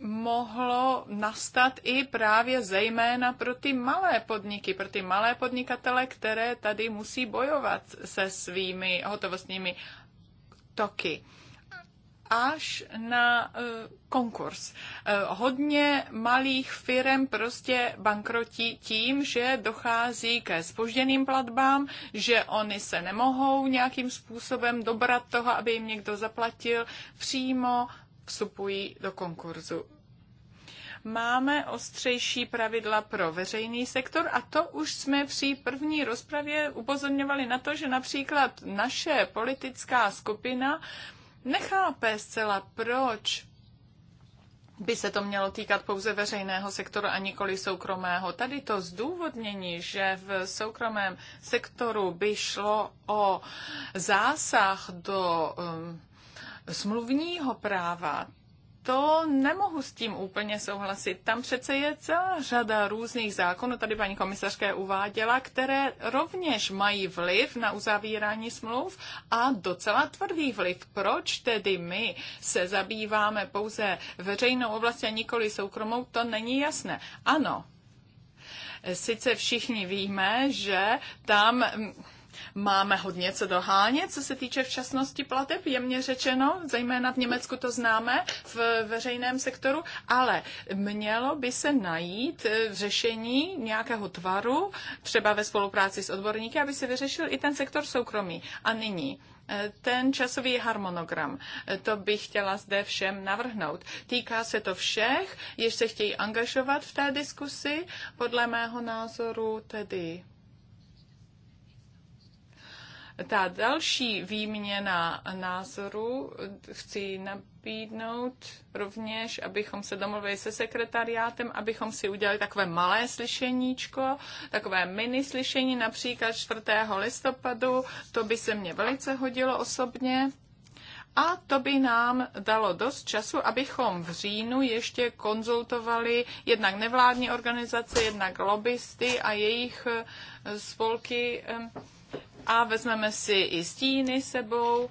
mohlo nastat i právě zejména pro ty malé podniky, pro ty malé podnikatele, které tady musí bojovat se svými hotovostními toky až na e, konkurs. E, hodně malých firm prostě bankrotí tím, že dochází ke spožděným platbám, že oni se nemohou nějakým způsobem dobrat toho, aby jim někdo zaplatil přímo vstupují do konkurzu. Máme ostřejší pravidla pro veřejný sektor a to už jsme při první rozpravě upozorňovali na to, že například naše politická skupina nechápe zcela, proč by se to mělo týkat pouze veřejného sektoru a nikoli soukromého. Tady to zdůvodnění, že v soukromém sektoru by šlo o zásah do um, smluvního práva, to nemohu s tím úplně souhlasit. Tam přece je celá řada různých zákonů, tady paní komisařka je uváděla, které rovněž mají vliv na uzavírání smluv a docela tvrdý vliv. Proč tedy my se zabýváme pouze veřejnou oblastí a nikoli soukromou, to není jasné. Ano, sice všichni víme, že tam Máme hodně co dohánět, co se týče včasnosti plateb, jemně řečeno, zejména v Německu to známe, v veřejném sektoru, ale mělo by se najít eh, řešení nějakého tvaru, třeba ve spolupráci s odborníky, aby se vyřešil i ten sektor soukromý. A nyní eh, ten časový harmonogram. Eh, to bych chtěla zde všem navrhnout. Týká se to všech, jež se chtějí angažovat v té diskusi. Podle mého názoru tedy ta další výměna názorů chci nabídnout rovněž, abychom se domluvili se sekretariátem, abychom si udělali takové malé slyšeníčko, takové mini slyšení, například 4. listopadu, to by se mně velice hodilo osobně. A to by nám dalo dost času, abychom v říjnu ještě konzultovali jednak nevládní organizace, jednak lobbysty a jejich eh, spolky eh, a vezmeme si i stíny sebou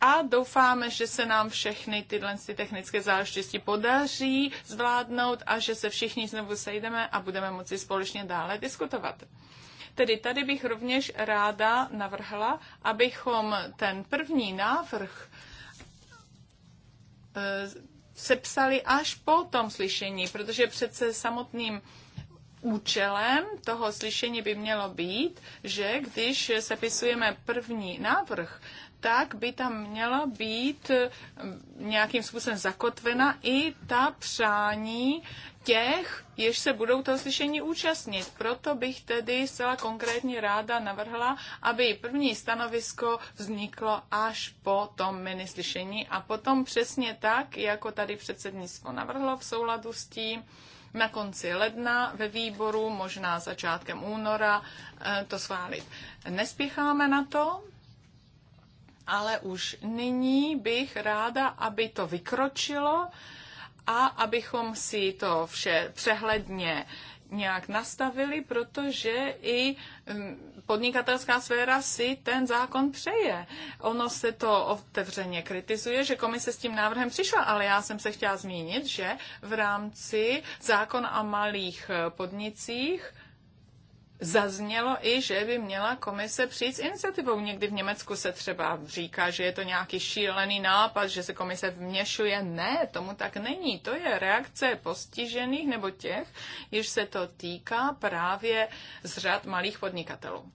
a doufáme, že se nám všechny tyhle technické záležitosti podaří zvládnout a že se všichni znovu sejdeme a budeme moci společně dále diskutovat. Tedy tady bych rovněž ráda navrhla, abychom ten první návrh eh, sepsali až po tom slyšení, protože přece samotným účelem toho slyšení by mělo být, že když sepisujeme první návrh, tak by tam měla být mm, nějakým způsobem zakotvena i ta přání těch, jež se budou toho slyšení účastnit. Proto bych tedy zcela konkrétně ráda navrhla, aby první stanovisko vzniklo až po tom slyšení a potom přesně tak, jako tady předsednictvo navrhlo v souladu s tím, na konci ledna ve výboru, možná začátkem února eh, to schválit. Nespěcháme na to, ale už nyní bych ráda, aby to vykročilo a abychom si to vše přehledně uh, nějak nastavili, protože i mm, podnikatelská sféra si ten zákon přeje. Ono se to otevřeně kritizuje, že komise s tím návrhem přišla, ale já jsem se chtěla zmínit, že v rámci zákona o malých podnicích Zaznělo i, že by měla komise přijít s iniciativou. Někdy v Německu se třeba říká, že je to nějaký šílený nápad, že se komise vměšuje. Ne, tomu tak není. To je reakce postižených nebo těch, již se to týká právě z řad malých podnikatelů.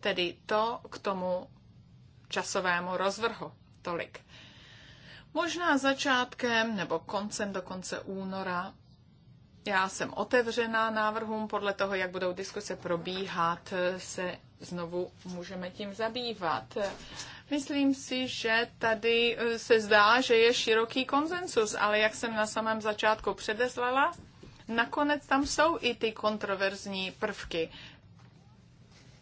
Tedy to k tomu časovému rozvrhu. Tolik. Možná začátkem nebo koncem do konce února já jsem otevřená návrhům, podle toho, jak budou diskuse probíhat, se znovu můžeme tím zabývat. Myslím si, že tady eh, se zdá, že je široký konsensus, ale jak jsem na samém začátku předeslala, nakonec tam jsou i ty kontroverzní prvky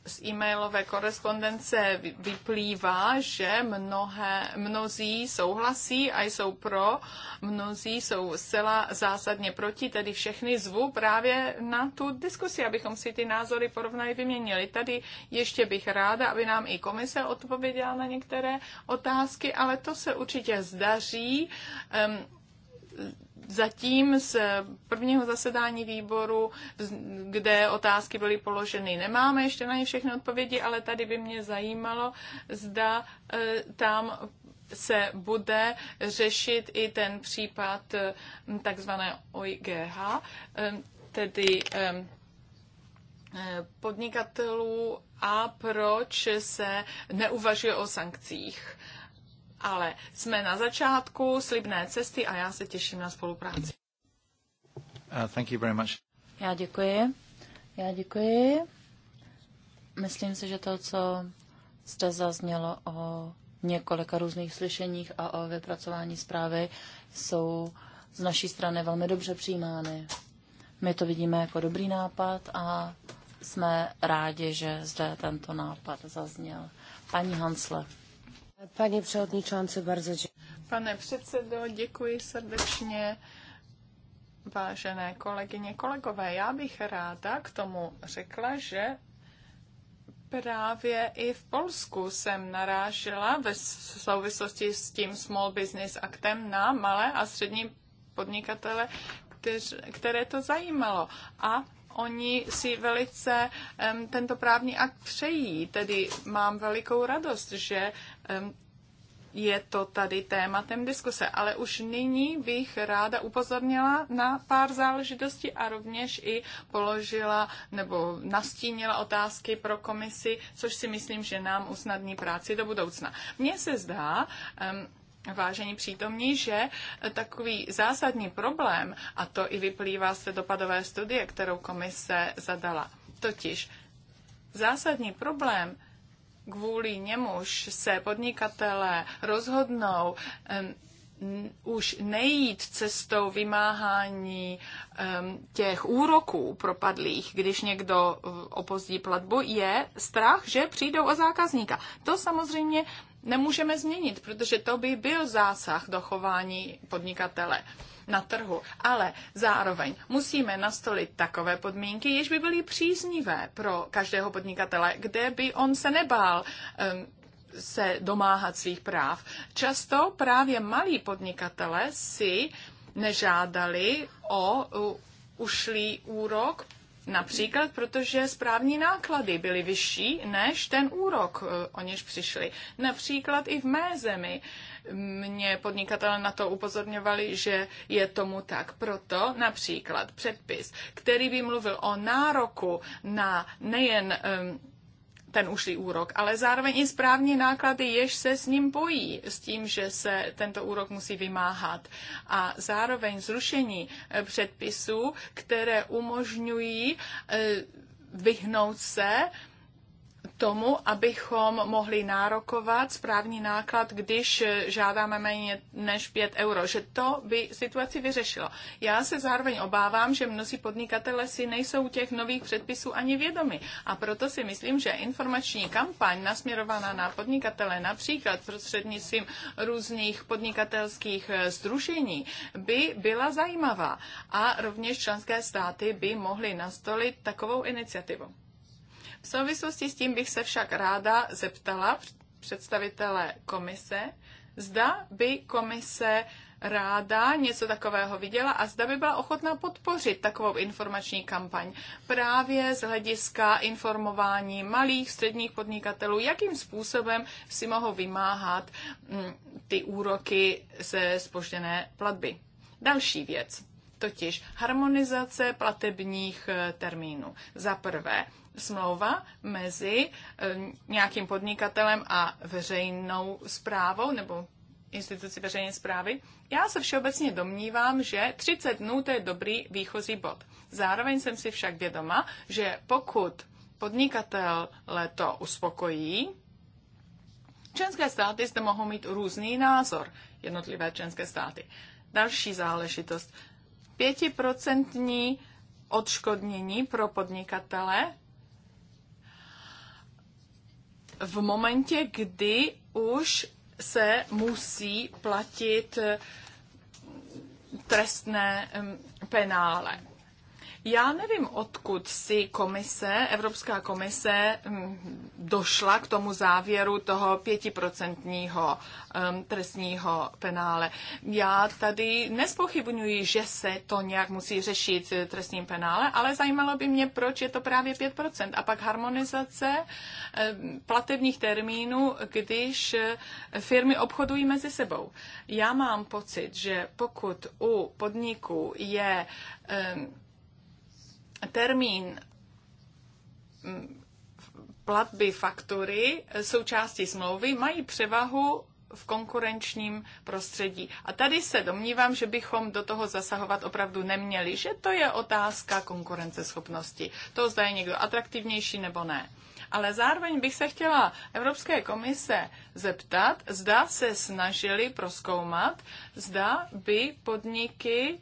z e-mailové korespondence vyplývá, že mnohé, mnozí souhlasí a jsou pro, mnozí jsou zcela zásadně proti, tedy všechny zvu právě na tu diskusi, abychom si ty názory porovnali vyměnili. Tady ještě bych ráda, aby nám i komise odpověděla na některé otázky, ale to se určitě zdaří. Um, zatím z prvního zasedání výboru, kde otázky byly položeny, nemáme ještě na ně všechny odpovědi, ale tady by mě zajímalo, zda e, tam se bude řešit i ten případ e, takzvané OIGH, e, tedy podnikatelů a proč se neuvažuje o sankcích ale jsme na začátku slibné cesty a já se těším na spolupráci. Uh, thank you very much. Já děkuji. Já děkuji. Myslím si, že to, co zde zaznělo o několika různých slyšeních a o vypracování zprávy, jsou z naší strany velmi dobře přijímány. My to vidíme jako dobrý nápad a jsme rádi, že zde tento nápad zazněl. Paní Hansle. Pane předsedající, bardzo děkuji. Pane předsedo, děkuji srdečně. Vážené kolegyně, kolegové, já bych ráda k tomu řekla, že Právě i v Polsku jsem narážela ve souvislosti s tím Small Business Actem na malé a střední podnikatele, které to zajímalo. A oni si velice um, tento právní akt přejí. Tedy mám velikou radost, že um, je to tady tématem diskuse, ale už nyní bych ráda upozornila na pár záležitostí a rovněž i položila nebo nastínila otázky pro komisi, což si myslím, že nám usnadní práci do budoucna. Mně se zdá, um, vážení přítomní, že takový zásadní problém, a to i vyplývá z té dopadové studie, kterou komise zadala, totiž zásadní problém, kvůli němuž se podnikatelé rozhodnou už nejít cestou vymáhání um, těch úroků propadlých, když někdo opozdí platbu, je strach, že přijdou o zákazníka. To samozřejmě nemůžeme změnit, protože to by byl zásah do chování podnikatele na trhu. Ale zároveň musíme nastolit takové podmínky, jež by byly příznivé pro každého podnikatele, kde by on se nebál um, se domáhat svých práv. Často právě malí podnikatele si nežádali o ušlý úrok Například, protože správní náklady byly vyšší než ten úrok, eh, o něž přišli. Například i v mé zemi mě podnikatelé na to upozorňovali, že je tomu tak. Proto například předpis, který by mluvil o nároku na nejen um, ten ušlý úrok, ale zároveň i správní náklady, jež se s ním pojí, s tím, že se tento úrok musí vymáhat. A zároveň zrušení eh, předpisů, které umožňují eh, vyhnout se tomu, abychom mohli nárokovat správní náklad, když žádáme méně než 5 euro, že to by situaci vyřešilo. Já se zároveň obávám, že mnozí podnikatele si nejsou těch nových předpisů ani vědomi a proto si myslím, že informační kampaň nasměrovaná na podnikatele, například prostřednictvím různých podnikatelských eh, združení, by byla zajímavá a rovněž členské státy by mohly nastolit takovou iniciativu. V souvislosti s tím bych se však ráda zeptala představitele komise, zda by komise ráda něco takového viděla a zda by byla ochotná podpořit takovou informační kampaň právě z hlediska informování malých, středních podnikatelů, jakým způsobem si mohou vymáhat mm, ty úroky ze spožděné platby. Další věc, totiž harmonizace platebních eh, termínů. Za prvé, smlouva mezi eh, nějakým podnikatelem a veřejnou zprávou nebo instituci veřejné zprávy. Já se všeobecně domnívám, že 30 dnů to je dobrý výchozí bod. Zároveň jsem si však vědoma, že pokud podnikatel to uspokojí, členské státy zde mohou mít různý názor, jednotlivé členské státy. Další záležitost. Pětiprocentní odškodnění pro podnikatele v momentě, kdy už se musí platit trestné penále. Já nevím, odkud si komise, Evropská komise mm, došla k tomu závěru toho pětiprocentního trestního penále. Já tady nespochybnuji, že se to nějak musí řešit eh, trestním penále, ale zajímalo by mě, proč je to právě 5%. A pak harmonizace platebních termínů, když eh, firmy obchodují mezi sebou. Já mám pocit, že pokud u podniků je termín mm, platby faktury eh, součástí smlouvy mají převahu v konkurenčním prostředí. A tady se domnívám, že bychom do toho zasahovat opravdu neměli, že to je otázka konkurenceschopnosti. To zda je někdo atraktivnější nebo ne. Ale zároveň bych se chtěla Evropské komise zeptat, zda se snažili proskoumat, zda by podniky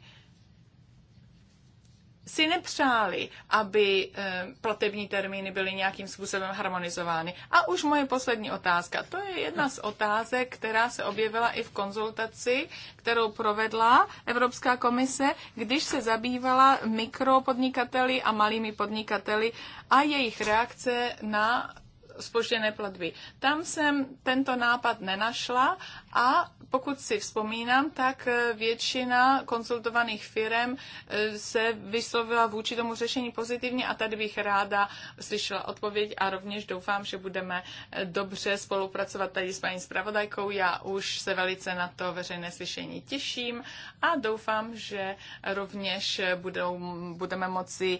si nepřáli, aby eh, platební termíny byly nějakým způsobem harmonizovány. A už moje poslední otázka. To je jedna z otázek, která se objevila i v konzultaci, kterou provedla Evropská komise, když se zabývala mikropodnikateli a malými podnikateli a jejich reakce na spožděné platby. Tam jsem tento nápad nenašla a pokud si vzpomínám, tak eh, většina konzultovaných firm eh, se vyslovila vůči tomu řešení pozitivně a tady bych ráda slyšela odpověď a rovněž doufám, že budeme eh, dobře spolupracovat tady s paní zpravodajkou. Já už se velice na to veřejné slyšení těším a doufám, že rovněž budou, budeme moci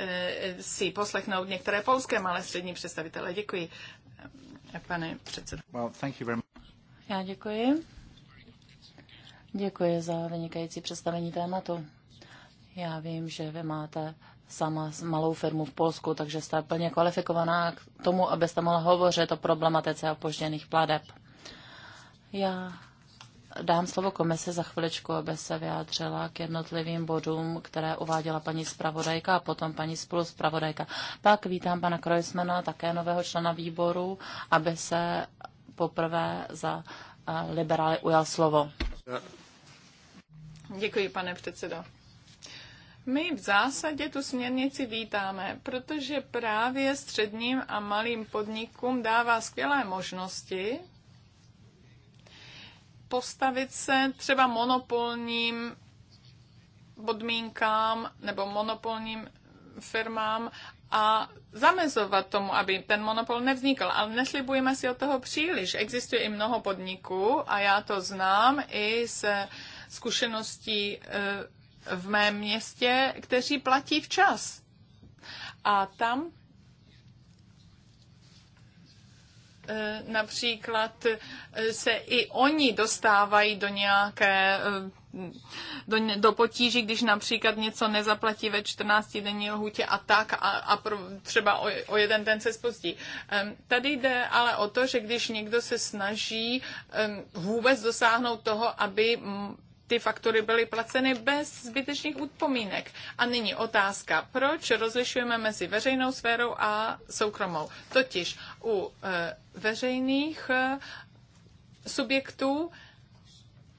Eh, si poslechnout některé polské malé střední představitele. Děkuji, eh, pane předsedo. Well, thank you very much. Já děkuji. Děkuji za vynikající představení tématu. Já vím, že vy máte sama malou firmu v Polsku, takže jste plně kvalifikovaná k tomu, abyste mohla hovořit o problematice opožděných pladeb. Já dám slovo komise za chviličku, aby se vyjádřila k jednotlivým bodům, které uváděla paní zpravodajka a potom paní spoluzpravodajka. Pak vítám pana Krojsmana, také nového člena výboru, aby se poprvé za liberály ujal slovo. Děkuji, pane předsedo. My v zásadě tu směrnici vítáme, protože právě středním a malým podnikům dává skvělé možnosti postavit se třeba monopolním podmínkám nebo monopolním firmám a zamezovat tomu, aby ten monopol nevznikl. Ale neslibujeme si od toho příliš. Existuje i mnoho podniků a já to znám i z zkušeností eh, v mém městě, kteří platí včas. A tam Eh, například eh, se i oni dostávají do nějaké eh, do, do potíží, když například něco nezaplatí ve 14 denní lhůtě a tak a, a pro, třeba o, o jeden den se spozdí. Um, tady jde ale o to, že když někdo se snaží um, vůbec dosáhnout toho, aby ty faktury byly placeny bez zbytečných odpomínek. A nyní otázka, proč rozlišujeme mezi veřejnou sférou a soukromou. Totiž u e, veřejných e, subjektů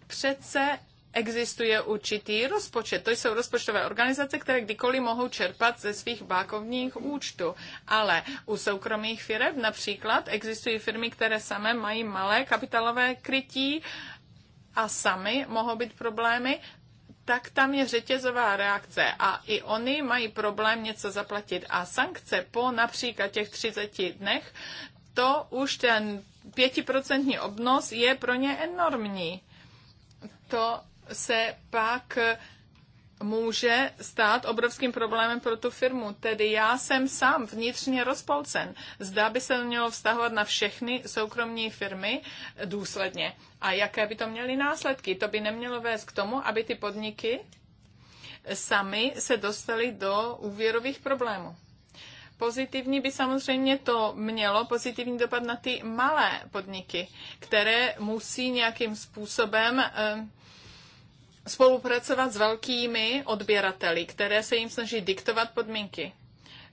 přece existuje určitý rozpočet. To jsou rozpočtové organizace, které kdykoliv mohou čerpat ze svých bankovních účtů. Ale u soukromých firm například existují firmy, které samé mají malé kapitalové krytí, a sami mohou být problémy, tak tam je řetězová reakce a i oni mají problém něco zaplatit. A sankce po například těch 30 dnech, to už ten pětiprocentní obnos je pro ně enormní. To se pak může stát obrovským problémem pro tu firmu. Tedy já jsem sám vnitřně rozpolcen. Zdá by se to mělo vztahovat na všechny soukromní firmy důsledně. A jaké by to měly následky? To by nemělo vést k tomu, aby ty podniky sami se dostali do úvěrových problémů. Pozitivní by samozřejmě to mělo pozitivní dopad na ty malé podniky, které musí nějakým způsobem eh, spolupracovat s velkými odběrateli, které se jim snaží diktovat podmínky.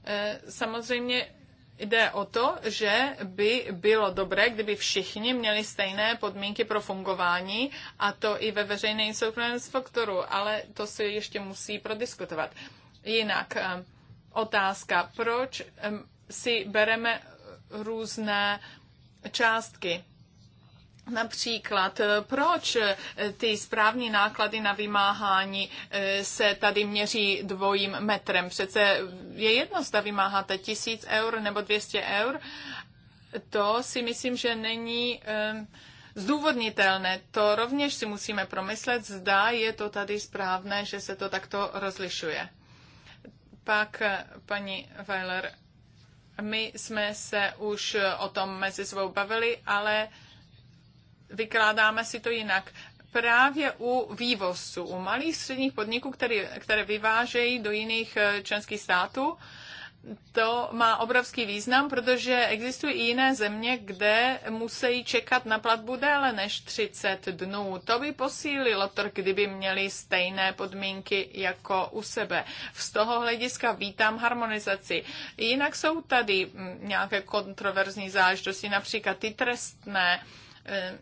E, samozřejmě jde o to, že by bylo dobré, kdyby všichni měli stejné podmínky pro fungování, a to i ve veřejné soukromém faktoru, ale to se ještě musí prodiskutovat. Jinak e, otázka, proč e, si bereme různé částky Například, eh, proč eh, ty správní náklady na vymáhání eh, se tady měří dvojím metrem? Přece je jedno, zda vymáháte tisíc eur nebo 200 eur. To si myslím, že není zdůvodnitelné. To rovněž si musíme promyslet, zda je to tady správné, že se to takto rozlišuje. Pak paní Weiler, my jsme se už o tom mezi sebou bavili, ale vykládáme si to jinak. Právě u vývozců, u malých středních podniků, které, které vyvážejí do jiných eh, členských států, to má obrovský význam, protože existují i jiné země, kde musí čekat na platbu déle než 30 dnů. To by posílilo trh, kdyby měli stejné podmínky jako u sebe. Z toho hlediska vítám harmonizaci. Jinak jsou tady mm, nějaké kontroverzní záležitosti, například ty trestné eh,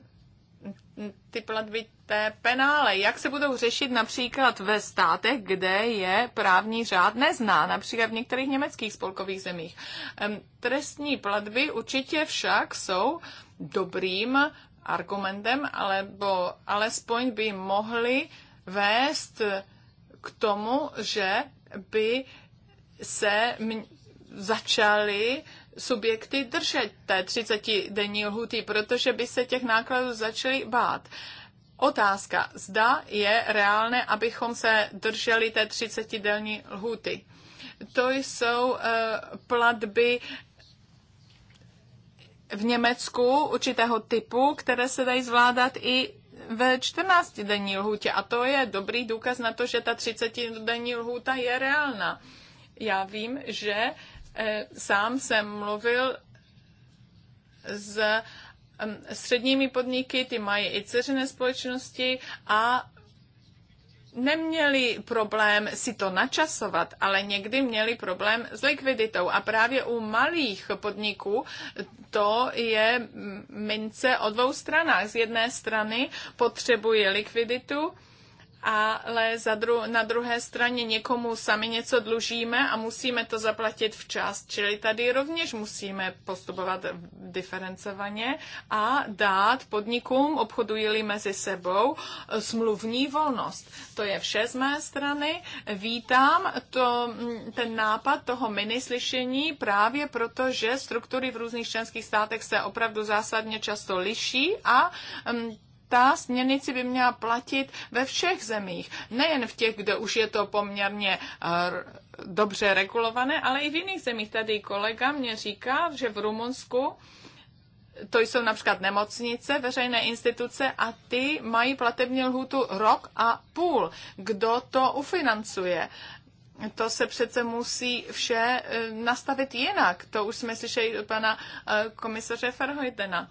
ty platby té penále, jak se budou řešit například ve státech, kde je právní řád nezná, například v některých německých spolkových zemích. Trestní platby určitě však jsou dobrým argumentem, alebo alespoň by mohly vést k tomu, že by se začaly subjekty držet té 30-denní lhuty, protože by se těch nákladů začaly bát. Otázka, zda je reálné, abychom se drželi té 30-denní lhuty. To jsou eh, platby v Německu určitého typu, které se dají zvládat i ve 14-denní lhůtě. A to je dobrý důkaz na to, že ta 30-denní lhůta je reálná. Já vím, že Eh, sám jsem mluvil s středními podniky, ty mají i dceřiné společnosti a neměli problém si to načasovat, ale někdy měli problém s likviditou. A právě u malých podniků to je mince o dvou stranách. Z jedné strany potřebuje likviditu, ale za dru- na druhé straně někomu sami něco dlužíme a musíme to zaplatit včas. Čili tady rovněž musíme postupovat diferencovaně a dát podnikům, obchodují mezi sebou, smluvní volnost. To je vše z mé strany. Vítám to, ten nápad toho minislyšení právě proto, že struktury v různých členských státech se opravdu zásadně často liší a mm, ta směrnice by měla platit ve všech zemích, nejen v těch, kde už je to poměrně eh, dobře regulované, ale i v jiných zemích. Tady kolega mě říká, že v Rumunsku to jsou například nemocnice, veřejné instituce a ty mají platební lhůtu rok a půl. Kdo to ufinancuje? To se přece musí vše eh, nastavit jinak. To už jsme slyšeli od pana eh, komisaře Ferhojtena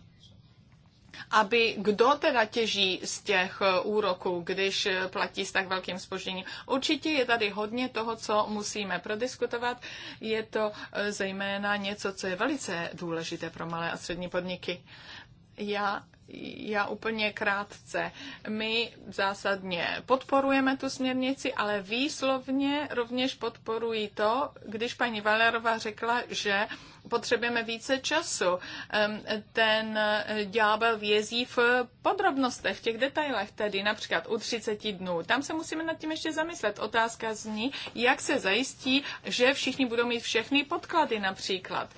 aby kdo teda těží z těch eh, úroků, když eh, platí s tak velkým spožděním. Určitě je tady hodně toho, co musíme prodiskutovat. Je to eh, zejména něco, co je velice důležité pro malé a střední podniky. Já já úplně krátce. My zásadně podporujeme tu směrnici, ale výslovně rovněž podporuji to, když paní Valerová řekla, že uh, potřebujeme více času. Ten eh, ďábel vězí v podrobnostech, v těch detailech, tedy například u 30 dnů. Tam se musíme nad tím ještě zamyslet. Otázka zní, jak se zajistí, že všichni budou mít všechny podklady například.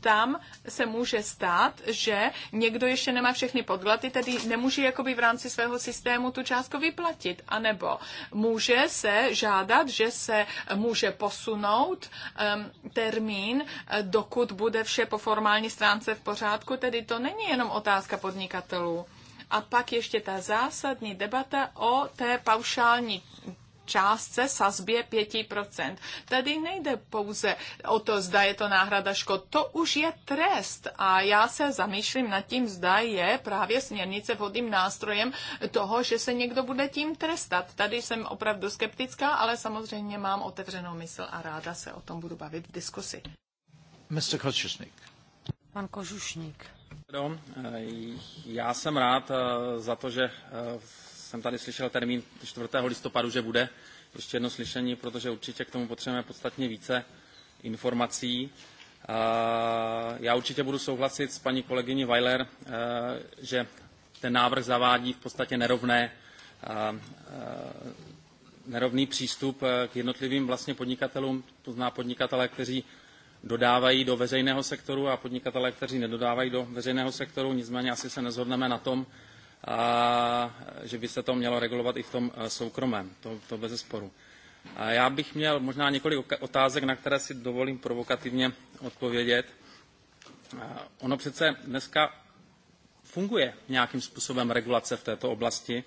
Tam se může stát, že někdo ještě nemá všechny podklady, tedy nemůže jakoby v rámci svého systému tu částku vyplatit, anebo může se žádat, že se může posunout um, termín, eh, dokud pokud bude vše po formální stránce v pořádku, tedy to není jenom otázka podnikatelů. A pak ještě ta zásadní debata o té paušální částce sazbě 5%. Tady nejde pouze o to, zda je to náhrada škod. To už je trest a já se zamýšlím nad tím, zda je právě směrnice vhodným nástrojem toho, že se někdo bude tím trestat. Tady jsem opravdu skeptická, ale samozřejmě mám otevřenou mysl a ráda se o tom budu bavit v diskusi. Pan Kožušník. Eh, já jsem rád eh, za to, že eh, jsem tady slyšel termín 4. listopadu, že bude ještě jedno slyšení, protože určitě k tomu potřebujeme podstatně více informací. Já určitě budu souhlasit s paní kolegyní Weiler, že ten návrh zavádí v podstatě nerovné, nerovný přístup k jednotlivým vlastně podnikatelům, to zná podnikatele, kteří dodávají do veřejného sektoru a podnikatelé, kteří nedodávají do veřejného sektoru. Nicméně asi se nezhodneme na tom, a, že by se to mělo regulovat i v tom e, soukromém. To, to bez sporu. A já bych měl možná několik otázek, na které si dovolím provokativně odpovědět. A ono přece dneska funguje nějakým způsobem regulace v této oblasti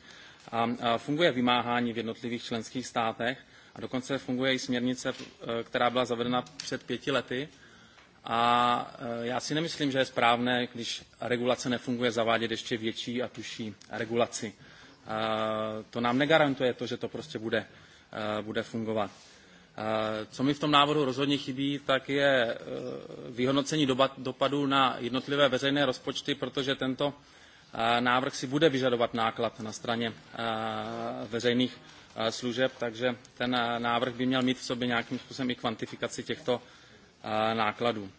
a, a funguje vymáhání v jednotlivých členských státech a dokonce funguje i směrnice, eh, která byla zavedena před pěti lety. A eh, já si nemyslím, že je správné, když regulace nefunguje, zavádět ještě větší a tuší regulaci. Eh, to nám negarantuje to, že to prostě bude, bude fungovat. Co mi v tom návrhu rozhodně chybí, tak je vyhodnocení dopadu na jednotlivé veřejné rozpočty, protože tento návrh si bude vyžadovat náklad na straně veřejných Eh, služeb, takže ten eh, návrh by měl mít v sobě nějakým způsobem i kvantifikaci těchto eh, nákladů.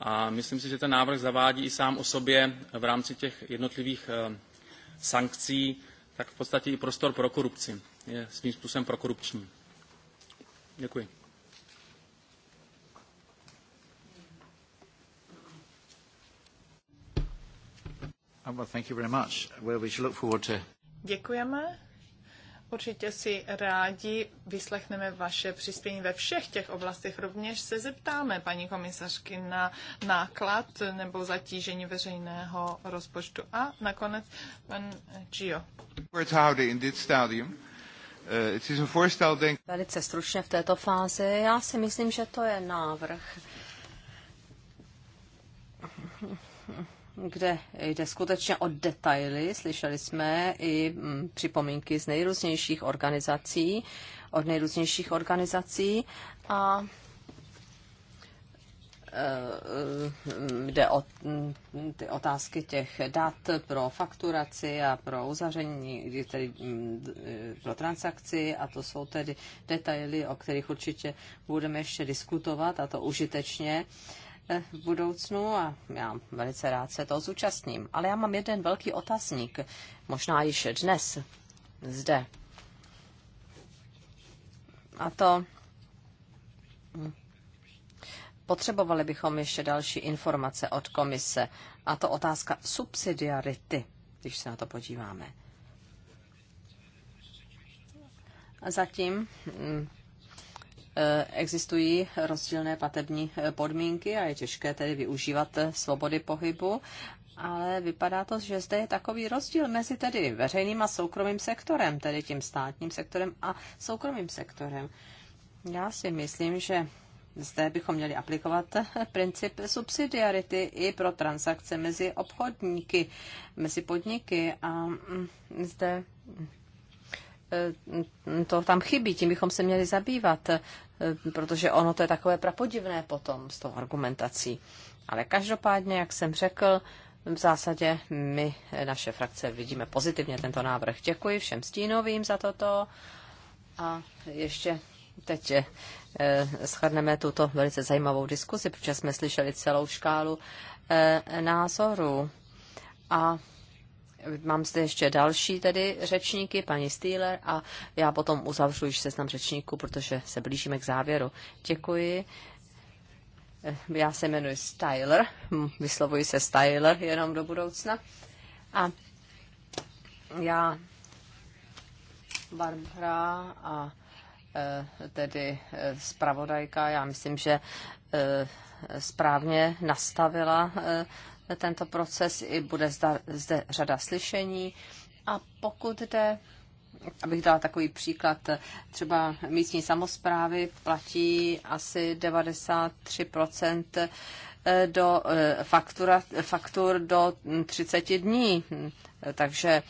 A myslím si, že ten návrh zavádí i sám o sobě v rámci těch jednotlivých sankcí, tak v podstatě i prostor pro korupci. Je svým způsobem prokorupční. Děkuji. Děkujeme. Určitě si rádi vyslechneme vaše přispění ve všech těch oblastech. Rovněž se zeptáme, paní komisařky, na náklad nebo zatížení veřejného rozpočtu. A nakonec pan Gio. Eh, Velice stručně v této fázi. Já si myslím, že to je návrh, kde jde skutečně o detaily. Slyšeli jsme i mm, připomínky z nejrůznějších organizací, od nejrůznějších organizací a eh, mm, jde o mm, ty otázky těch dat pro fakturaci a pro uzavření, tedy pro transakci a to jsou tedy detaily, o kterých určitě budeme ještě diskutovat a to užitečně Eh, v budoucnu a já velice rád se toho zúčastním. Ale já mám jeden velký otazník, možná již dnes, zde. A to potřebovali bychom ještě další informace od komise. A to otázka subsidiarity, když se na to podíváme. A zatím mm, Eh, existují rozdílné platební eh, podmínky a je těžké tedy využívat eh, svobody pohybu. Ale vypadá to, že zde je takový rozdíl mezi tedy veřejným a soukromým sektorem, tedy tím státním sektorem a soukromým sektorem. Já si myslím, že zde bychom měli aplikovat princip subsidiarity i pro transakce mezi obchodníky, mezi podniky a mm, zde Eh, to tam chybí, tím bychom se měli zabývat, eh, protože ono to je takové prapodivné potom s tou argumentací. Ale každopádně, jak jsem řekl, v zásadě my, eh, naše frakce, vidíme pozitivně tento návrh. Děkuji všem stínovým za toto a ještě teď schrneme tuto velice zajímavou diskusi, protože jsme slyšeli celou škálu názorů. A Mám zde ještě další tedy řečníky, paní Steeler, a já potom uzavřu již seznam řečníků, protože se blížíme k závěru. Děkuji. Eh, já se jmenuji Styler, hm, vyslovuji se Styler jenom do budoucna. A já, Barbara a eh, tedy eh, zpravodajka, já myslím, že správně nastavila tento proces, i bude zda, zde řada slyšení. A pokud jde, abych dala takový příklad, třeba místní samozprávy platí asi 93% eh, do eh, faktura, faktur do 30 dní. Takže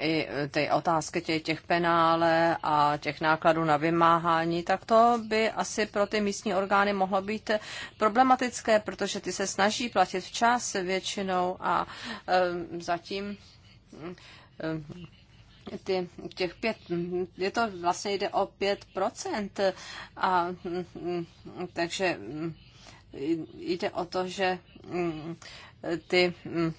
i ty otázky těch, těch penále a těch nákladů na vymáhání, tak to by asi pro ty místní orgány mohlo být problematické, protože ty se snaží platit včas většinou a um, zatím um, ty, těch pět, je to vlastně jde o pět procent a takže jde o to, že mm, ty mm,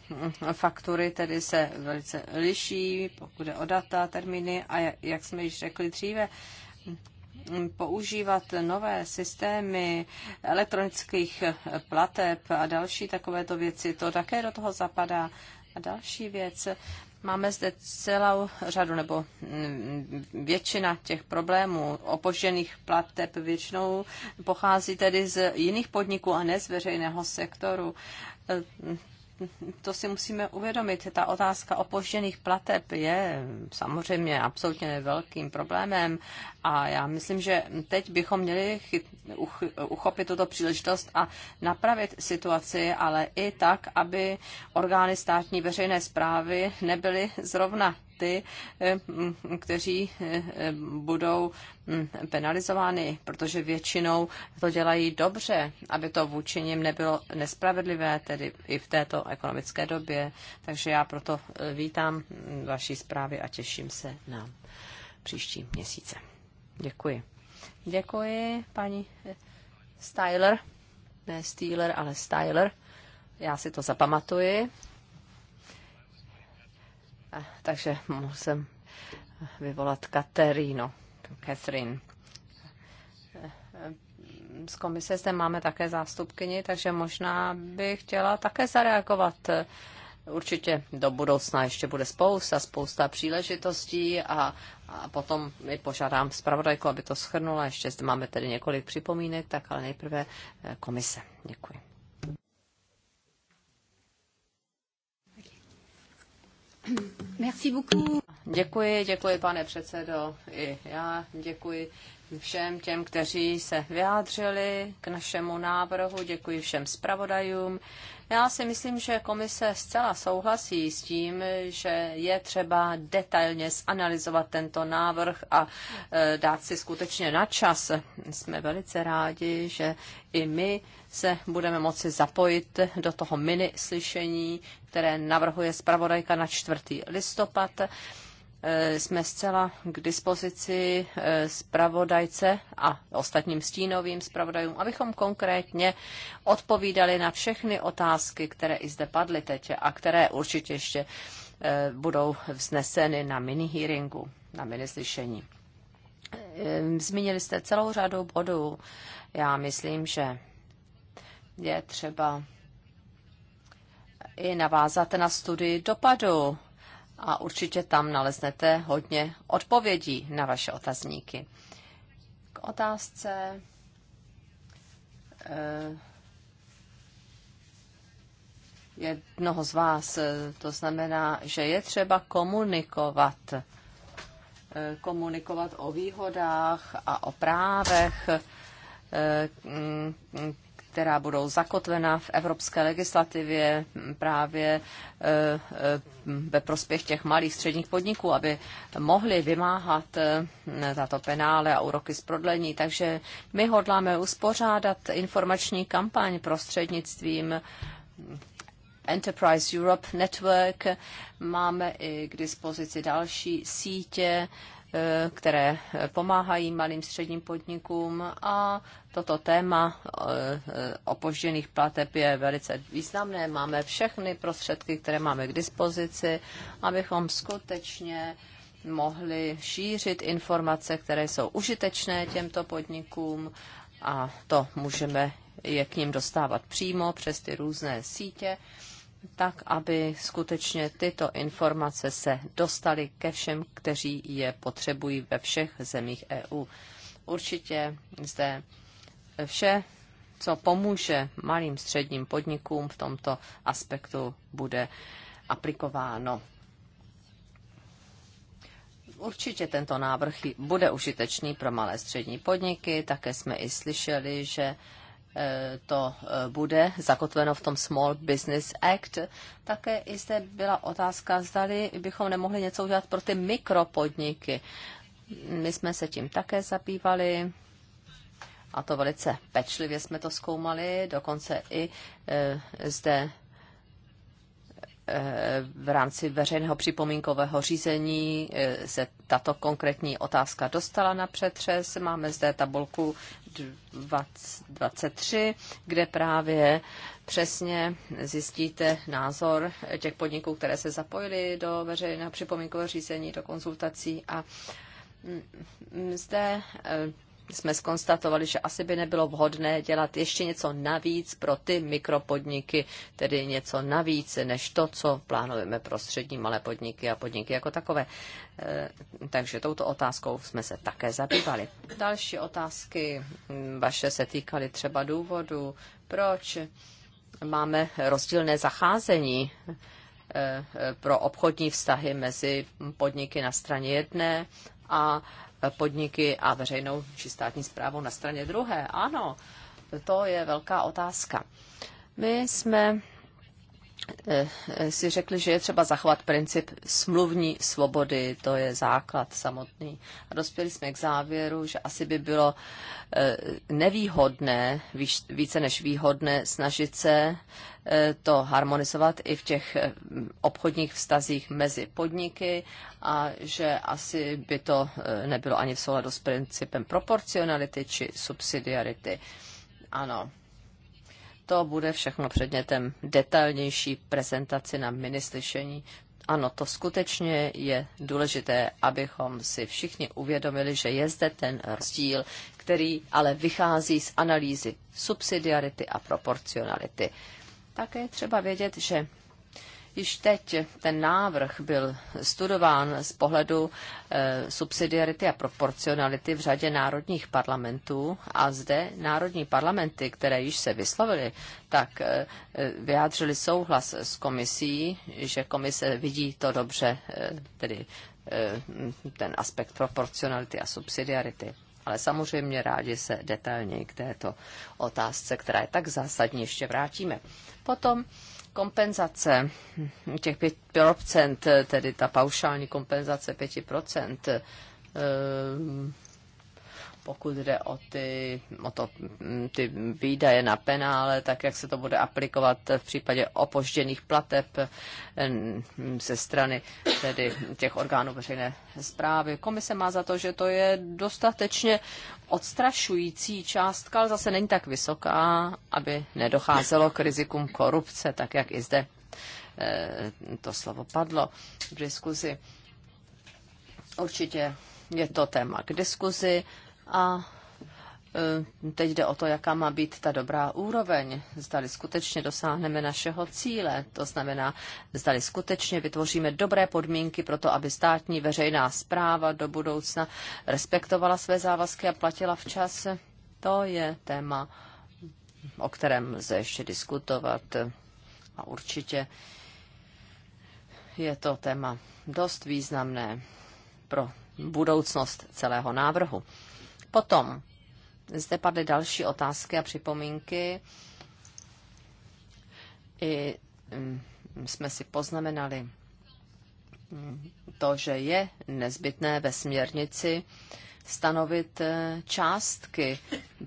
faktury tedy se velice liší, pokud je o data, termíny a jak jsme již řekli dříve, používat nové systémy elektronických plateb a další takovéto věci, to také do toho zapadá. A další věc, Máme zde celou řadu nebo mm, většina těch problémů opožděných plateb většinou pochází tedy z jiných podniků a ne z veřejného sektoru to si musíme uvědomit. Ta otázka opožděných plateb je samozřejmě absolutně velkým problémem a já myslím, že teď bychom měli chyt, uch, uchopit tuto příležitost a napravit situaci, ale i tak, aby orgány státní veřejné zprávy nebyly zrovna ty, eh, kteří eh, budou hm, penalizovány, protože většinou to dělají dobře, aby to vůči nim nebylo nespravedlivé, tedy i v této ekonomické době. Takže já proto eh, vítám hm, vaší zprávy a těším se na příští měsíce. Děkuji. Děkuji, paní Styler. Ne Styler, ale Styler. Já si to zapamatuji takže musím vyvolat Katerino, Catherine. Z komise zde máme také zástupkyni, takže možná bych chtěla také zareagovat. Určitě do budoucna ještě bude spousta, spousta příležitostí a, a potom mi požádám zpravodajku, aby to schrnula. Ještě zde máme tedy několik připomínek, tak ale nejprve eh, komise. Děkuji. Děkuji, děkuji pane předsedo. I já děkuji všem těm, kteří se vyjádřili k našemu návrhu. Děkuji všem zpravodajům. Já si myslím, že komise zcela souhlasí s tím, že je třeba detailně zanalizovat tento návrh a e, dát si skutečně na čas. Jsme velice rádi, že i my se budeme moci zapojit do toho mini slyšení, které navrhuje zpravodajka na 4. listopad Eh, jsme zcela k dispozici eh, zpravodajce a ostatním stínovým zpravodajům, abychom konkrétně odpovídali na všechny otázky, které i zde padly teď a které určitě ještě eh, budou vzneseny na mini-hearingu, na mini-slyšení. Zmínili jste celou řadu bodů. Já myslím, že je třeba i navázat na studii dopadu a určitě tam naleznete hodně odpovědí na vaše otazníky. K otázce eh, jednoho z vás, eh, to znamená, že je třeba komunikovat eh, komunikovat o výhodách a o právech mm, která budou zakotvena v evropské legislativě právě e, e, ve prospěch těch malých středních podniků, aby mohli vymáhat e, tato penále a úroky z prodlení. Takže my hodláme uspořádat informační kampaň prostřednictvím Enterprise Europe Network. Máme i k dispozici další sítě které pomáhají malým středním podnikům a toto téma eh, opožděných plateb je velice významné. Máme všechny prostředky, které máme k dispozici, abychom skutečně mohli šířit informace, které jsou užitečné těmto podnikům a to můžeme je k ním dostávat přímo přes ty různé sítě tak aby skutečně tyto informace se dostaly ke všem, kteří je potřebují ve všech zemích EU. Určitě zde vše, co pomůže malým středním podnikům v tomto aspektu, bude aplikováno. Určitě tento návrh bude užitečný pro malé střední podniky. Také jsme i slyšeli, že to e, bude zakotveno v tom Small Business Act. Také i zde byla otázka, zdali bychom nemohli něco udělat pro ty mikropodniky. My jsme se tím také zabývali a to velice pečlivě jsme to zkoumali, dokonce i e, zde v rámci veřejného připomínkového řízení eh, se tato konkrétní otázka dostala na přetřes. Máme zde tabulku 23, kde právě přesně zjistíte názor těch podniků, které se zapojily do veřejného připomínkového řízení, do konzultací a mm, zde eh, jsme skonstatovali, že asi by nebylo vhodné dělat ještě něco navíc pro ty mikropodniky, tedy něco navíc než to, co plánujeme pro střední malé podniky a podniky jako takové. Eh, takže touto otázkou jsme se také zabývali. Další otázky hm, vaše se týkaly třeba důvodu, proč máme rozdílné zacházení eh, eh, pro obchodní vztahy mezi podniky na straně jedné a podniky a veřejnou či státní zprávu na straně druhé. Ano, to je velká otázka. My jsme Eh, si řekli, že je třeba zachovat princip smluvní svobody, to je základ samotný. A dospěli jsme k závěru, že asi by bylo eh, nevýhodné, více než výhodné, snažit se eh, to harmonizovat i v těch obchodních vztazích mezi podniky a že asi by to nebylo ani v souladu s principem proporcionality či subsidiarity. Ano to bude všechno předmětem detailnější prezentaci na minislyšení. Ano, to skutečně je důležité, abychom si všichni uvědomili, že je zde ten rozdíl, který ale vychází z analýzy subsidiarity a proporcionality. Také třeba vědět, že Již teď ten návrh byl studován z pohledu e, subsidiarity a proporcionality v řadě národních parlamentů a zde národní parlamenty, které již se vyslovily, tak e, vyjádřili souhlas s komisí, že komise vidí to dobře, e, tedy e, ten aspekt proporcionality a subsidiarity ale samozřejmě rádi se detailně k této otázce, která je tak zásadní, ještě vrátíme. Potom kompenzace těch 5%, tedy ta paušální kompenzace 5%, pokud jde o, ty, o to, mm, ty výdaje na penále, tak jak se to bude aplikovat v případě opožděných plateb mm, ze strany tedy těch orgánů veřejné zprávy. Komise má za to, že to je dostatečně odstrašující částka, ale zase není tak vysoká, aby nedocházelo k rizikům korupce, tak jak i zde eh, to slovo padlo v diskuzi. Určitě je to téma k diskuzi a e, Teď jde o to, jaká má být ta dobrá úroveň. Zdali skutečně dosáhneme našeho cíle, to znamená, zdali skutečně vytvoříme dobré podmínky pro to, aby státní veřejná zpráva do budoucna respektovala své závazky a platila včas. To je téma, o kterém lze ještě diskutovat a určitě je to téma dost významné pro budoucnost celého návrhu. Potom zde padly další otázky a připomínky. I mm, jsme si poznamenali mm, to, že je nezbytné ve směrnici stanovit eh, částky,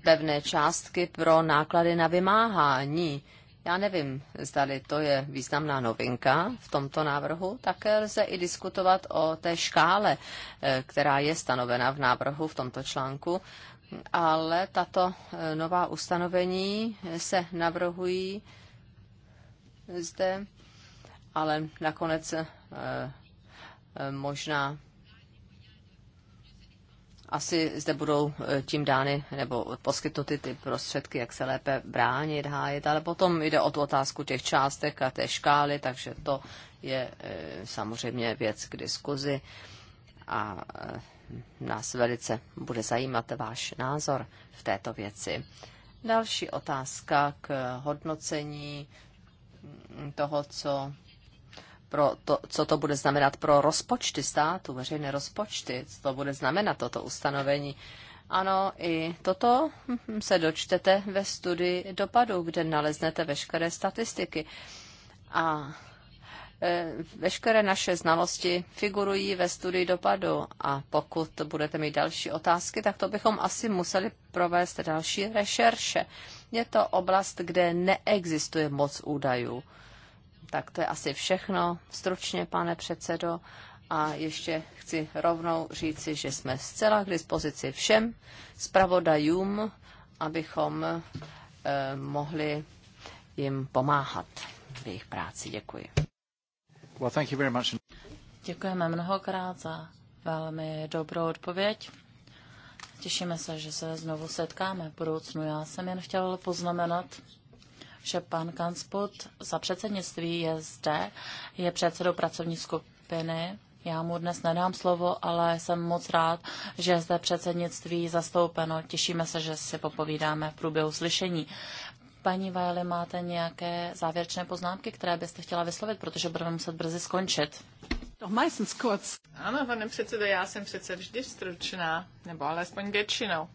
pevné částky pro náklady na vymáhání já nevím, zdali to je významná novinka v tomto návrhu, také lze i diskutovat o té škále, eh, která je stanovena v návrhu v tomto článku, ale tato eh, nová ustanovení eh, se navrhují zde, ale nakonec možná asi zde budou e, tím dány nebo poskytnuty ty prostředky, jak se lépe bránit, hájit, ale potom jde o tu otázku těch částek a té škály, takže to je e, samozřejmě věc k diskuzi a e, nás velice bude zajímat váš názor v této věci. Další otázka k hodnocení toho, co pro to, co to bude znamenat pro rozpočty státu, veřejné rozpočty, co to bude znamenat toto ustanovení. Ano, i toto hm, hm, se dočtete ve studii dopadu, kde naleznete veškeré statistiky. A e, veškeré naše znalosti figurují ve studii dopadu a pokud budete mít další otázky, tak to bychom asi museli provést další rešerše. Je to oblast, kde neexistuje moc údajů. Tak to je asi všechno. Stručně, pane předsedo. A ještě chci rovnou říci, že jsme zcela k dispozici všem zpravodajům, abychom eh, mohli jim pomáhat v jejich práci. Děkuji. Well, thank you very much. Děkujeme mnohokrát za velmi dobrou odpověď. Těšíme se, že se znovu setkáme v budoucnu. Já jsem jen chtěl poznamenat, že pan Kanspot za předsednictví je zde, je předsedou pracovní skupiny. Já mu dnes nedám slovo, ale jsem moc rád, že je zde předsednictví zastoupeno. Těšíme se, že si popovídáme v průběhu slyšení. Paní Vajeli, máte nějaké závěrečné poznámky, které byste chtěla vyslovit, protože budeme muset brzy skončit. Ano, pane předsedo, já jsem přece vždy stručná, nebo alespoň většinou.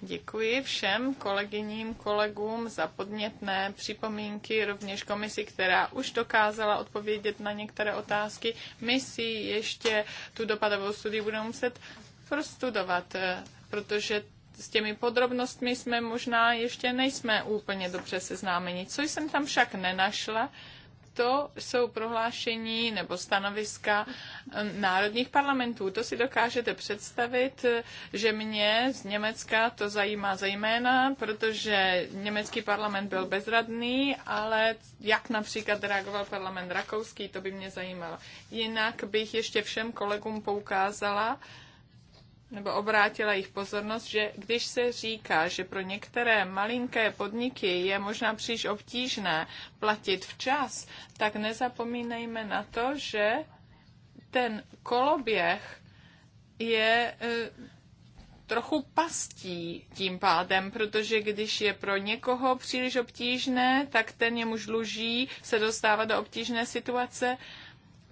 Děkuji všem kolegyním, kolegům za podnětné připomínky, rovněž komisi, která už dokázala odpovědět na některé otázky. My si ještě tu dopadovou studii budeme muset prostudovat, eh, protože s těmi podrobnostmi jsme možná ještě nejsme úplně dobře seznámeni. Co jsem tam však nenašla, to jsou prohlášení nebo stanoviska eh, národních parlamentů. To si dokážete představit, eh, že mě z Německa to zajímá zejména, protože německý parlament byl bezradný, ale jak například reagoval parlament rakouský, to by mě zajímalo. Jinak bych ještě všem kolegům poukázala, nebo obrátila jich pozornost, že když se říká, že pro některé malinké podniky je možná příliš obtížné platit včas, tak nezapomínejme na to, že ten koloběh je e, trochu pastí tím pádem, protože když je pro někoho příliš obtížné, tak ten jemuž dluží se dostává do obtížné situace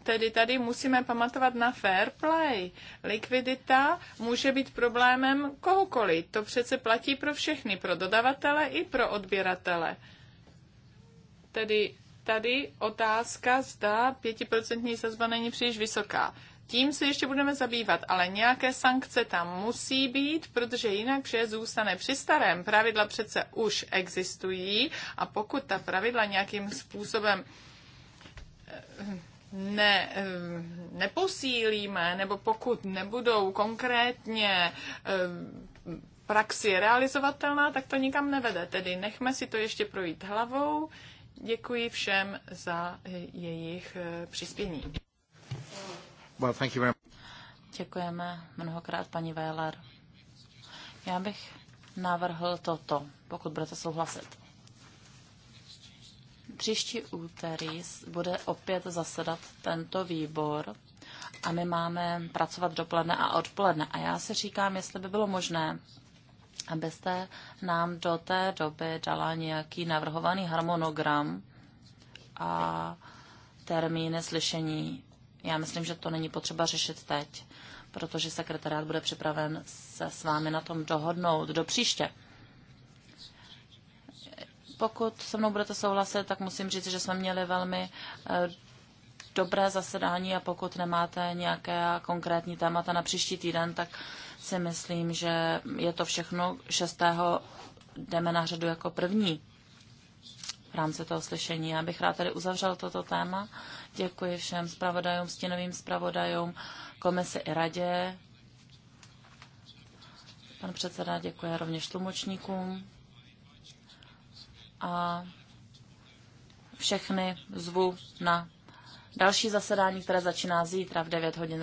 Tedy tady musíme pamatovat na fair play. Likvidita může být problémem kohokoliv. To přece platí pro všechny, pro dodavatele i pro odběratele. Tedy tady otázka, zda pětiprocentní sazba není příliš vysoká. Tím se ještě budeme zabývat, ale nějaké sankce tam musí být, protože jinak vše zůstane při starém. Pravidla přece už existují a pokud ta pravidla nějakým způsobem eh, ne, eh, neposílíme, nebo pokud nebudou konkrétně eh, praxi realizovatelná, tak to nikam nevede. Tedy nechme si to ještě projít hlavou. Děkuji všem za eh, jejich přispění. Well, thank you very much. Děkujeme mnohokrát, paní Véler. Já bych navrhl toto, pokud budete souhlasit. Příští úterý bude opět zasedat tento výbor a my máme pracovat dopoledne a odpoledne. A já si říkám, jestli by bylo možné, abyste nám do té doby dala nějaký navrhovaný harmonogram a termíny slyšení. Já myslím, že to není potřeba řešit teď, protože sekretariát bude připraven se s vámi na tom dohodnout do příště. Pokud se mnou budete souhlasit, tak musím říct, že jsme měli velmi eh, dobré zasedání a pokud nemáte nějaké konkrétní témata na příští týden, tak si myslím, že je to všechno. 6. jdeme na řadu jako první v rámci toho slyšení. Já bych rád tady uzavřel toto téma. Děkuji všem zpravodajům, stínovým zpravodajům, komisi i radě. Pan předseda děkuje rovněž tlumočníkům a všechny zvu na další zasedání, které začíná zítra v 9 hodin ráno.